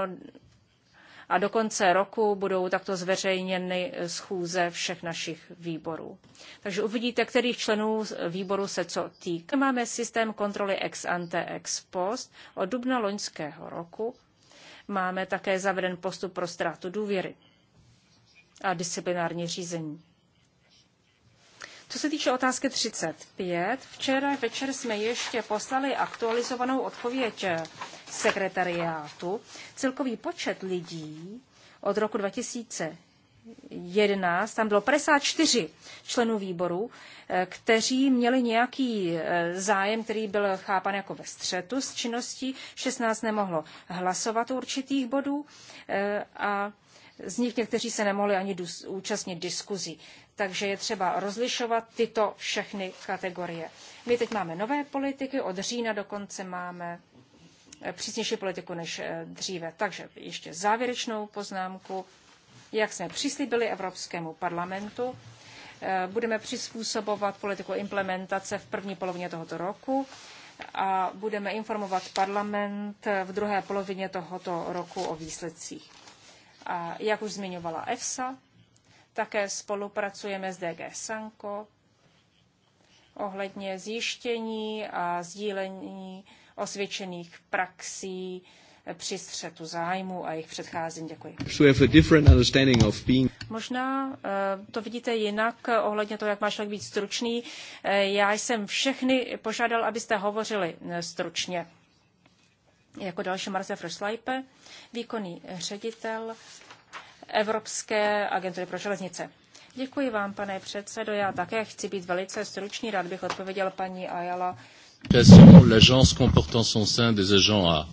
a do konce roku budou takto zveřejněny schůze všech našich výborů. Takže uvidíte, kterých členů výboru se co týká. Máme systém kontroly ex ante ex post od dubna loňského roku. Máme také zaveden postup pro ztrátu důvěry a disciplinární řízení. Co se týče otázky 35, včera večer jsme ještě poslali aktualizovanou odpověď sekretariátu. Celkový počet lidí od roku 2011, tam bylo 54 členů výboru, eh, kteří měli nějaký eh, zájem, který byl chápan jako ve střetu s činností. 16 nemohlo hlasovat určitých bodů eh, a z nich někteří se nemohli ani dus, účastnit diskuzí. Takže je třeba rozlišovat tyto všechny kategorie. My teď máme nové politiky, od října dokonce máme eh, přísnější politiku než eh, dříve. Takže ještě závěrečnou poznámku. Jak jsme přislíbili Evropskému parlamentu, eh, budeme přizpůsobovat politiku implementace v první polovině tohoto roku a budeme informovat parlament v druhé polovině tohoto roku o výsledcích. A jak už zmiňovala EFSA, také spolupracujeme s DG Sanko ohledně zjištění a sdílení osvědčených praxí při střetu zájmu a jejich předcházení. Děkuji. Možná eh, to vidíte jinak eh, ohledně toho, jak má člověk být stručný. Eh, já jsem všechny požádal, abyste hovořili stručně. Jako další Marce Frošlajpe, výkonný ředitel Evropské agentury pro železnice. Děkuji vám, pane předsedo. Já také chci být velice stručný. Rád bych odpověděl paní Ayala. L'agence son sein des agents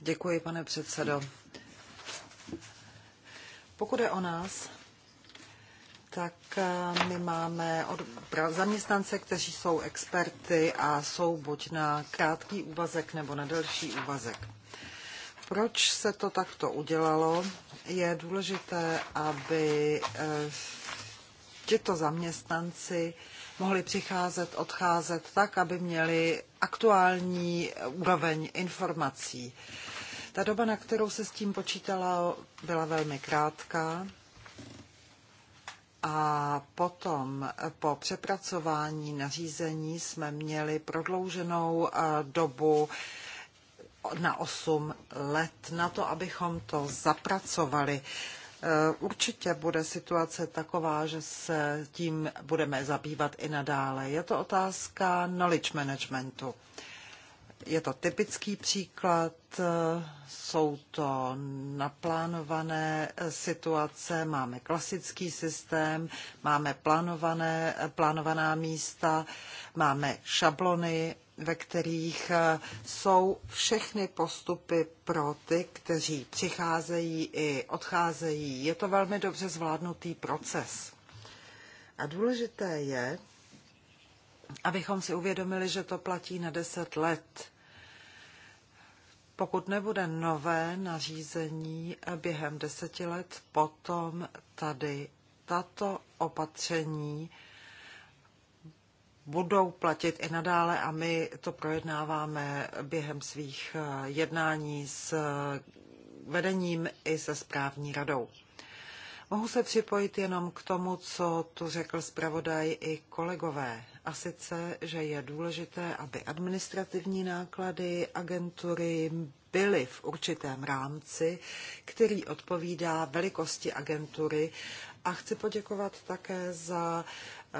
Děkuji, pane předsedo. Pokud je o nás, tak eh, my máme od zaměstnance, kteří jsou experty a jsou buď na krátký úvazek nebo na delší úvazek. Proč se to takto udělalo? Je důležité, aby eh, tyto zaměstnanci mohli přicházet, odcházet tak, aby měli aktuální úroveň informací. Ta doba, na kterou se s tím počítala, byla velmi krátká. A potom eh, po přepracování nařízení jsme měli prodlouženou eh, dobu na 8 let na to, abychom to zapracovali. E, určitě bude situace taková, že se tím budeme zabývat i nadále. Je to otázka knowledge managementu. Je to typický příklad, e, jsou to naplánované situace, máme klasický systém, máme plánované, plánovaná místa, máme šablony, ve kterých eh, jsou všechny postupy pro ty, kteří přicházejí i odcházejí. Je to velmi dobře zvládnutý proces. A důležité je, abychom si uvědomili, že to platí na 10 let. Pokud nebude nové nařízení během deseti let, potom tady tato opatření budou platit i nadále a my to projednáváme během svých eh, jednání s eh, vedením i se správní radou. Mohu se připojit jenom k tomu, co tu řekl zpravodaj i kolegové. A sice, že je důležité, aby administrativní náklady agentury byly v určitém rámci, který odpovídá velikosti agentury. A chci poděkovat také za eh,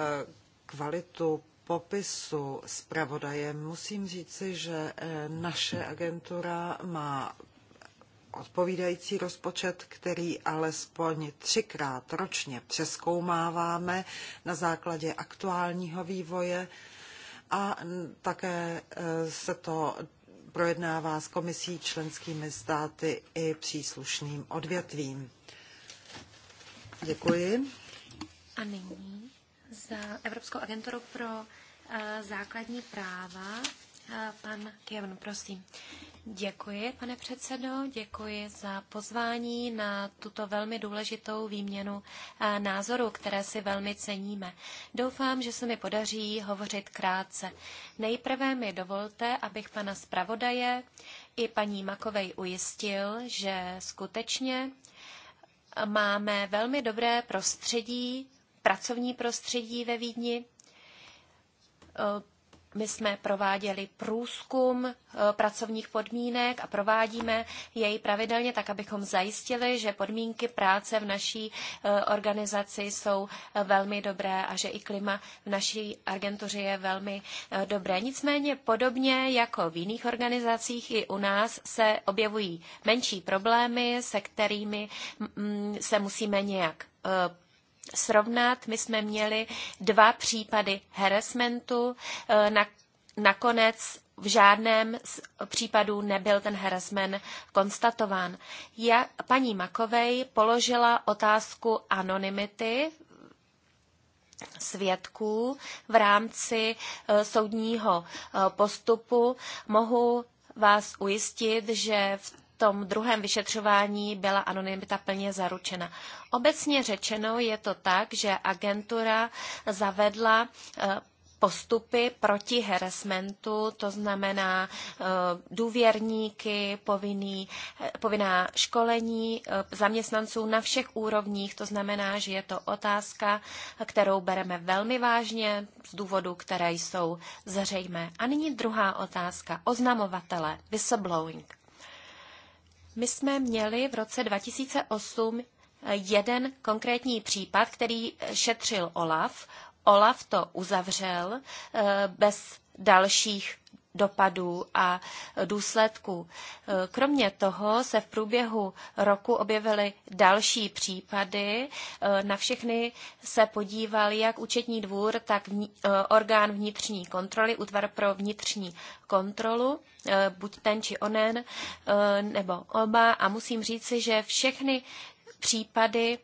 kvalitu popisu zpravodaje musím říci, že eh, naše agentura má odpovídající rozpočet, který alespoň třikrát ročně přeskoumáváme na základě aktuálního vývoje a také eh, se to projednává s komisí, členskými státy i příslušným odvětvím. Děkuji. A nyní za Evropskou agenturu pro základní práva. Pan Kevin, prosím. Děkuji, pane předsedo, děkuji za pozvání na tuto velmi důležitou výměnu názorů, které si velmi ceníme. Doufám, že se mi podaří hovořit krátce. Nejprve mi dovolte, abych pana zpravodaje i paní Makovej ujistil, že skutečně máme velmi dobré prostředí, pracovní prostředí ve Vídni. Eh, my jsme prováděli průzkum eh, pracovních podmínek a provádíme jej pravidelně tak, abychom zajistili, že podmínky práce v naší eh, organizaci jsou velmi dobré a že i klima v naší agentuře je velmi dobré. Nicméně podobně jako v jiných organizacích i u nás se objevují menší problémy, se kterými mm, se musíme nějak srovnat, my jsme měli dva případy harassmentu, eh, na, nakonec v žádném z případů nebyl ten harassment konstatován. Ja, paní Makovej položila otázku anonymity svědků v rámci eh, soudního eh, postupu. Mohu vás ujistit, že v tom druhém vyšetřování byla anonymita plně zaručena. Obecně řečeno je to tak, že agentura zavedla e, postupy proti harassmentu, to znamená e, důvěrníky, povinný, e, povinná školení zaměstnanců na všech úrovních, to znamená, že je to otázka, kterou bereme velmi vážně z důvodu, které jsou zřejmé. A nyní druhá otázka, oznamovatele, whistleblowing. My jsme měli v roce 2008 jeden konkrétní případ, který šetřil OLAF. OLAF to uzavřel eh, bez dalších dopadů a důsledků. Kromě toho se v průběhu roku objevily další případy. Na všechny se podíval jak účetní dvůr, tak eh, orgán vnitřní kontroly, útvar pro vnitřní kontrolu, eh, buď ten či onen, eh, nebo oba. A musím říci, že všechny případy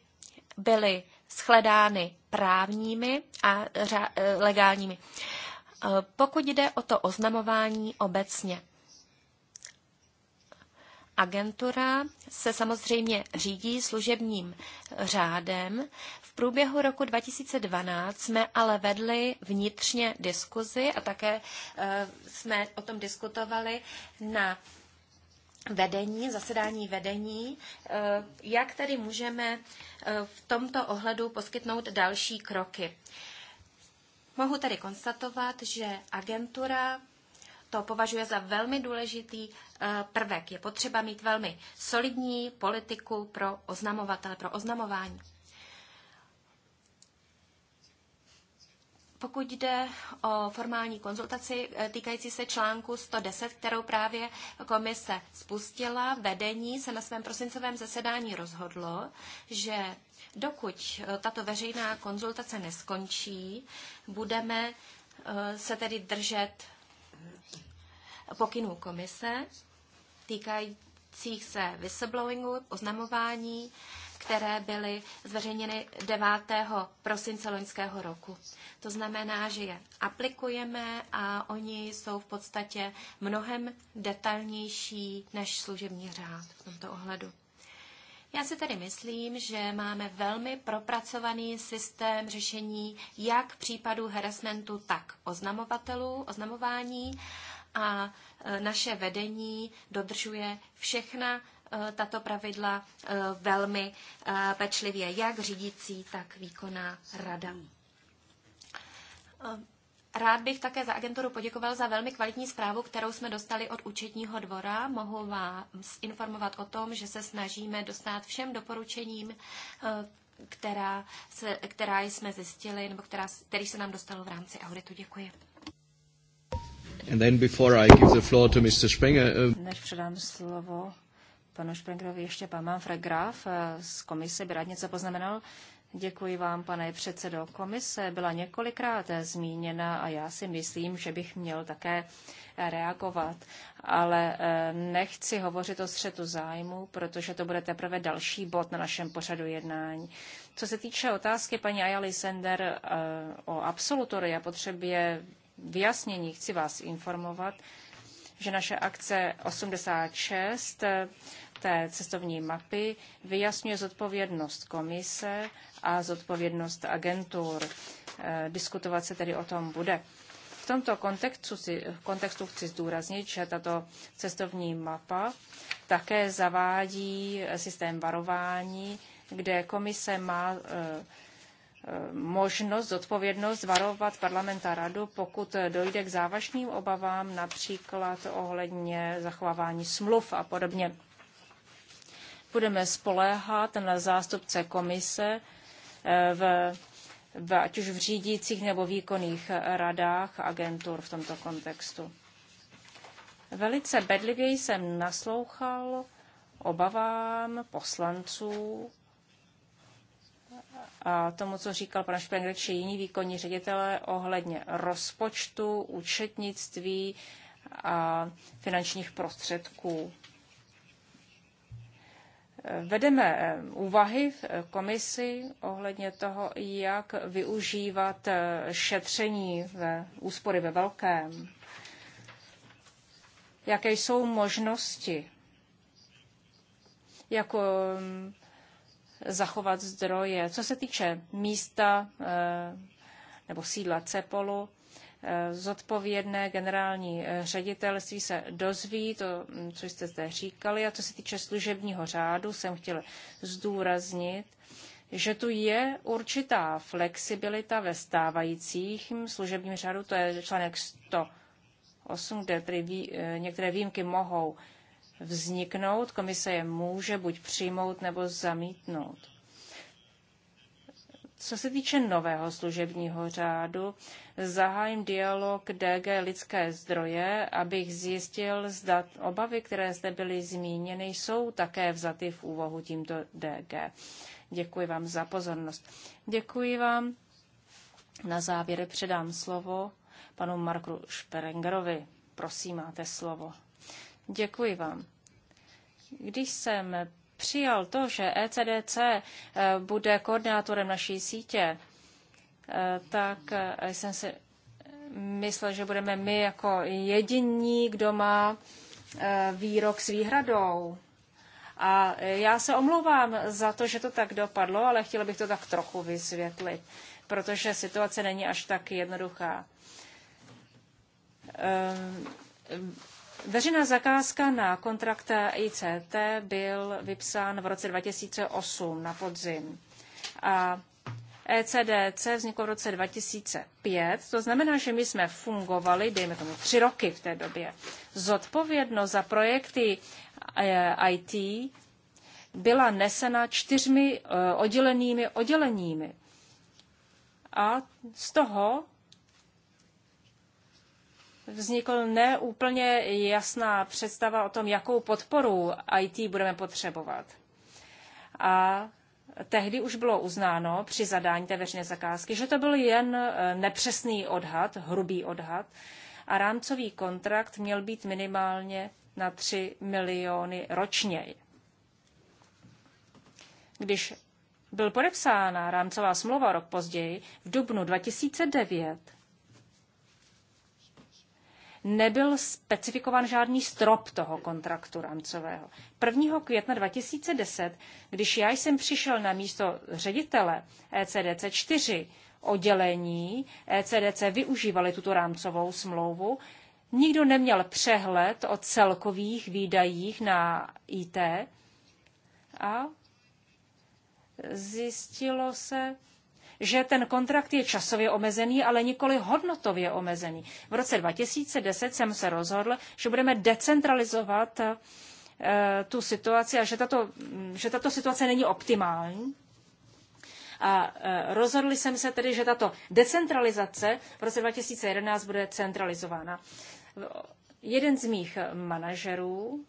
byly shledány právními a legálními. Eh, pokud jde o to oznamování obecně, Agentura se samozřejmě řídí služebním řádem. V průběhu roku 2012 jsme ale vedli vnitřně diskuzi a také eh, jsme o tom diskutovali na vedení, zasedání vedení, eh, jak tedy můžeme v tomto ohledu poskytnout další kroky. Mohu tedy konstatovat, že agentura to považuje za velmi důležitý eh, prvek. Je potřeba mít velmi solidní politiku pro oznamovatele, pro oznamování. Pokud jde o formální konzultaci eh, týkající se článku 110, kterou právě komise spustila, vedení se na svém prosincovém zasedání rozhodlo, že dokud eh, tato veřejná konzultace neskončí, budeme eh, se tedy držet pokynů komise týkajících se whistleblowingu, oznamování, které byly zveřejněny 9. prosince loňského roku. To znamená, že je aplikujeme a oni jsou v podstatě mnohem detailnější než služební řád v tomto ohledu. Já si tedy myslím, že máme velmi propracovaný systém řešení jak případů harassmentu, tak oznamovatelů, oznamování a e, naše vedení dodržuje všechna Eh, tato pravidla eh, velmi eh, pečlivě, jak řídící, tak výkonná rada. Rád bych také za agenturu poděkoval za velmi kvalitní zprávu, kterou jsme dostali od účetního dvora. Mohu vás informovat o tom, že se snažíme dostat všem doporučením, která, se, která jsme zjistili, nebo která, který se nám dostalo v rámci auditu. Děkuji. And then before I give the floor to Mr. Springer, uh... Než předám slovo panu Šprengrovi ještě pan Manfred Graf eh, z komise by rád něco poznamenal. Děkuji vám, pane předsedo. Komise byla několikrát zmíněna a já si myslím, že bych měl také reagovat. Ale eh, nechci hovořit o střetu zájmu, protože to bude teprve další bod na našem pořadu jednání. Co se týče otázky paní Ayali Sender eh, o absolutory a potřebě vyjasnění, chci vás informovat, že naše akce 86 té cestovní mapy vyjasňuje zodpovědnost komise a zodpovědnost agentur. Eh, diskutovat se tedy o tom bude. V tomto kontextu, kontextu chci zdůraznit, že tato cestovní mapa také zavádí eh, systém varování, kde komise má eh, možnost, zodpovědnost varovat parlament a radu, pokud dojde k závažným obavám, například ohledně zachovávání smluv a podobně budeme spoléhat na zástupce komise eh, v, v, ať už v řídících nebo výkonných radách agentur v tomto kontextu. Velice bedlivě jsem naslouchal obavám poslanců a tomu, co říkal pan Špengler či jiní výkonní ředitelé ohledně rozpočtu, účetnictví a finančních prostředků. Vedeme eh, úvahy v eh, komisi ohledně toho, jak využívat eh, šetření ve úspory ve velkém. Jaké jsou možnosti, jak zachovat zdroje. Co se týče místa nebo sídla Cepolu, Eh, zodpovědné generální eh, ředitelství se dozví, to, hm, co jste zde říkali. A co se týče služebního řádu, jsem chtěl zdůraznit, že tu je určitá flexibilita ve stávajících hm, služebním řádu, to je článek 108, kde tedy vý, eh, některé výjimky mohou vzniknout, komise je může buď přijmout nebo zamítnout. Co se týče nového služebního řádu, zahájím dialog DG Lidské zdroje, abych zjistil, zda obavy, které zde byly zmíněny, jsou také vzaty v úvahu tímto DG. Děkuji vám za pozornost. Děkuji vám. Na závěr předám slovo panu Marku Šperengerovi. Prosím, máte slovo. Děkuji vám. Když jsem přijal to, že ECDC eh, bude koordinátorem naší sítě, eh, tak eh, jsem si myslel, že budeme my jako jediní, kdo má výrok s výhradou. A já se omlouvám za to, že to tak dopadlo, ale chtěla bych to tak trochu vysvětlit, protože situace není až tak jednoduchá. Ehm, Veřejná zakázka na kontrakt ICT byl vypsán v roce 2008 na podzim. A ECDC vzniklo v roce 2005, to znamená, že my jsme fungovali, dejme tomu, tři roky v té době. Zodpovědnost za projekty eh, IT byla nesena čtyřmi eh, oddělenými odděleními. A z toho vznikl neúplně jasná představa o tom, jakou podporu IT budeme potřebovat. A tehdy už bylo uznáno při zadání té veřejné zakázky, že to byl jen e, nepřesný odhad, hrubý odhad, a rámcový kontrakt měl být minimálně na 3 miliony ročně. Když byl podepsána rámcová smlouva rok později, v dubnu 2009, nebyl specifikován žádný strop toho kontraktu rámcového. 1. května 2010, když já jsem přišel na místo ředitele ECDC 4 oddělení, ECDC využívali tuto rámcovou smlouvu, nikdo neměl přehled o celkových výdajích na IT a zjistilo se, že ten kontrakt je časově omezený, ale nikoli hodnotově omezený. V roce 2010 jsem se rozhodl, že budeme decentralizovat eh, tu situaci a že tato, že tato situace není optimální. A eh, rozhodli jsem se tedy, že tato decentralizace v roce 2011 bude centralizována. Jeden z mých manažerů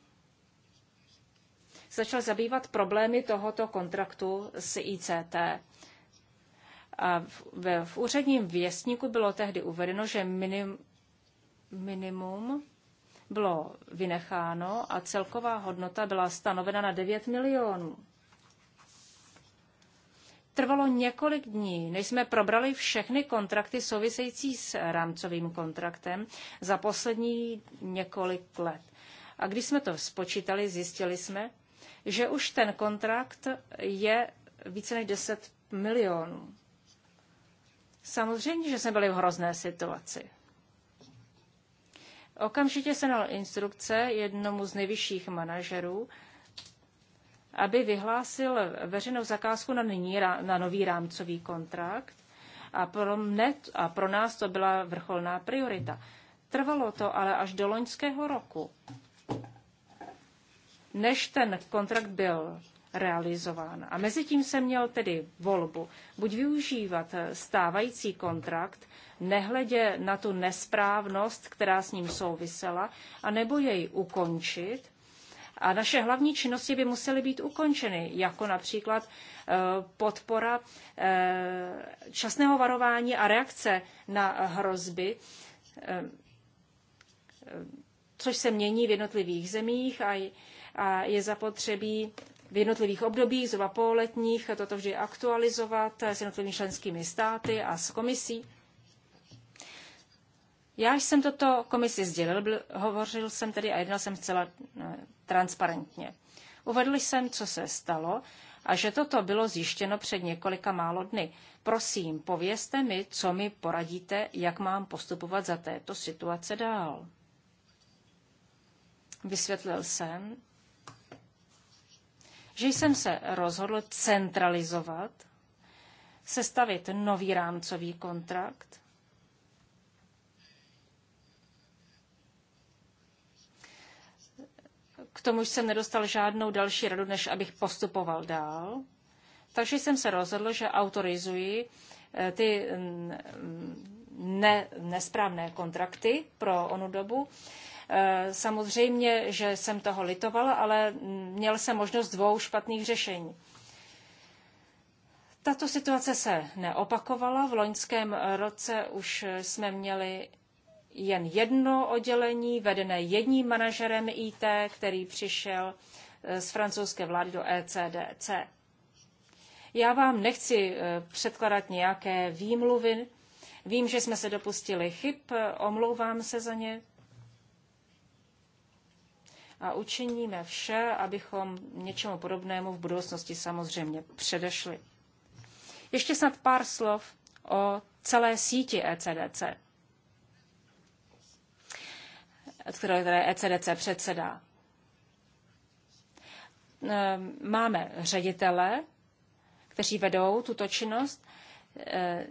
začal zabývat problémy tohoto kontraktu s ICT v, v, v úředním věstníku bylo tehdy uvedeno, že minim, minimum bylo vynecháno a celková hodnota byla stanovena na 9 milionů. Trvalo několik dní, než jsme probrali všechny kontrakty související s rámcovým kontraktem za poslední několik let. A když jsme to spočítali, zjistili jsme, že už ten kontrakt je více než 10 milionů. Samozřejmě, že jsme byli v hrozné situaci. Okamžitě se dal instrukce jednomu z nejvyšších manažerů, aby vyhlásil veřejnou zakázku na, nyní, na nový rámcový kontrakt. A pro, mne, a pro nás to byla vrcholná priorita. Trvalo to ale až do loňského roku, než ten kontrakt byl realizován. A mezi tím jsem měl tedy volbu buď využívat eh, stávající kontrakt, nehledě na tu nesprávnost, která s ním souvisela, anebo jej ukončit. A naše hlavní činnosti by musely být ukončeny, jako například eh, podpora eh, časného varování a reakce na hrozby, což se mění v jednotlivých zemích a a je zapotřebí v jednotlivých obdobích, zhruba pololetních, toto vždy aktualizovat s jednotlivými členskými státy a s komisí. Já jsem toto komisi sdělil, byl, hovořil jsem tedy a jednal jsem zcela eh, transparentně. Uvedl jsem, co se stalo a že toto bylo zjištěno před několika málo dny. Prosím, povězte mi, co mi poradíte, jak mám postupovat za této situace dál. Vysvětlil jsem, že jsem se rozhodl centralizovat, sestavit nový rámcový kontrakt, K tomu jsem nedostal žádnou další radu, než abych postupoval dál. Takže jsem se rozhodl, že autorizuji eh, ty mm, mm, ne, nesprávné kontrakty pro onu dobu Eh, samozřejmě, že jsem toho litovala, ale měl jsem možnost dvou špatných řešení. Tato situace se neopakovala. V loňském roce už jsme měli jen jedno oddělení, vedené jedním manažerem IT, který přišel eh, z francouzské vlády do ECDC. Já vám nechci eh, předkladat nějaké výmluvy. Vím, že jsme se dopustili chyb, omlouvám se za ně a učiníme vše, abychom něčemu podobnému v budoucnosti samozřejmě předešli. Ještě snad pár slov o celé síti ECDC, které ECDC předsedá. Ehm, máme ředitele, kteří vedou tuto činnost. Ehm,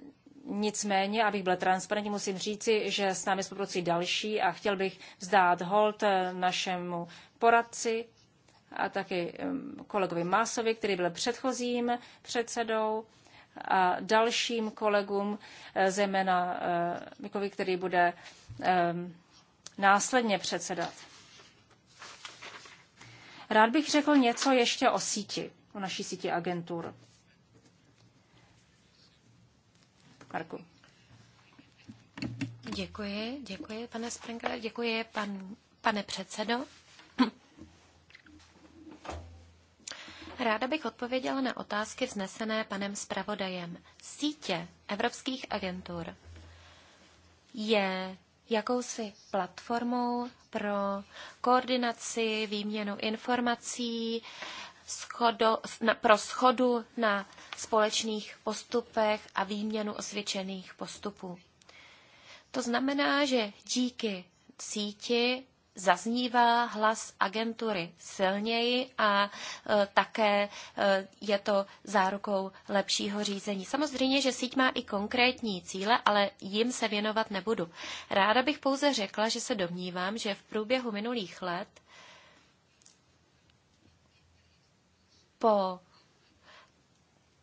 Nicméně, abych byl transparentní, musím říci, že s námi spolupracují další a chtěl bych vzdát hold eh, našemu poradci a taky kolegovi Másovi, který byl předchozím předsedou a dalším kolegům, eh, zejména eh, Mikovi, který bude následně předsedat. Rád bych řekl něco ještě o síti, o naší síti agentur. Marku. Děkuji, děkuji, pane Sprenkler, děkuji, pan, pane předsedo. Ráda bych odpověděla na otázky vznesené panem zpravodajem. Sítě evropských agentur je jakousi platformou pro koordinaci, výměnu informací, schodo, na, pro schodu na společných postupech a výměnu osvědčených postupů. To znamená, že díky síti zaznívá hlas agentury silněji a e, také e, je to zárukou lepšího řízení. Samozřejmě, že síť má i konkrétní cíle, ale jim se věnovat nebudu. Ráda bych pouze řekla, že se domnívám, že v průběhu minulých let po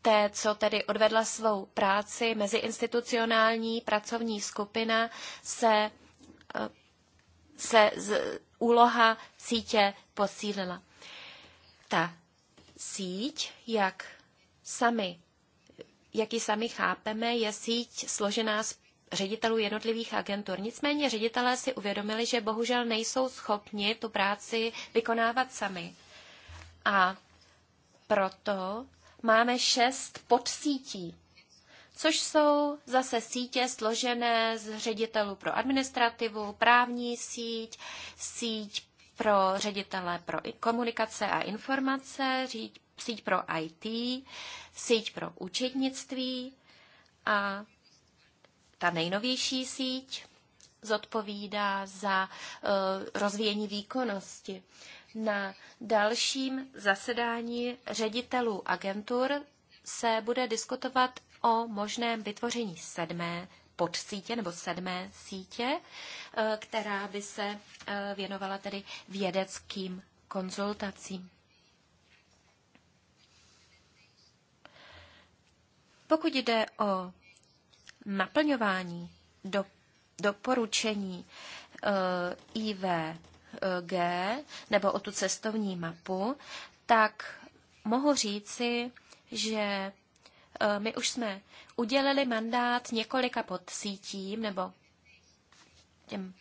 té, co tedy odvedla svou práci, meziinstitucionální pracovní skupina se, eh, se z, úloha sítě posílila. Ta síť, jak sami, jak ji sami chápeme, je síť složená z ředitelů jednotlivých agentur. Nicméně ředitelé si uvědomili, že bohužel nejsou schopni tu práci vykonávat sami. A proto máme šest podsítí, což jsou zase sítě složené z ředitelů pro administrativu, právní síť, síť pro ředitele pro komunikace a informace, síť pro IT, síť pro účetnictví a ta nejnovější síť zodpovídá za eh, rozvíjení výkonnosti. Na dalším zasedání ředitelů agentur se bude diskutovat o možném vytvoření sedmé podsítě nebo sedmé sítě, eh, která by se eh, věnovala tedy vědeckým konzultacím. Pokud jde o naplňování do, doporučení eh, IV G nebo o tu cestovní mapu, tak mohu říci, že e, my už jsme udělili mandát několika pod sítím nebo těm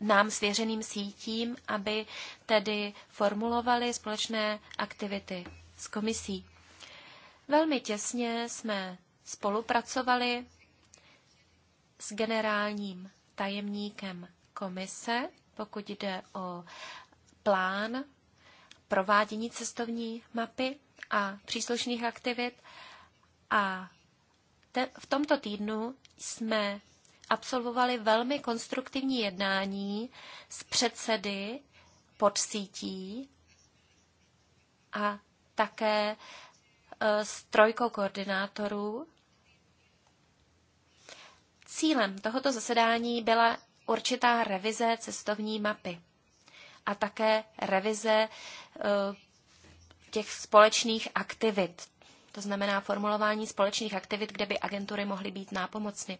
nám svěřeným sítím, aby tedy formulovali společné aktivity s komisí. Velmi těsně jsme spolupracovali s generálním tajemníkem komise pokud jde o plán provádění cestovní mapy a příslušných aktivit. A te, v tomto týdnu jsme absolvovali velmi konstruktivní jednání s předsedy pod sítí a také e, s trojkou koordinátorů. Cílem tohoto zasedání byla určitá revize cestovní mapy a také revize eh, těch společných aktivit. To znamená formulování společných aktivit, kde by agentury mohly být nápomocny.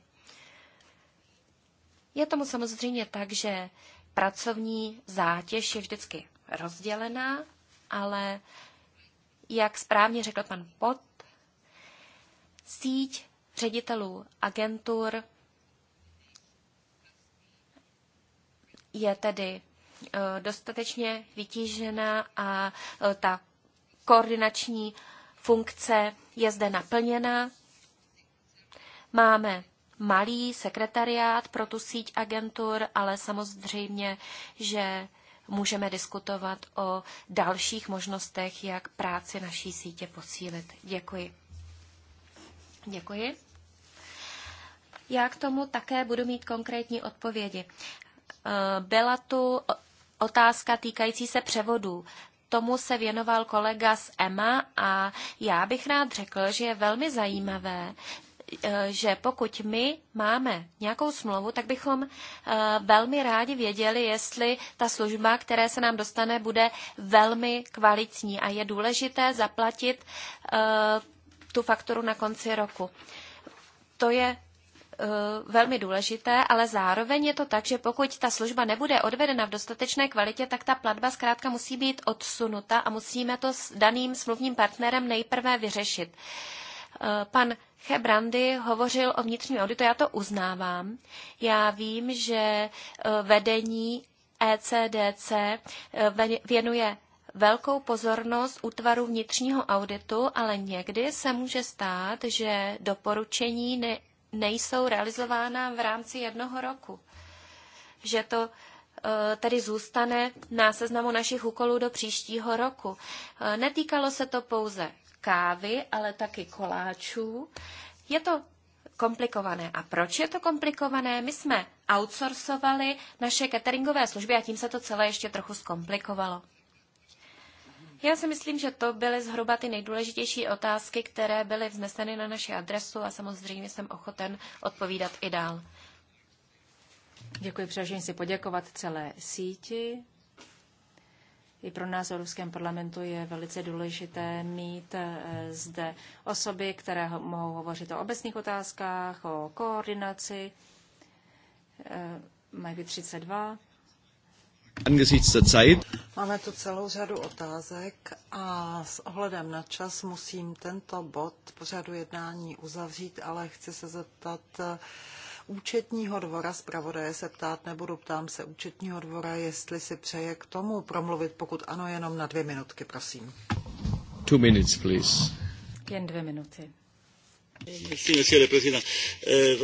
Je tomu samozřejmě tak, že pracovní zátěž je vždycky rozdělená, ale jak správně řekl pan Pot, síť ředitelů agentur je tedy eh, dostatečně vytížená a eh, ta koordinační funkce je zde naplněna. Máme malý sekretariát pro tu síť agentur, ale samozřejmě, že můžeme diskutovat o dalších možnostech, jak práci naší sítě posílit. Děkuji. Děkuji. Já k tomu také budu mít konkrétní odpovědi. Eh, byla tu otázka týkající se převodu. Tomu se věnoval kolega z EMA a já bych rád řekl, že je velmi zajímavé, eh, že pokud my máme nějakou smlouvu, tak bychom eh, velmi rádi věděli, jestli ta služba, které se nám dostane, bude velmi kvalitní a je důležité zaplatit tu fakturu na konci roku. To je Eh, velmi důležité, ale zároveň je to tak, že pokud ta služba nebude odvedena v dostatečné kvalitě, tak ta platba zkrátka musí být odsunuta a musíme to s daným smluvním partnerem nejprve vyřešit. Eh, pan Hebrandy hovořil o vnitřním auditu, já to uznávám. Já vím, že eh, vedení ECDC věnuje velkou pozornost útvaru vnitřního auditu, ale někdy se může stát, že doporučení ne, nejsou realizována v rámci jednoho roku. Že to eh, tedy zůstane na seznamu našich úkolů do příštího roku. Eh, netýkalo se to pouze kávy, ale taky koláčů. Je to komplikované. A proč je to komplikované? My jsme outsourcovali naše cateringové služby a tím se to celé ještě trochu zkomplikovalo. Já si myslím, že to byly zhruba ty nejdůležitější otázky, které byly vzneseny na naši adresu a samozřejmě jsem ochoten odpovídat i dál. Děkuji především si poděkovat celé síti. I pro nás v Evropském parlamentu je velice důležité mít eh, zde osoby, které mohou hovořit o obecných otázkách, o koordinaci. Eh, mají 32. Angesichts der Zeit. Máme tu celou řadu otázek a s ohledem na čas musím tento bod pořadu jednání uzavřít, ale chci se zeptat eh, účetního dvora zpravodaje se ptát nebudu, ptám se účetního dvora, jestli si přeje k tomu promluvit, pokud ano, jenom na dvě minutky, prosím. Two minutes, please. Jen dvě minuty. Euh,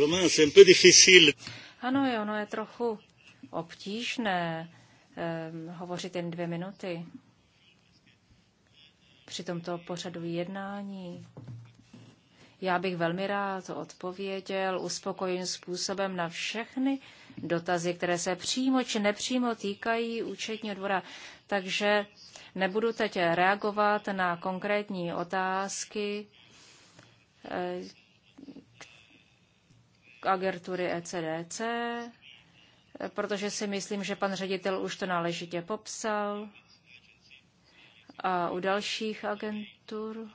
ano, ono je trochu obtížné Ehm, hovořit jen dvě minuty při tomto pořadu jednání. Já bych velmi rád odpověděl uspokojeným způsobem na všechny dotazy, které se přímo či nepřímo týkají účetního dvora. Takže nebudu teď reagovat na konkrétní otázky eh, agentury ECDC, protože si myslím, že pan ředitel už to náležitě popsal. A u dalších agentur,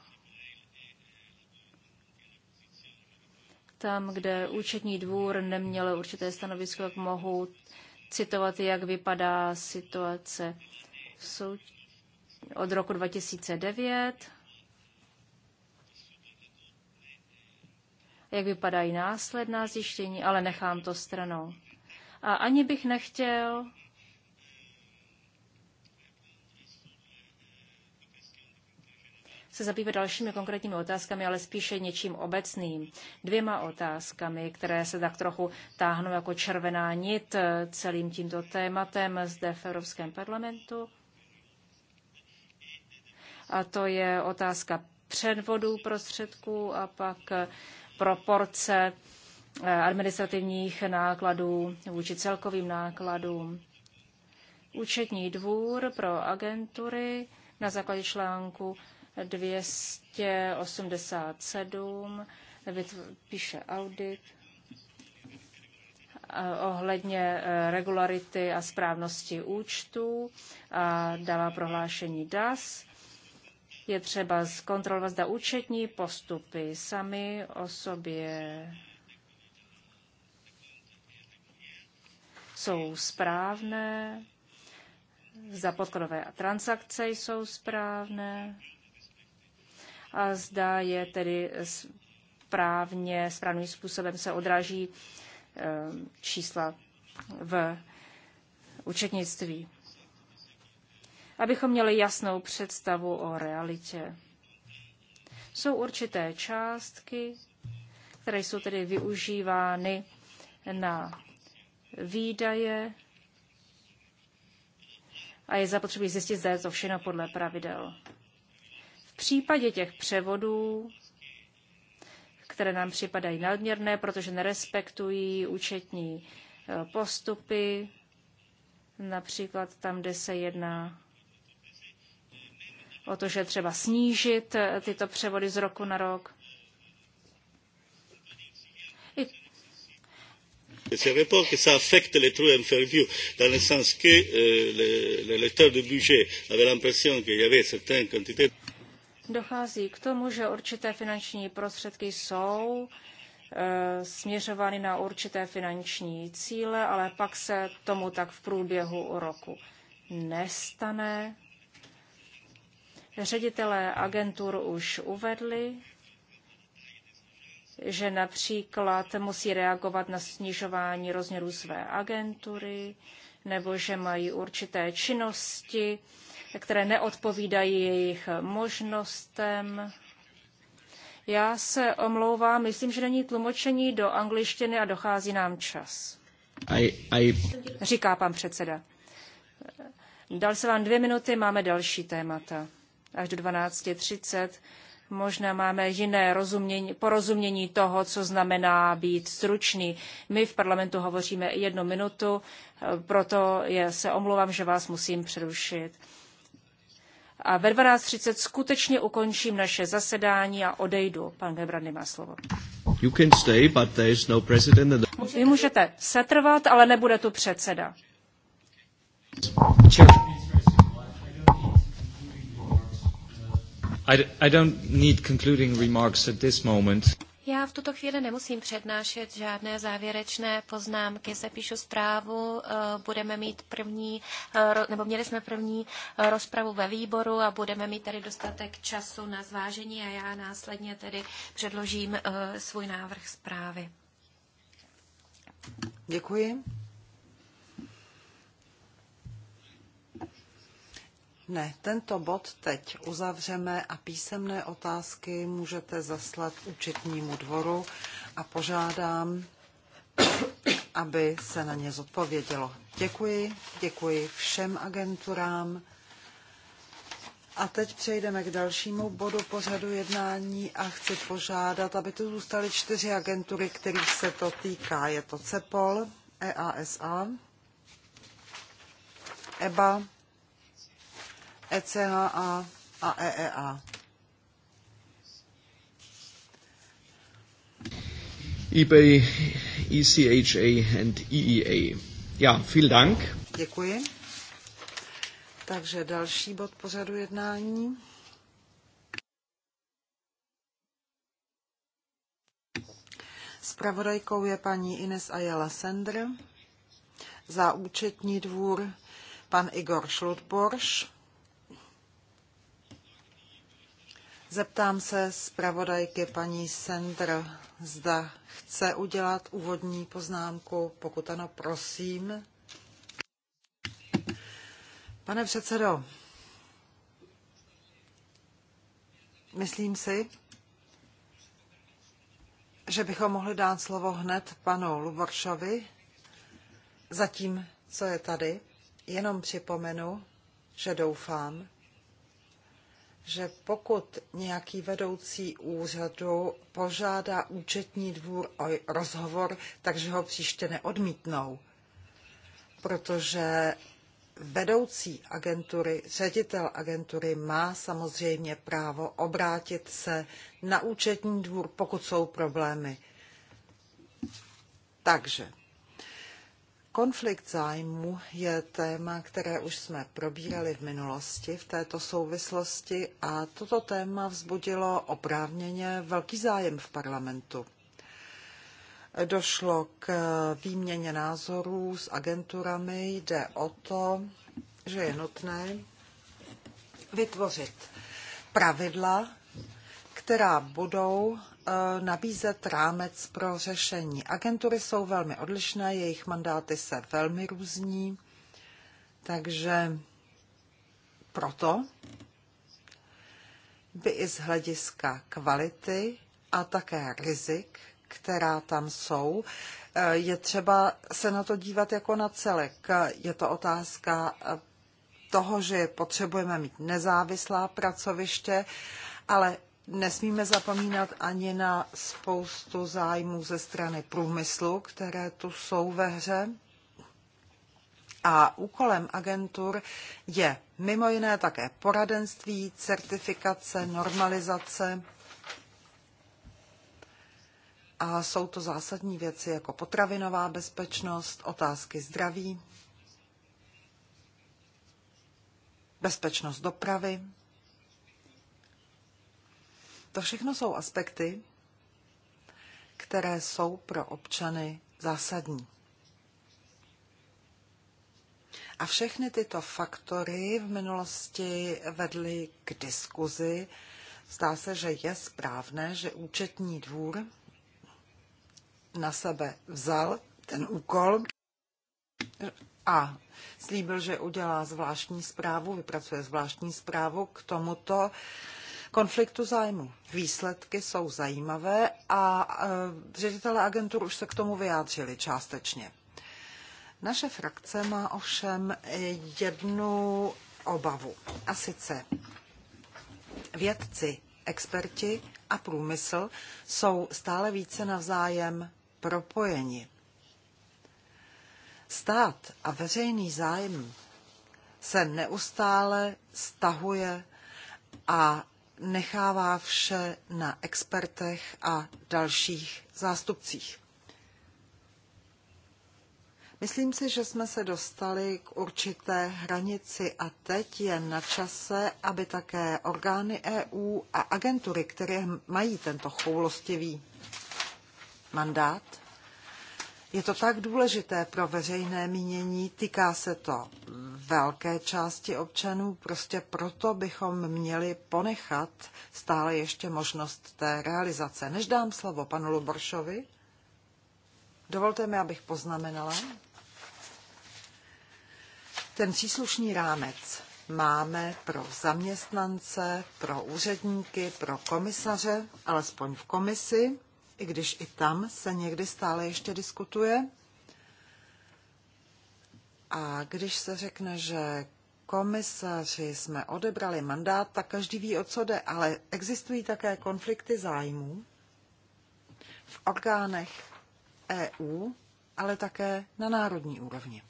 tam, kde účetní dvůr neměl určité stanovisko, jak mohu citovat, jak vypadá situace Jsou od roku 2009, jak vypadají následná zjištění, ale nechám to stranou. A ani bych nechtěl se zabývat dalšími konkrétními otázkami, ale spíše něčím obecným. Dvěma otázkami, které se tak trochu táhnou jako červená nit celým tímto tématem zde v Evropském parlamentu. A to je otázka předvodů prostředků a pak proporce Eh, administrativních nákladů vůči celkovým nákladům. Účetní dvůr pro agentury na základě článku 287 píše audit eh, ohledně eh, regularity a správnosti účtů a dává prohlášení DAS. Je třeba zkontrolovat, zda účetní postupy sami o sobě jsou správné, za podkladové transakce jsou správné a zda je tedy správně, správným způsobem se odraží eh, čísla v účetnictví. Abychom měli jasnou představu o realitě. Jsou určité částky, které jsou tedy využívány na výdaje a je zapotřebí zjistit, zda je to všechno podle pravidel. V případě těch převodů, které nám připadají nadměrné, protože nerespektují účetní e, postupy, například tam, kde se jedná o to, že třeba snížit e, tyto převody z roku na rok, de ces reports que ça affecte les true and dans le sens que euh, les, les lecteurs de budget avaient l'impression qu'il y avait certaines quantités. Dochází k tomu, že určité finanční prostředky jsou e, směřovány na určité finanční cíle, ale pak se tomu tak v průběhu roku nestane. Ředitelé agentur už uvedli, že například musí reagovat na snižování rozměrů své agentury, nebo že mají určité činnosti, které neodpovídají jejich možnostem. Já se omlouvám, myslím, že není tlumočení do angličtiny a dochází nám čas. I, I... Říká pan předseda. Dal se vám dvě minuty, máme další témata. Až do 12.30 možná máme jiné rozumění, porozumění toho, co znamená být stručný. My v parlamentu hovoříme jednu minutu, proto je, se omlouvám, že vás musím přerušit. A ve 12.30 skutečně ukončím naše zasedání a odejdu. Pan Gebrandy má slovo. You can stay, but there is no president the... Vy můžete setrvat, ale nebude tu předseda. Čer. I, don't need concluding remarks at this moment. Já v tuto chvíli nemusím přednášet žádné závěrečné poznámky. Zapíšu zprávu, eh, budeme mít první, eh, nebo měli jsme první eh, rozpravu ve výboru a budeme mít tady dostatek času na zvážení a já následně tedy předložím svůj návrh zprávy. Děkuji. Ne, tento bod teď uzavřeme a písemné otázky můžete zaslat účetnímu dvoru a požádám, aby se na ně zodpovědělo. Děkuji, děkuji všem agenturám. A teď přejdeme k dalšímu bodu pořadu jednání a chci požádat, aby tu zůstaly čtyři agentury, kterých se to týká. Je to CEPOL, EASA, EBA, ECHA a EEA. eBay, ECHA and EEA. Ja, vielen Dank. Děkuji. Takže další bod pořadu jednání. Spravodajkou je paní Ines Ayala Sender, za účetní dvůr pan Igor Šlutporš Zeptám se zpravodajky paní Sender, zda chce udělat úvodní poznámku. Pokud ano, prosím. Pane předsedo, myslím si, že bychom mohli dát slovo hned panu Luboršovi, zatím, co je tady. Jenom připomenu, že doufám, že pokud nějaký vedoucí úřadu požádá účetní dvůr o rozhovor, takže ho příště neodmítnou, protože vedoucí agentury, ředitel agentury má samozřejmě právo obrátit se na účetní dvůr, pokud jsou problémy. Takže Konflikt zájmu je téma, které už jsme probírali v minulosti v této souvislosti a toto téma vzbudilo oprávněně velký zájem v parlamentu. Došlo k výměně názorů s agenturami. Jde o to, že je nutné vytvořit pravidla, která budou Eh, nabízet rámec pro řešení. Agentury jsou velmi odlišné, jejich mandáty se velmi různí, takže proto by i z hlediska kvality a také rizik, která tam jsou, eh, je třeba se na to dívat jako na celek. Je to otázka eh, toho, že potřebujeme mít nezávislá pracoviště, ale Nesmíme zapomínat ani na spoustu zájmů ze strany průmyslu, které tu jsou ve hře. A úkolem agentur je mimo jiné také poradenství, certifikace, normalizace. A jsou to zásadní věci jako potravinová bezpečnost, otázky zdraví, bezpečnost dopravy. To všechno jsou aspekty, které jsou pro občany zásadní. A všechny tyto faktory v minulosti vedly k diskuzi. Zdá se, že je správné, že účetní dvůr na sebe vzal ten úkol a slíbil, že udělá zvláštní zprávu, vypracuje zvláštní zprávu k tomuto konfliktu zájmu. Výsledky jsou zajímavé a e, ředitelé agentur už se k tomu vyjádřili částečně. Naše frakce má ovšem jednu obavu. A sice vědci, experti a průmysl jsou stále více navzájem propojeni. Stát a veřejný zájem se neustále stahuje a nechává vše na expertech a dalších zástupcích. Myslím si, že jsme se dostali k určité hranici a teď je na čase, aby také orgány EU a agentury, které mají tento choulostivý mandát, je to tak důležité pro veřejné mínění, týká se to velké části občanů, prostě proto bychom měli ponechat stále ještě možnost té realizace. Než dám slovo panu Luboršovi, dovolte mi, abych poznamenala, ten příslušný rámec máme pro zaměstnance, pro úředníky, pro komisaře, alespoň v komisi, i když i tam se někdy stále ještě diskutuje. A když se řekne, že komisaři jsme odebrali mandát, tak každý ví, o co jde, ale existují také konflikty zájmů v orgánech EU, ale také na národní úrovni.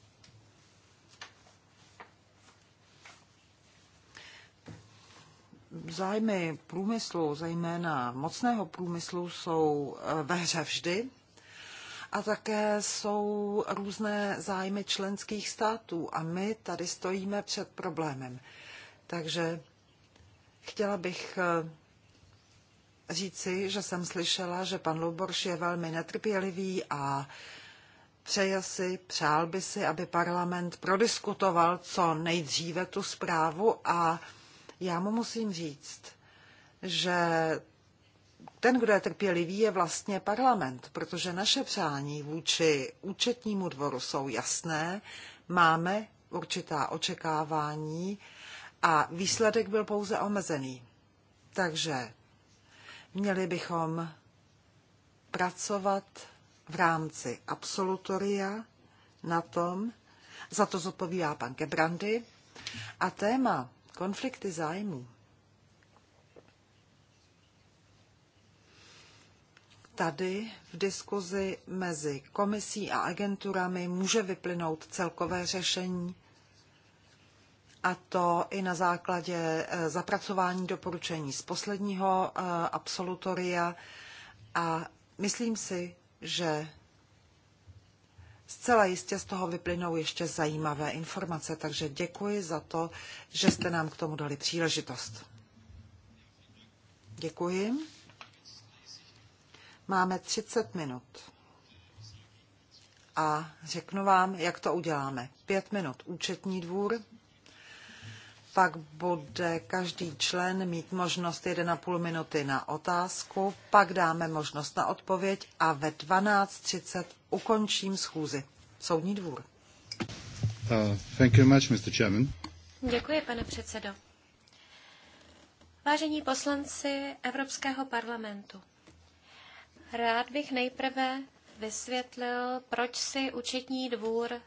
zájmy průmyslu, zejména mocného průmyslu, jsou e, ve hře vždy. A také jsou různé zájmy členských států a my tady stojíme před problémem. Takže chtěla bych e, říci, že jsem slyšela, že pan Luborš je velmi netrpělivý a přeje si, přál by si, aby parlament prodiskutoval co nejdříve tu zprávu a já mu musím říct, že ten, kdo je trpělivý, je vlastně parlament, protože naše přání vůči účetnímu dvoru jsou jasné, máme určitá očekávání a výsledek byl pouze omezený. Takže měli bychom pracovat v rámci absolutoria na tom, za to zodpovídá pan Gebrandy, a téma konflikty zájmů. Tady v diskuzi mezi komisí a agenturami může vyplynout celkové řešení, a to i na základě eh, zapracování doporučení z posledního eh, absolutoria. A myslím si, že Zcela jistě z toho vyplynou ještě zajímavé informace, takže děkuji za to, že jste nám k tomu dali příležitost. Děkuji. Máme 30 minut. A řeknu vám, jak to uděláme. Pět minut účetní dvůr, pak bude každý člen mít možnost 1,5 minuty na otázku, pak dáme možnost na odpověď a ve 12.30 ukončím schůzi. Soudní dvůr. Uh, thank you much, Mr. Chairman. Děkuji, pane předsedo. Vážení poslanci Evropského parlamentu, rád bych nejprve vysvětlil, proč si účetní dvůr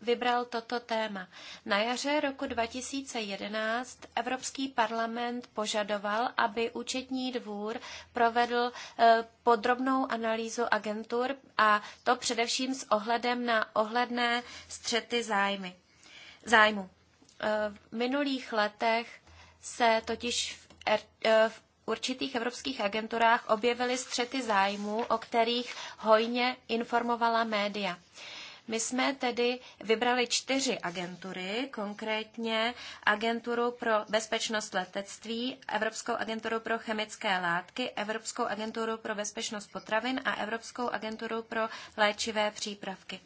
vybral toto téma. Na jaře roku 2011 Evropský parlament požadoval, aby účetní dvůr provedl eh, podrobnou analýzu agentur a to především s ohledem na ohledné střety zájmy. zájmu. Eh, v minulých letech se totiž v, er, v určitých evropských agenturách objevily střety zájmu, o kterých hojně informovala média. My jsme tedy vybrali čtyři agentury, konkrétně Agenturu pro bezpečnost letectví, Evropskou agenturu pro chemické látky, Evropskou agenturu pro bezpečnost potravin a Evropskou agenturu pro léčivé přípravky.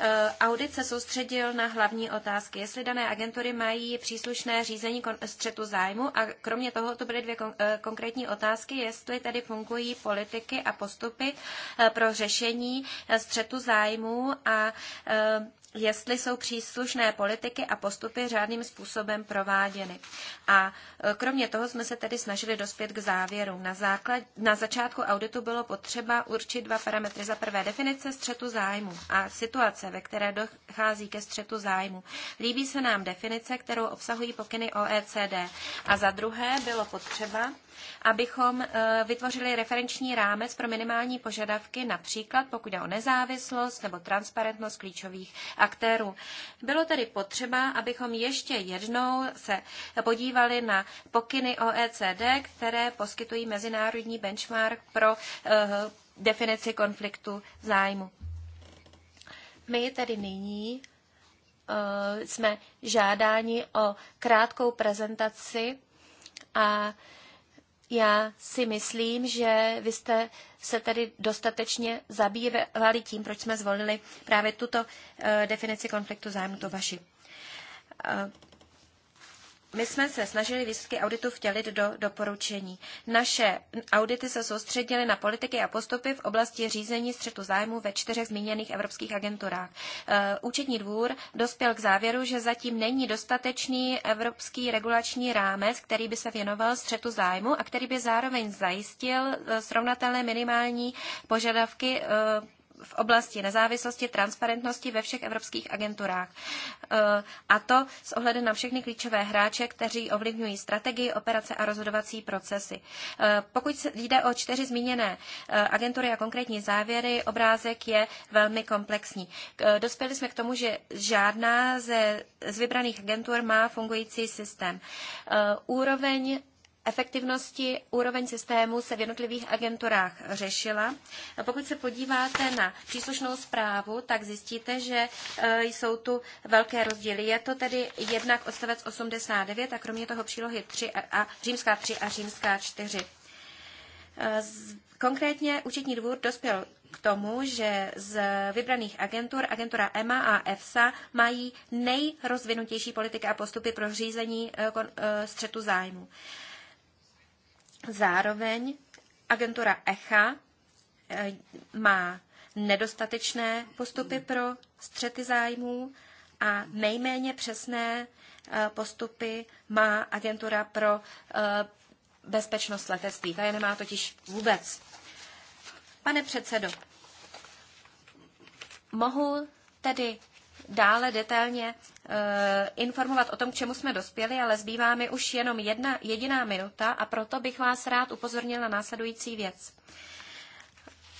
E, audit se soustředil na hlavní otázky, jestli dané agentury mají příslušné řízení střetu zájmu a kromě toho to byly dvě e, konkrétní otázky, jestli tedy fungují politiky a postupy e, pro řešení střetu zájmu a Eh, jestli jsou příslušné politiky a postupy řádným způsobem prováděny. A eh, kromě toho jsme se tedy snažili dospět k závěru. Na, základ, na začátku auditu bylo potřeba určit dva parametry. Za prvé definice střetu zájmu a situace, ve které dochází ke střetu zájmu. Líbí se nám definice, kterou obsahují pokyny OECD. A za druhé bylo potřeba abychom eh, vytvořili referenční rámec pro minimální požadavky, například pokud jde o nezávislost nebo transparentnost klíčových aktérů. Bylo tedy potřeba, abychom ještě jednou se podívali na pokyny OECD, které poskytují mezinárodní benchmark pro eh, definici konfliktu zájmu. My tedy nyní eh, jsme žádáni o krátkou prezentaci a já si myslím, že vy jste se tedy dostatečně zabývali tím, proč jsme zvolili právě tuto eh, definici konfliktu zájmu, to vaši. Eh, my jsme se snažili výsledky auditu vtělit do doporučení. Naše audity se soustředily na politiky a postupy v oblasti řízení střetu zájmu ve čtyřech zmíněných evropských agenturách. Eh, účetní dvůr dospěl k závěru, že zatím není dostatečný evropský regulační rámec, který by se věnoval střetu zájmu a který by zároveň zajistil eh, srovnatelné minimální požadavky eh, v oblasti nezávislosti, transparentnosti ve všech evropských agenturách. E, a to s ohledem na všechny klíčové hráče, kteří ovlivňují strategii, operace a rozhodovací procesy. E, pokud jde o čtyři zmíněné e, agentury a konkrétní závěry, obrázek je velmi komplexní. Dospěli jsme k tomu, že žádná ze, z vybraných agentur má fungující systém. Úroveň efektivnosti úroveň systému se v jednotlivých agenturách řešila. Pokud se podíváte na příslušnou zprávu, tak zjistíte, že e, jsou tu velké rozdíly. Je to tedy jednak odstavec 89 a kromě toho přílohy 3 a, a římská 3 a římská 4. E, konkrétně účetní dvůr dospěl k tomu, že z vybraných agentur, agentura EMA a EFSA, e mají nejrozvinutější politiky a postupy pro řízení střetu zájmu. Zároveň agentura ECHA eh, má nedostatečné postupy pro střety zájmů a nejméně přesné eh, postupy má agentura pro eh, bezpečnost letectví. Ta je nemá totiž vůbec. Pane předsedo, mohu tedy dále detailně eh, informovat o tom, k čemu jsme dospěli, ale zbývá mi už jenom jedna jediná minuta a proto bych vás rád upozornil na následující věc.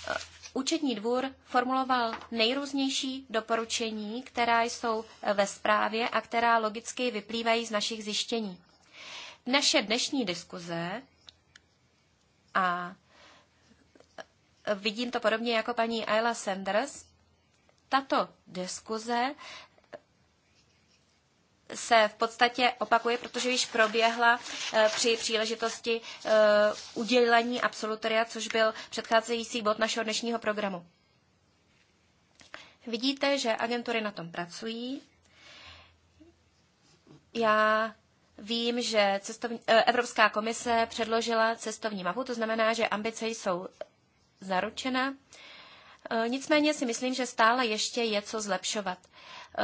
Eh, účetní dvůr formuloval nejrůznější doporučení, která jsou ve zprávě a která logicky vyplývají z našich zjištění. Naše dnešní diskuze a eh, vidím to podobně jako paní Ayla Sanders, tato diskuze se v podstatě opakuje, protože již proběhla eh, při příležitosti eh, udělení absolutoria, což byl předcházející bod našeho dnešního programu. Vidíte, že agentury na tom pracují. Já vím, že cestovní, eh, Evropská komise předložila cestovní mapu, to znamená, že ambice jsou zaručena. Eh, nicméně si myslím, že stále ještě je co zlepšovat. Eh,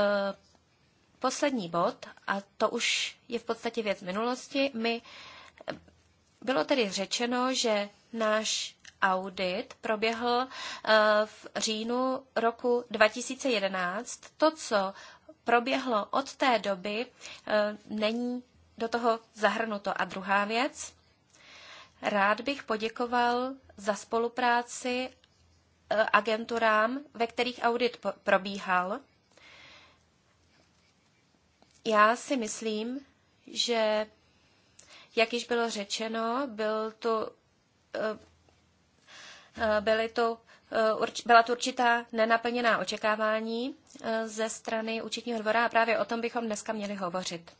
poslední bod, a to už je v podstatě věc minulosti, mi eh, bylo tedy řečeno, že náš audit proběhl v říjnu roku 2011. To, co proběhlo od té doby, není do toho zahrnuto. A druhá věc, rád bych poděkoval za spolupráci Eh, agenturám, ve kterých audit probíhal. Já si myslím, že, jak již bylo řečeno, byl tu, eh, eh, byly tu byla tu určitá nenaplněná očekávání ze strany účetního dvora a právě o tom bychom dneska měli hovořit.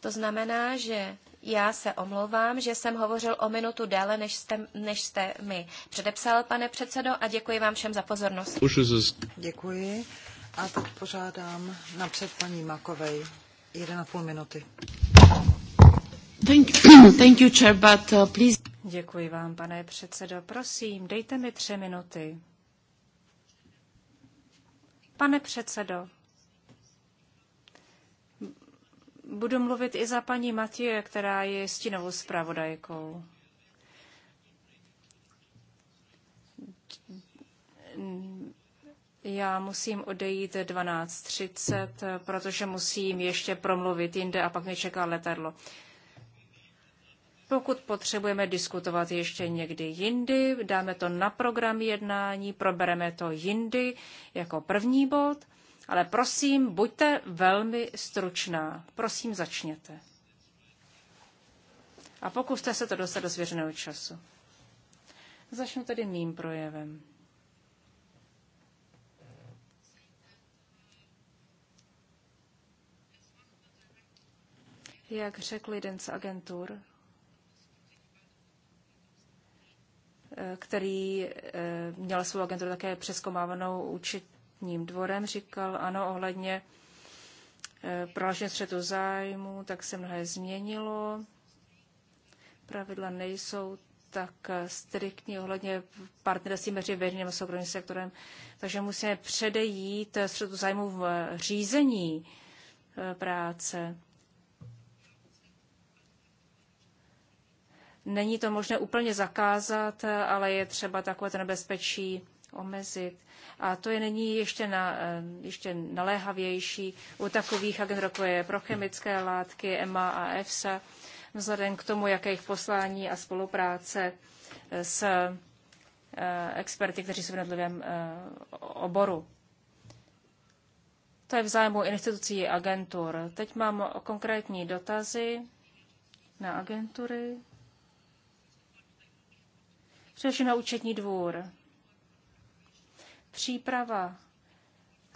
To znamená, že já se omlouvám, že jsem hovořil o minutu déle, než jste, než jste mi předepsal, pane předsedo, a děkuji vám všem za pozornost. Děkuji. A teď požádám napřed paní Makovej. 1,5 minuty. Thank you, thank you, chair, but, uh, please... Děkuji vám, pane předsedo. Prosím, dejte mi tři minuty. Pane předsedo, budu mluvit i za paní Matěje, která je stínovou zpravodajkou. Já musím odejít 12.30, protože musím ještě promluvit jinde a pak mě čeká letadlo. Pokud potřebujeme diskutovat ještě někdy jindy, dáme to na program jednání, probereme to jindy jako první bod – ale prosím, buďte velmi stručná. Prosím, začněte. A pokuste se to dostat do svěřeného času. Začnu tedy mým projevem. Jak řekl jeden z agentur, eh, který eh, měl svou agenturu také přeskomávanou učit státním dvorem říkal, ano, ohledně e, prohlášení střetu zájmu, tak se mnohé změnilo. Pravidla nejsou tak striktní ohledně partnerství mezi veřejným a soukromým sektorem. Takže musíme předejít střetu zájmu v řízení e, práce. Není to možné úplně zakázat, ale je třeba takové to nebezpečí omezit. A to je není ještě, na, eh, ještě naléhavější u takových agentů, jako je prochemické látky, EMA a EFSA, e vzhledem k tomu, jaké jejich poslání a spolupráce eh, s eh, experty, kteří jsou v jednotlivém oboru. To je v zájmu institucí agentur. Teď mám konkrétní dotazy na agentury. Především na účetní dvůr. Příprava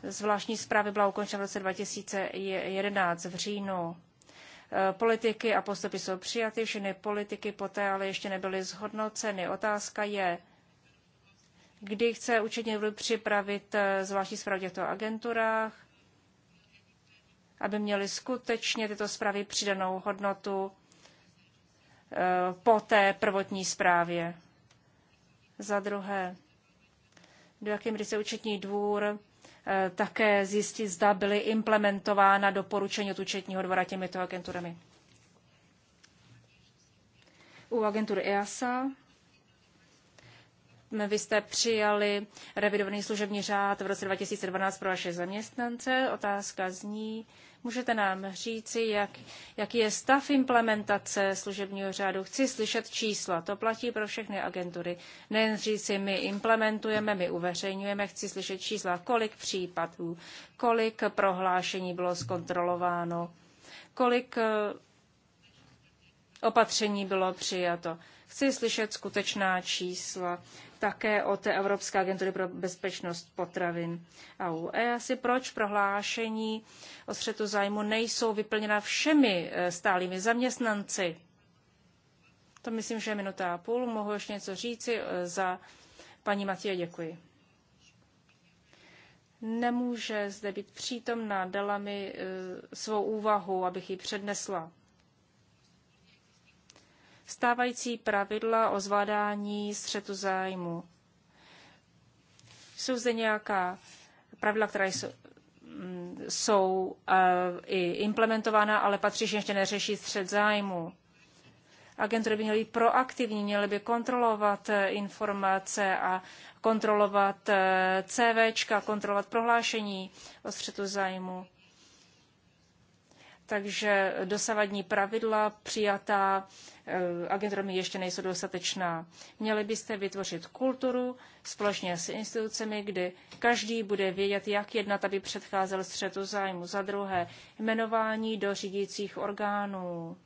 zvláštní zprávy byla ukončena v roce 2011 v říjnu. E, politiky a postupy jsou přijaty, všechny politiky poté ale ještě nebyly zhodnoceny. Otázka je, kdy chce účetní dvůr připravit e, zvláštní zprávy v těchto agenturách, aby měly skutečně tyto zprávy přidanou hodnotu e, po té prvotní zprávě. Za druhé, do jakým míry se účetní dvůr eh, také zjistit, zda byly implementována doporučení od účetního dvora těmito agenturami. U agentury EASA vy jste přijali revidovaný služební řád v roce 2012 pro vaše zaměstnance. Otázka zní, Můžete nám říci, jak, jaký je stav implementace služebního řádu? Chci slyšet čísla. To platí pro všechny agentury. Nejen říci, my implementujeme, my uveřejňujeme, chci slyšet čísla, kolik případů, kolik prohlášení bylo zkontrolováno, kolik eh, opatření bylo přijato. Chci slyšet skutečná čísla také od té Evropské agentury pro bezpečnost potravin a UE. Asi proč prohlášení o střetu zájmu nejsou vyplněna všemi eh, stálými zaměstnanci? To myslím, že je minuta a půl. Mohu ještě něco říci eh, za paní Matěje. Děkuji. Nemůže zde být přítomná, dala mi eh, svou úvahu, abych ji přednesla stávající pravidla o zvládání střetu zájmu. Jsou zde nějaká pravidla, která jsou, mm, jsou uh, i implementována, ale patřičně ještě neřeší střed zájmu. Agentury by měly být proaktivní, měly by kontrolovat eh, informace a kontrolovat eh, CVčka, kontrolovat prohlášení o střetu zájmu takže dosavadní pravidla přijatá eh, agenturami ještě nejsou dostatečná. Měli byste vytvořit kulturu společně s institucemi, kdy každý bude vědět, jak jednat, aby předcházel střetu zájmu. Za druhé, jmenování do řídících orgánů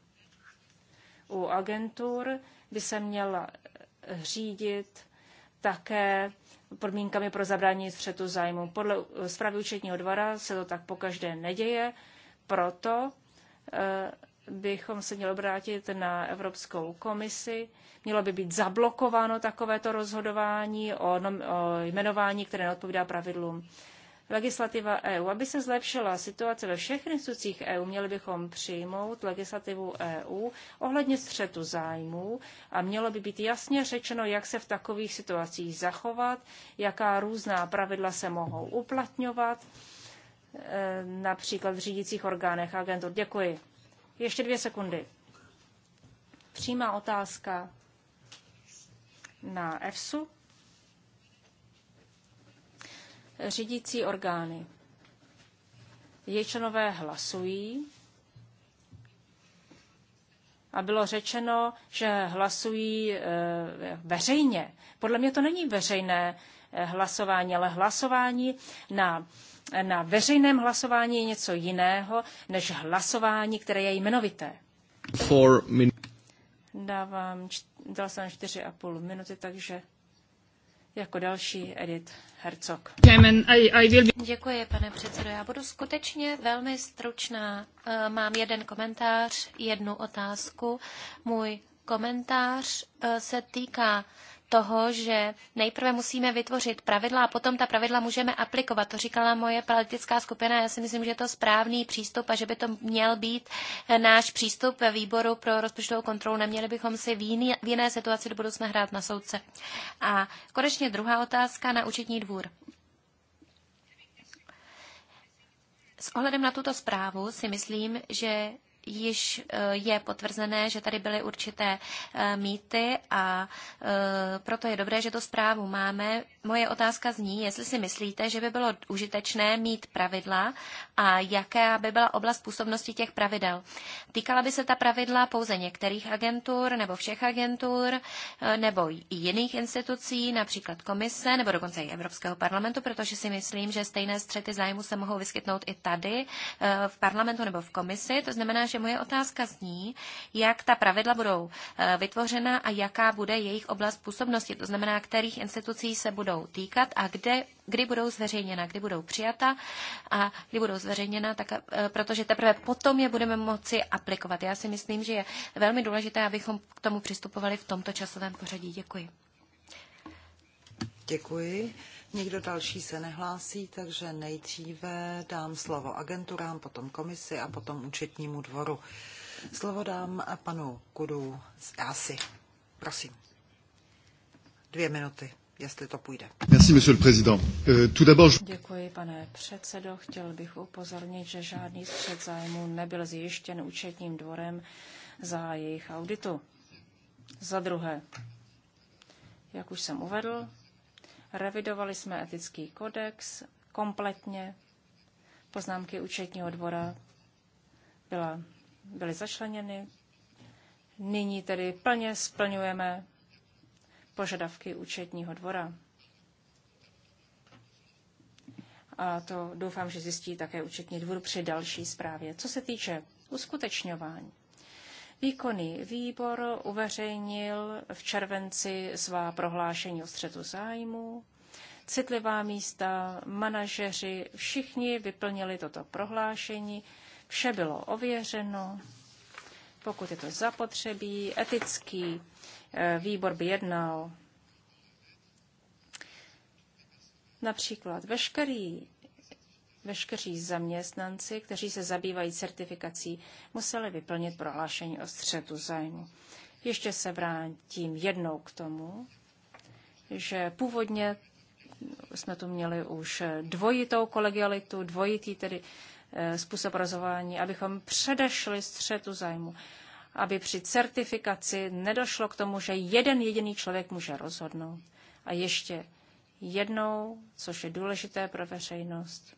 u agentur by se měla řídit také podmínkami pro zabrání střetu zájmu. Podle eh, zprávy účetního dvora se to tak pokaždé neděje proto eh, bychom se měli obrátit na Evropskou komisi. Mělo by být zablokováno takovéto rozhodování o, nom- o jmenování, které neodpovídá pravidlům. Legislativa EU. Aby se zlepšila situace ve všech institucích EU, měli bychom přijmout legislativu EU ohledně střetu zájmů a mělo by být jasně řečeno, jak se v takových situacích zachovat, jaká různá pravidla se mohou uplatňovat Eh, například v řídících orgánech agentur. Děkuji. Ještě dvě sekundy. Přímá otázka na EFSU. Řídící orgány. Její členové hlasují a bylo řečeno, že hlasují eh, veřejně. Podle mě to není veřejné eh, hlasování, ale hlasování na na veřejném hlasování je něco jiného než hlasování, které je jmenovité. Four Dávám, dal jsem čtyři a půl minuty, takže jako další Edith Herzog. Děkuji, pane předsedo. Já budu skutečně velmi stručná. Eh, mám jeden komentář, jednu otázku. Můj komentář eh, se týká toho, že nejprve musíme vytvořit pravidla a potom ta pravidla můžeme aplikovat. To říkala moje politická skupina. Já si myslím, že je to správný přístup a že by to měl být eh, náš přístup ve výboru pro rozpočtovou kontrolu. Neměli bychom si v, jiný, v jiné situaci do budoucna hrát na soudce. A konečně druhá otázka na účetní dvůr. S ohledem na tuto zprávu si myslím, že již eh, je potvrzené, že tady byly určité eh, mýty a eh, proto je dobré, že to zprávu máme. Moje otázka zní, jestli si myslíte, že by bylo užitečné mít pravidla a jaká by byla oblast působnosti těch pravidel. Týkala by se ta pravidla pouze některých agentur nebo všech agentur nebo i jiných institucí, například komise nebo dokonce i Evropského parlamentu, protože si myslím, že stejné střety zájmu se mohou vyskytnout i tady v parlamentu nebo v komisi. To znamená, že moje otázka zní, jak ta pravidla budou eh, vytvořena a jaká bude jejich oblast působnosti, to znamená, kterých institucí se budou týkat a kde, kdy budou zveřejněna, kdy budou přijata a kdy budou zveřejněna, tak, eh, protože teprve potom je budeme moci aplikovat. Já si myslím, že je velmi důležité, abychom k tomu přistupovali v tomto časovém pořadí. Děkuji. Děkuji. Nikdo další se nehlásí, takže nejdříve dám slovo agenturám, potom komisi a potom účetnímu dvoru. Slovo dám panu Kudu z e ASI. Prosím. Dvě minuty, jestli to půjde. Merci, monsieur le président. Euh, tout d'abord... Děkuji, pane předsedo. Chtěl bych upozornit, že žádný střed zájmu nebyl zjištěn účetním dvorem za jejich auditu. Za druhé, jak už jsem uvedl, Revidovali jsme etický kodex kompletně. Poznámky účetního dvora byla, byly začleněny. Nyní tedy plně splňujeme požadavky účetního dvora. A to doufám, že zjistí také účetní dvůr při další zprávě. Co se týče uskutečňování, Výkonný výbor uveřejnil v červenci svá prohlášení o střetu zájmu. Citlivá místa, manažeři, všichni vyplnili toto prohlášení. Vše bylo ověřeno. Pokud je to zapotřebí, etický eh, výbor by jednal. Například veškerý veškeří zaměstnanci, kteří se zabývají certifikací, museli vyplnit prohlášení o střetu zájmu. Ještě se vrátím jednou k tomu, že původně jsme tu měli už dvojitou kolegialitu, dvojitý tedy eh, způsob rozhování, abychom předešli střetu zájmu, aby při certifikaci nedošlo k tomu, že jeden jediný člověk může rozhodnout. A ještě jednou, což je důležité pro veřejnost,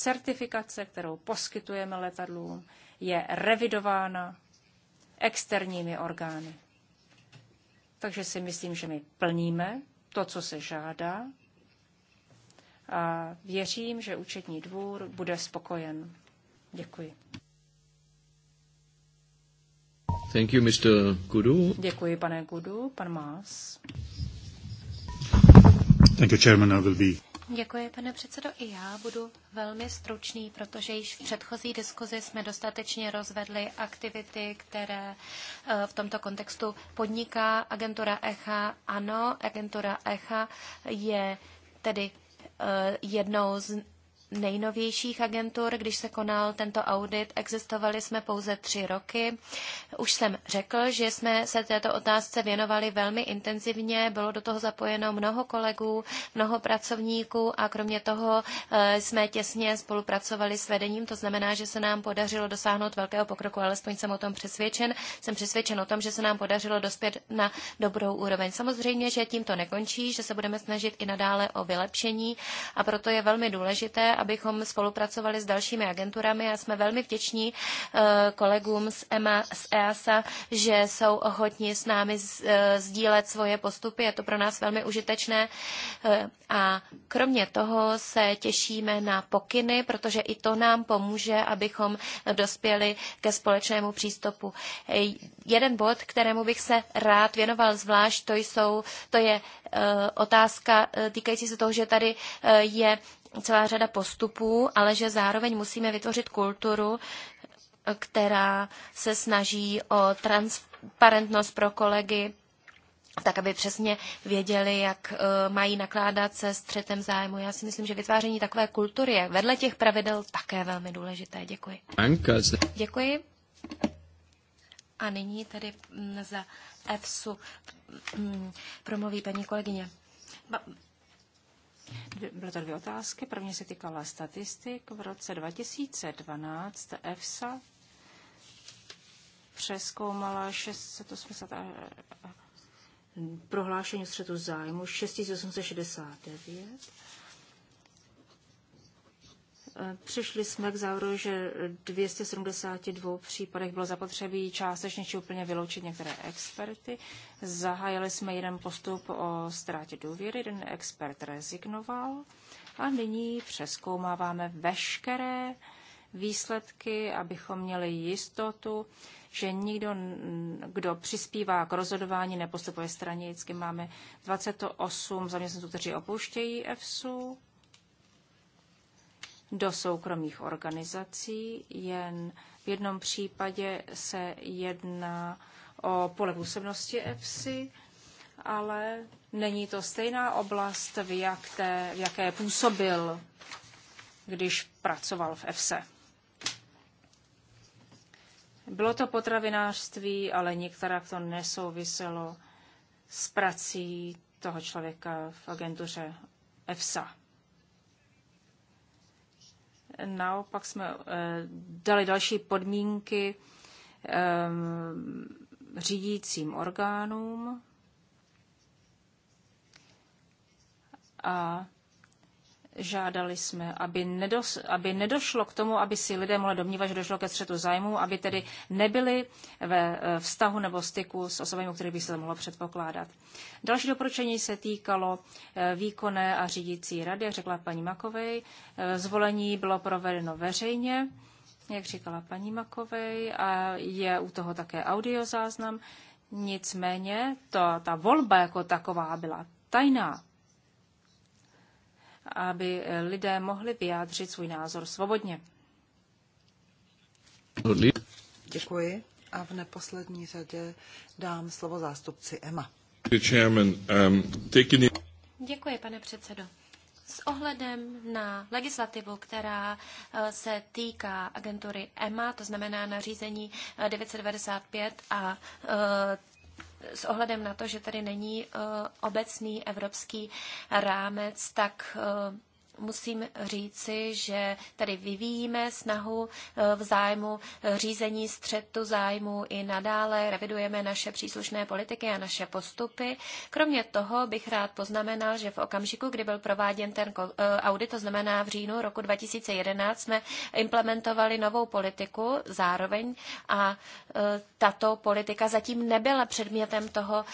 Certifikace, kterou poskytujeme letadlům, je revidována externími orgány. Takže si myslím, že my plníme to, co se žádá a věřím, že účetní dvůr bude spokojen. Děkuji. Thank you, Mr. Kudu. Děkuji, pane Kudu. Pan Mas. Thank you, Chairman. I will be Děkuji, pane předsedo. I já budu velmi stručný, protože již v předchozí diskuzi jsme dostatečně rozvedli aktivity, které eh, v tomto kontextu podniká agentura ECHA. Ano, agentura ECHA je tedy eh, jednou z nejnovějších agentur. Když se konal tento audit, existovali jsme pouze tři roky. Už jsem řekl, že jsme se této otázce věnovali velmi intenzivně, bylo do toho zapojeno mnoho kolegů, mnoho pracovníků a kromě toho eh, jsme těsně spolupracovali s vedením, to znamená, že se nám podařilo dosáhnout velkého pokroku, alespoň jsem o tom přesvědčen. Jsem přesvědčen o tom, že se nám podařilo dospět na dobrou úroveň. Samozřejmě, že tím to nekončí, že se budeme snažit i nadále o vylepšení a proto je velmi důležité, abychom spolupracovali s dalšími agenturami a jsme velmi vděční eh, kolegům z, EMA, z EASA, že jsou ochotni s námi eh, sdílet svoje postupy. Je to pro nás velmi užitečné eh, a kromě toho se těšíme na pokyny, protože i to nám pomůže, abychom dospěli ke společnému přístupu. Jeden bod, kterému bych se rád věnoval zvlášť, to, jsou, to je otázka týkající se toho, že tady je celá řada postupů, ale že zároveň musíme vytvořit kulturu, která se snaží o transparentnost pro kolegy, tak aby přesně věděli, jak eh, mají nakládat se střetem zájmu. Já si myslím, že vytváření takové kultury je vedle těch pravidel také velmi důležité. Děkuji. Děkuji. A nyní tady mm, za EFSU mm, promluví paní kolegyně. Byly to dvě otázky. První se týkala statistik. V roce 2012 EFSA přeskoumala 680 eh, prohlášení střetu zájmu 6869 Eh, přišli jsme k závěru, že 272 případech bylo zapotřebí částečně či úplně vyloučit některé experty. Zahájili jsme jeden postup o ztrátě důvěry, jeden expert rezignoval a nyní přeskoumáváme veškeré výsledky, abychom měli jistotu, že nikdo, kdo přispívá k rozhodování, nepostupuje stranicky. Máme 28 zaměstnanců, kteří opouštějí EFSU do soukromých organizací. Jen v jednom případě se jedná o pole působnosti EFSI, ale není to stejná oblast, v, jak té, v jaké působil, když pracoval v EFSE. Bylo to potravinářství, ale některá to nesouviselo s prací toho člověka v agentuře EFSA. Naopak jsme eh, dali další podmínky eh, řídícím orgánům a Žádali jsme, aby, nedos, aby nedošlo k tomu, aby si lidé mohli domnívat, že došlo ke střetu zájmu, aby tedy nebyli ve e, vztahu nebo styku s osobami, o kterých by se to mohlo předpokládat. Další doporučení se týkalo e, výkonné a řídící rady, jak řekla paní Makovej. E, zvolení bylo provedeno veřejně, jak říkala paní Makovej, a je u toho také audiozáznam. Nicméně to, ta volba jako taková byla tajná aby lidé mohli vyjádřit svůj názor svobodně. Děkuji a v neposlední řadě dám slovo zástupci EMA. Um, Děkuji, pane předsedo. S ohledem na legislativu, která uh, se týká agentury EMA, to znamená nařízení 995 uh, a uh, s ohledem na to, že tady není eh, obecný evropský rámec, tak eh, musím říci, že tady vyvíjíme snahu eh, v zájmu eh, řízení střetu zájmu i nadále, revidujeme naše příslušné politiky a naše postupy. Kromě toho bych rád poznamenal, že v okamžiku, kdy byl prováděn ten eh, audit, to znamená v říjnu roku 2011, jsme implementovali novou politiku zároveň a tato politika zatím nebyla předmětem toho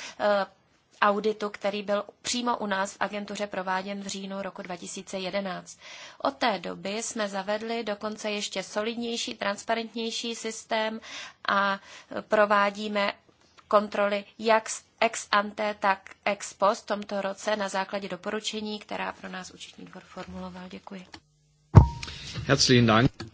auditu, který byl přímo u nás v agentuře prováděn v říjnu roku 2011. Od té doby jsme zavedli dokonce ještě solidnější, transparentnější systém a provádíme kontroly jak ex ante, tak ex post v tomto roce na základě doporučení, která pro nás účetní dvor formuloval. Děkuji. Herzlichen Dank.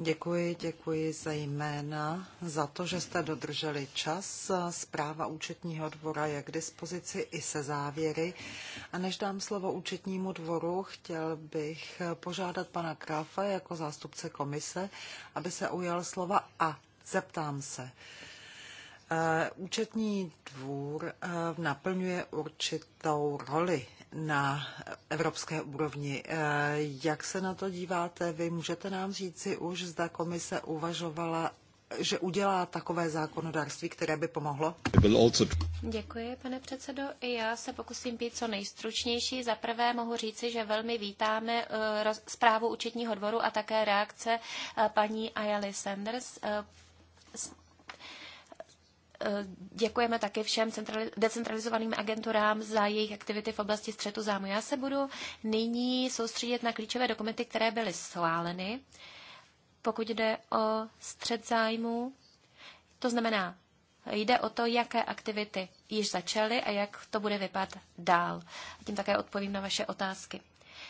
Děkuji, děkuji zejména za to, že jste dodrželi čas. Zpráva účetního dvora je k dispozici i se závěry. A než dám slovo účetnímu dvoru, chtěl bych požádat pana Kráfa jako zástupce komise, aby se ujal slova a zeptám se. Eh, účetní dvůr eh, naplňuje určitou roli na evropské úrovni. Eh, jak se na to díváte? Vy můžete nám říci už, zda komise uvažovala že udělá takové zákonodárství, které by pomohlo? Děkuji, pane předsedo. I já se pokusím být co nejstručnější. Za prvé mohu říci, že velmi vítáme eh, zprávu účetního dvoru a také reakce eh, paní Ayali Sanders. Eh, děkujeme taky všem decentralizovaným agenturám za jejich aktivity v oblasti střetu zájmu. Já se budu nyní soustředit na klíčové dokumenty, které byly schváleny, pokud jde o střet zájmu. To znamená, jde o to, jaké aktivity již začaly a jak to bude vypadat dál. A tím také odpovím na vaše otázky.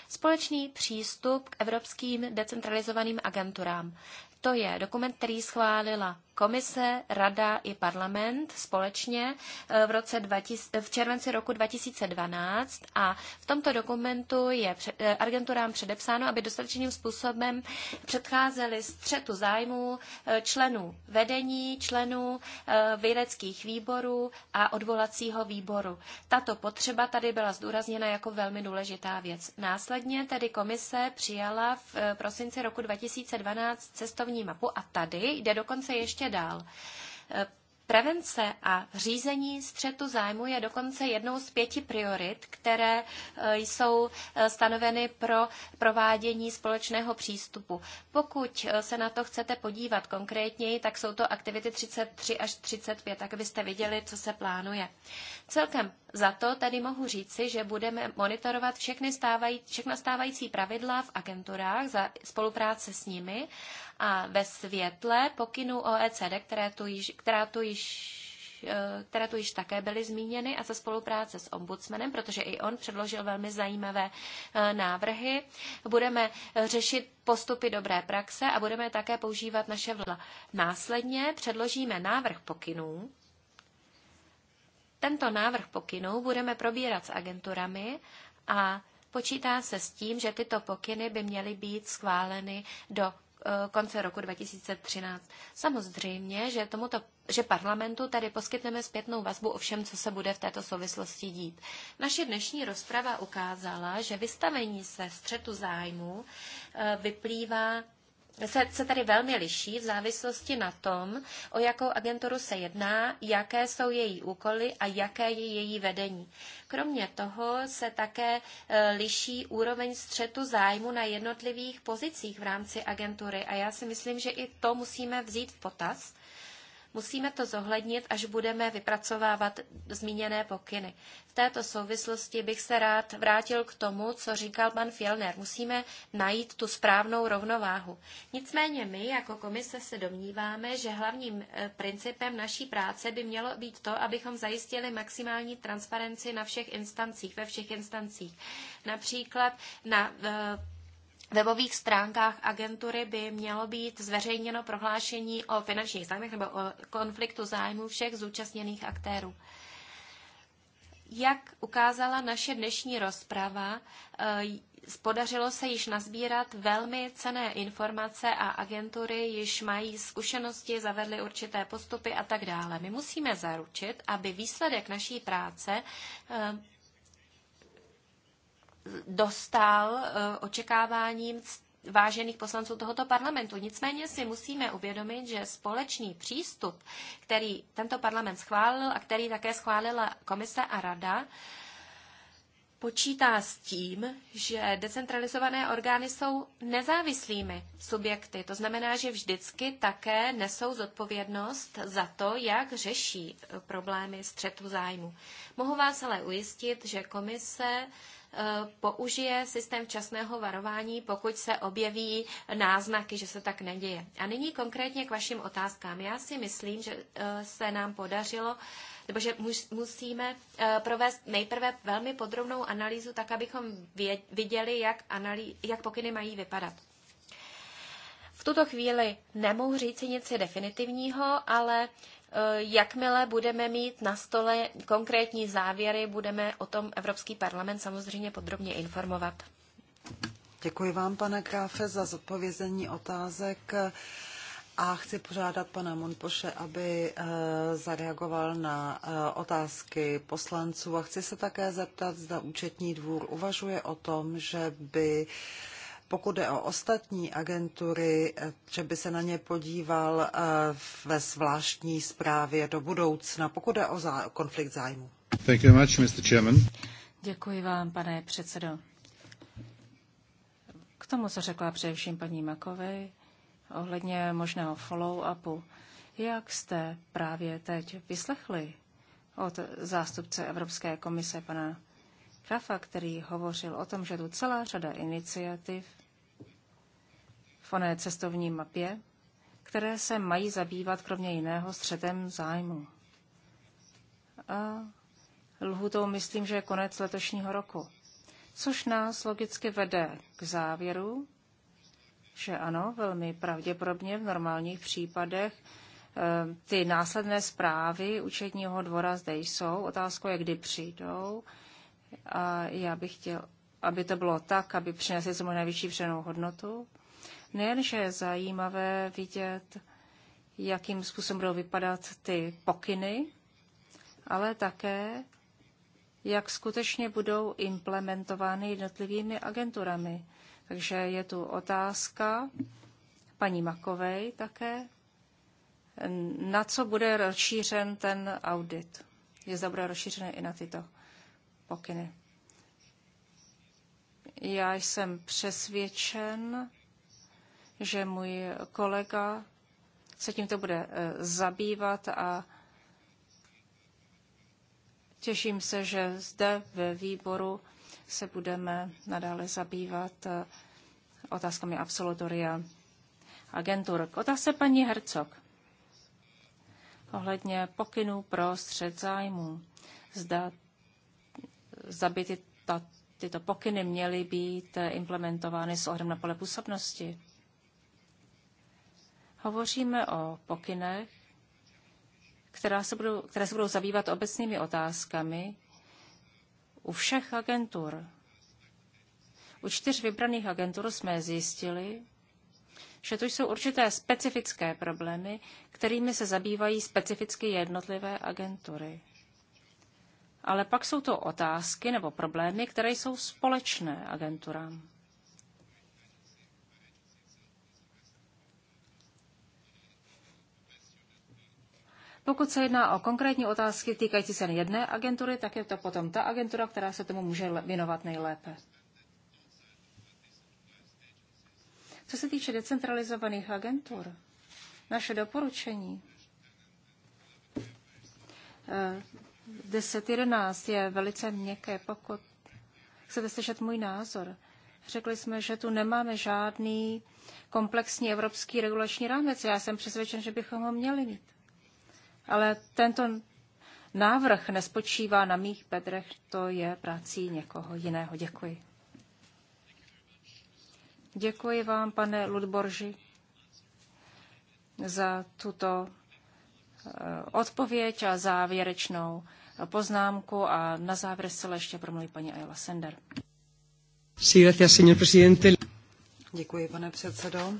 Společný přístup k evropským decentralizovaným agenturám. To je dokument, který schválila Komise, Rada i parlament společně eh, v, roce 20, eh, v červenci roku 2012 a v tomto dokumentu je eh, agenturám předepsáno, aby dostatečným způsobem předcházely střetu zájmu členů vedení, členů vědeckých výborů a odvolacího výboru. Tato potřeba tady byla zdůrazněna jako velmi důležitá věc. Následně tedy komise přijala v prosinci roku 2012 cestovní mapu a tady jde dokonce ještě dál. Eh, prevence a řízení střetu zájmu je dokonce jednou z pěti priorit, které eh, jsou eh, stanoveny pro provádění společného přístupu. Pokud se na to chcete podívat konkrétněji, tak jsou to aktivity 33 až 35, tak byste viděli, co se plánuje. Celkem za to tedy mohu říci, že budeme monitorovat všechny stávaj, všechna stávající pravidla v agenturách za spolupráce s nimi a ve světle pokynů OECD, které tu již, která tu již eh, které tu již také byly zmíněny, a za spolupráce s ombudsmanem, protože i on předložil velmi zajímavé eh, návrhy. Budeme eh, řešit postupy dobré praxe a budeme také používat naše vla. Následně předložíme návrh pokynů tento návrh pokynů budeme probírat s agenturami a počítá se s tím, že tyto pokyny by měly být schváleny do eh, konce roku 2013. Samozřejmě, že, tomuto, že parlamentu tady poskytneme zpětnou vazbu o všem, co se bude v této souvislosti dít. Naše dnešní rozprava ukázala, že vystavení se střetu zájmu eh, vyplývá se, se tady velmi liší v závislosti na tom, o jakou agenturu se jedná, jaké jsou její úkoly a jaké je její vedení. Kromě toho se také e, liší úroveň střetu zájmu na jednotlivých pozicích v rámci agentury a já si myslím, že i to musíme vzít v potaz Musíme to zohlednit, až budeme vypracovávat zmíněné pokyny. V této souvislosti bych se rád vrátil k tomu, co říkal pan Fjellner. Musíme najít tu správnou rovnováhu. Nicméně my jako komise se domníváme, že hlavním eh, principem naší práce by mělo být to, abychom zajistili maximální transparenci na všech instancích, ve všech instancích. Například na eh, webových stránkách agentury by mělo být zveřejněno prohlášení o finančních zájmech nebo o konfliktu zájmů všech zúčastněných aktérů. Jak ukázala naše dnešní rozprava, eh, podařilo se již nazbírat velmi cené informace a agentury již mají zkušenosti, zavedly určité postupy a tak dále. My musíme zaručit, aby výsledek naší práce eh, dostal eh, očekáváním vážených poslanců tohoto parlamentu. Nicméně si musíme uvědomit, že společný přístup, který tento parlament schválil a který také schválila komise a rada, počítá s tím, že decentralizované orgány jsou nezávislými subjekty. To znamená, že vždycky také nesou zodpovědnost za to, jak řeší problémy střetu zájmu. Mohu vás ale ujistit, že komise e, použije systém časného varování, pokud se objeví náznaky, že se tak neděje. A nyní konkrétně k vašim otázkám. Já si myslím, že e, se nám podařilo nebo že musíme eh, provést nejprve velmi podrobnou analýzu, tak abychom viděli, jak, analý, jak pokyny mají vypadat. V tuto chvíli nemohu říct nic definitivního, ale eh, jakmile budeme mít na stole konkrétní závěry, budeme o tom Evropský parlament samozřejmě podrobně informovat. Děkuji vám, pane Kráfe, za zodpovězení otázek. A chci požádat pana Monpoše, aby eh, zareagoval na eh, otázky poslanců. A chci se také zeptat, zda účetní dvůr uvažuje o tom, že by pokud je o ostatní agentury, eh, že by se na ně podíval ve zvláštní zprávě do budoucna, pokud je o zá konflikt zájmu. Thank you much, Mr. Chairman. Děkuji vám, pane předsedo. K tomu, co řekla především paní Makovej, ohledně možného follow-upu. Jak jste právě teď vyslechli od zástupce Evropské komise pana Krafa, který hovořil o tom, že tu celá řada iniciativ v oné cestovní mapě, které se mají zabývat kromě jiného střetem zájmu. A lhutou myslím, že je konec letošního roku. Což nás logicky vede k závěru, že ano, velmi pravděpodobně v normálních případech eh, ty následné zprávy účetního dvora zde jsou. Otázkou je, kdy přijdou. A já bych chtěl, aby to bylo tak, aby přinesli co možná větší přenou hodnotu. Nejenže je zajímavé vidět, jakým způsobem budou vypadat ty pokyny, ale také, jak skutečně budou implementovány jednotlivými agenturami. Takže je tu otázka paní Makovej také. Na co bude rozšířen ten audit? Je zda bude rozšířen i na tyto pokyny. Já jsem přesvědčen, že můj kolega se tímto bude e, zabývat a těším se, že zde ve výboru se budeme nadále zabývat eh, otázkami absolutoria agentur. K otázce paní Hercog ohledně pokynů pro střed zájmu. Zda, eh, zda by ty, ta, tyto pokyny měly být eh, implementovány s ohledem na pole působnosti. Hovoříme o pokynech, která se budou, které se budou zabývat obecnými otázkami, u všech agentur, u čtyř vybraných agentur jsme zjistili, že to jsou určité specifické problémy, kterými se zabývají specificky jednotlivé agentury. Ale pak jsou to otázky nebo problémy, které jsou společné agenturám. Pokud se jedná o konkrétní otázky týkající se jedné agentury, tak je to potom ta agentura, která se tomu může věnovat nejlépe. Co se týče decentralizovaných agentur, naše doporučení 10.11 eh, je velice měkké, pokud chcete slyšet můj názor. Řekli jsme, že tu nemáme žádný komplexní evropský regulační rámec. Já jsem přesvědčen, že bychom ho měli mít. Ale tento návrh nespočívá na mých bedrech, to je prací někoho jiného. Děkuji. Děkuji vám, pane Ludborži, za tuto eh, odpověď a závěrečnou poznámku a na závěr se ještě promluví paní Ayla Sender. Děkuji, pane předsedo.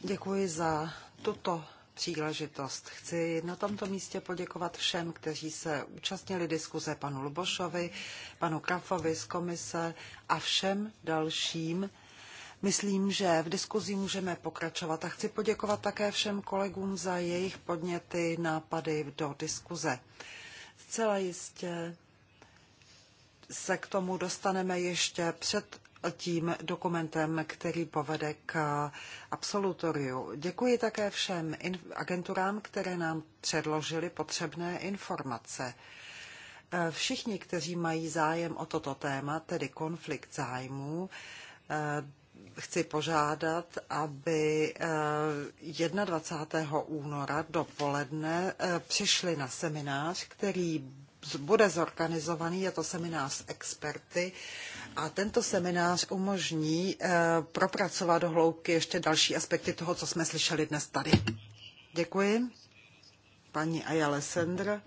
Děkuji za tuto příležitost. Chci na tomto místě poděkovat všem, kteří se účastnili diskuze, panu Lubošovi, panu Krafovi z komise a všem dalším. Myslím, že v diskuzi můžeme pokračovat a chci poděkovat také všem kolegům za jejich podněty, nápady do diskuze. Zcela jistě se k tomu dostaneme ještě před tím dokumentem, který povede k absolutoriu. Děkuji také všem agenturám, které nám předložili potřebné informace. E, všichni, kteří mají zájem o toto téma, tedy konflikt zájmů, e, chci požádat, aby 21. E, února dopoledne přišli na seminář, který bude zorganizovaný, je to seminář s experty a tento seminář umožní eh, propracovat do hloubky ještě další aspekty toho, co jsme slyšeli dnes tady. Děkuji. Paní Ayale Sender,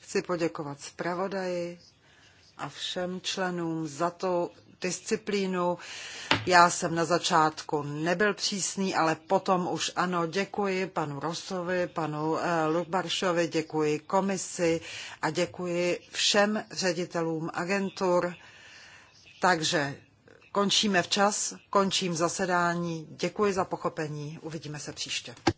chci poděkovat zpravodaji a všem členům za to, disciplínu. Já jsem na začátku nebyl přísný, ale potom už ano, děkuji panu Rosovi, panu eh, Lukbaršovi, děkuji komisi a děkuji všem ředitelům agentur. Takže končíme včas, končím zasedání. Děkuji za pochopení, uvidíme se příště.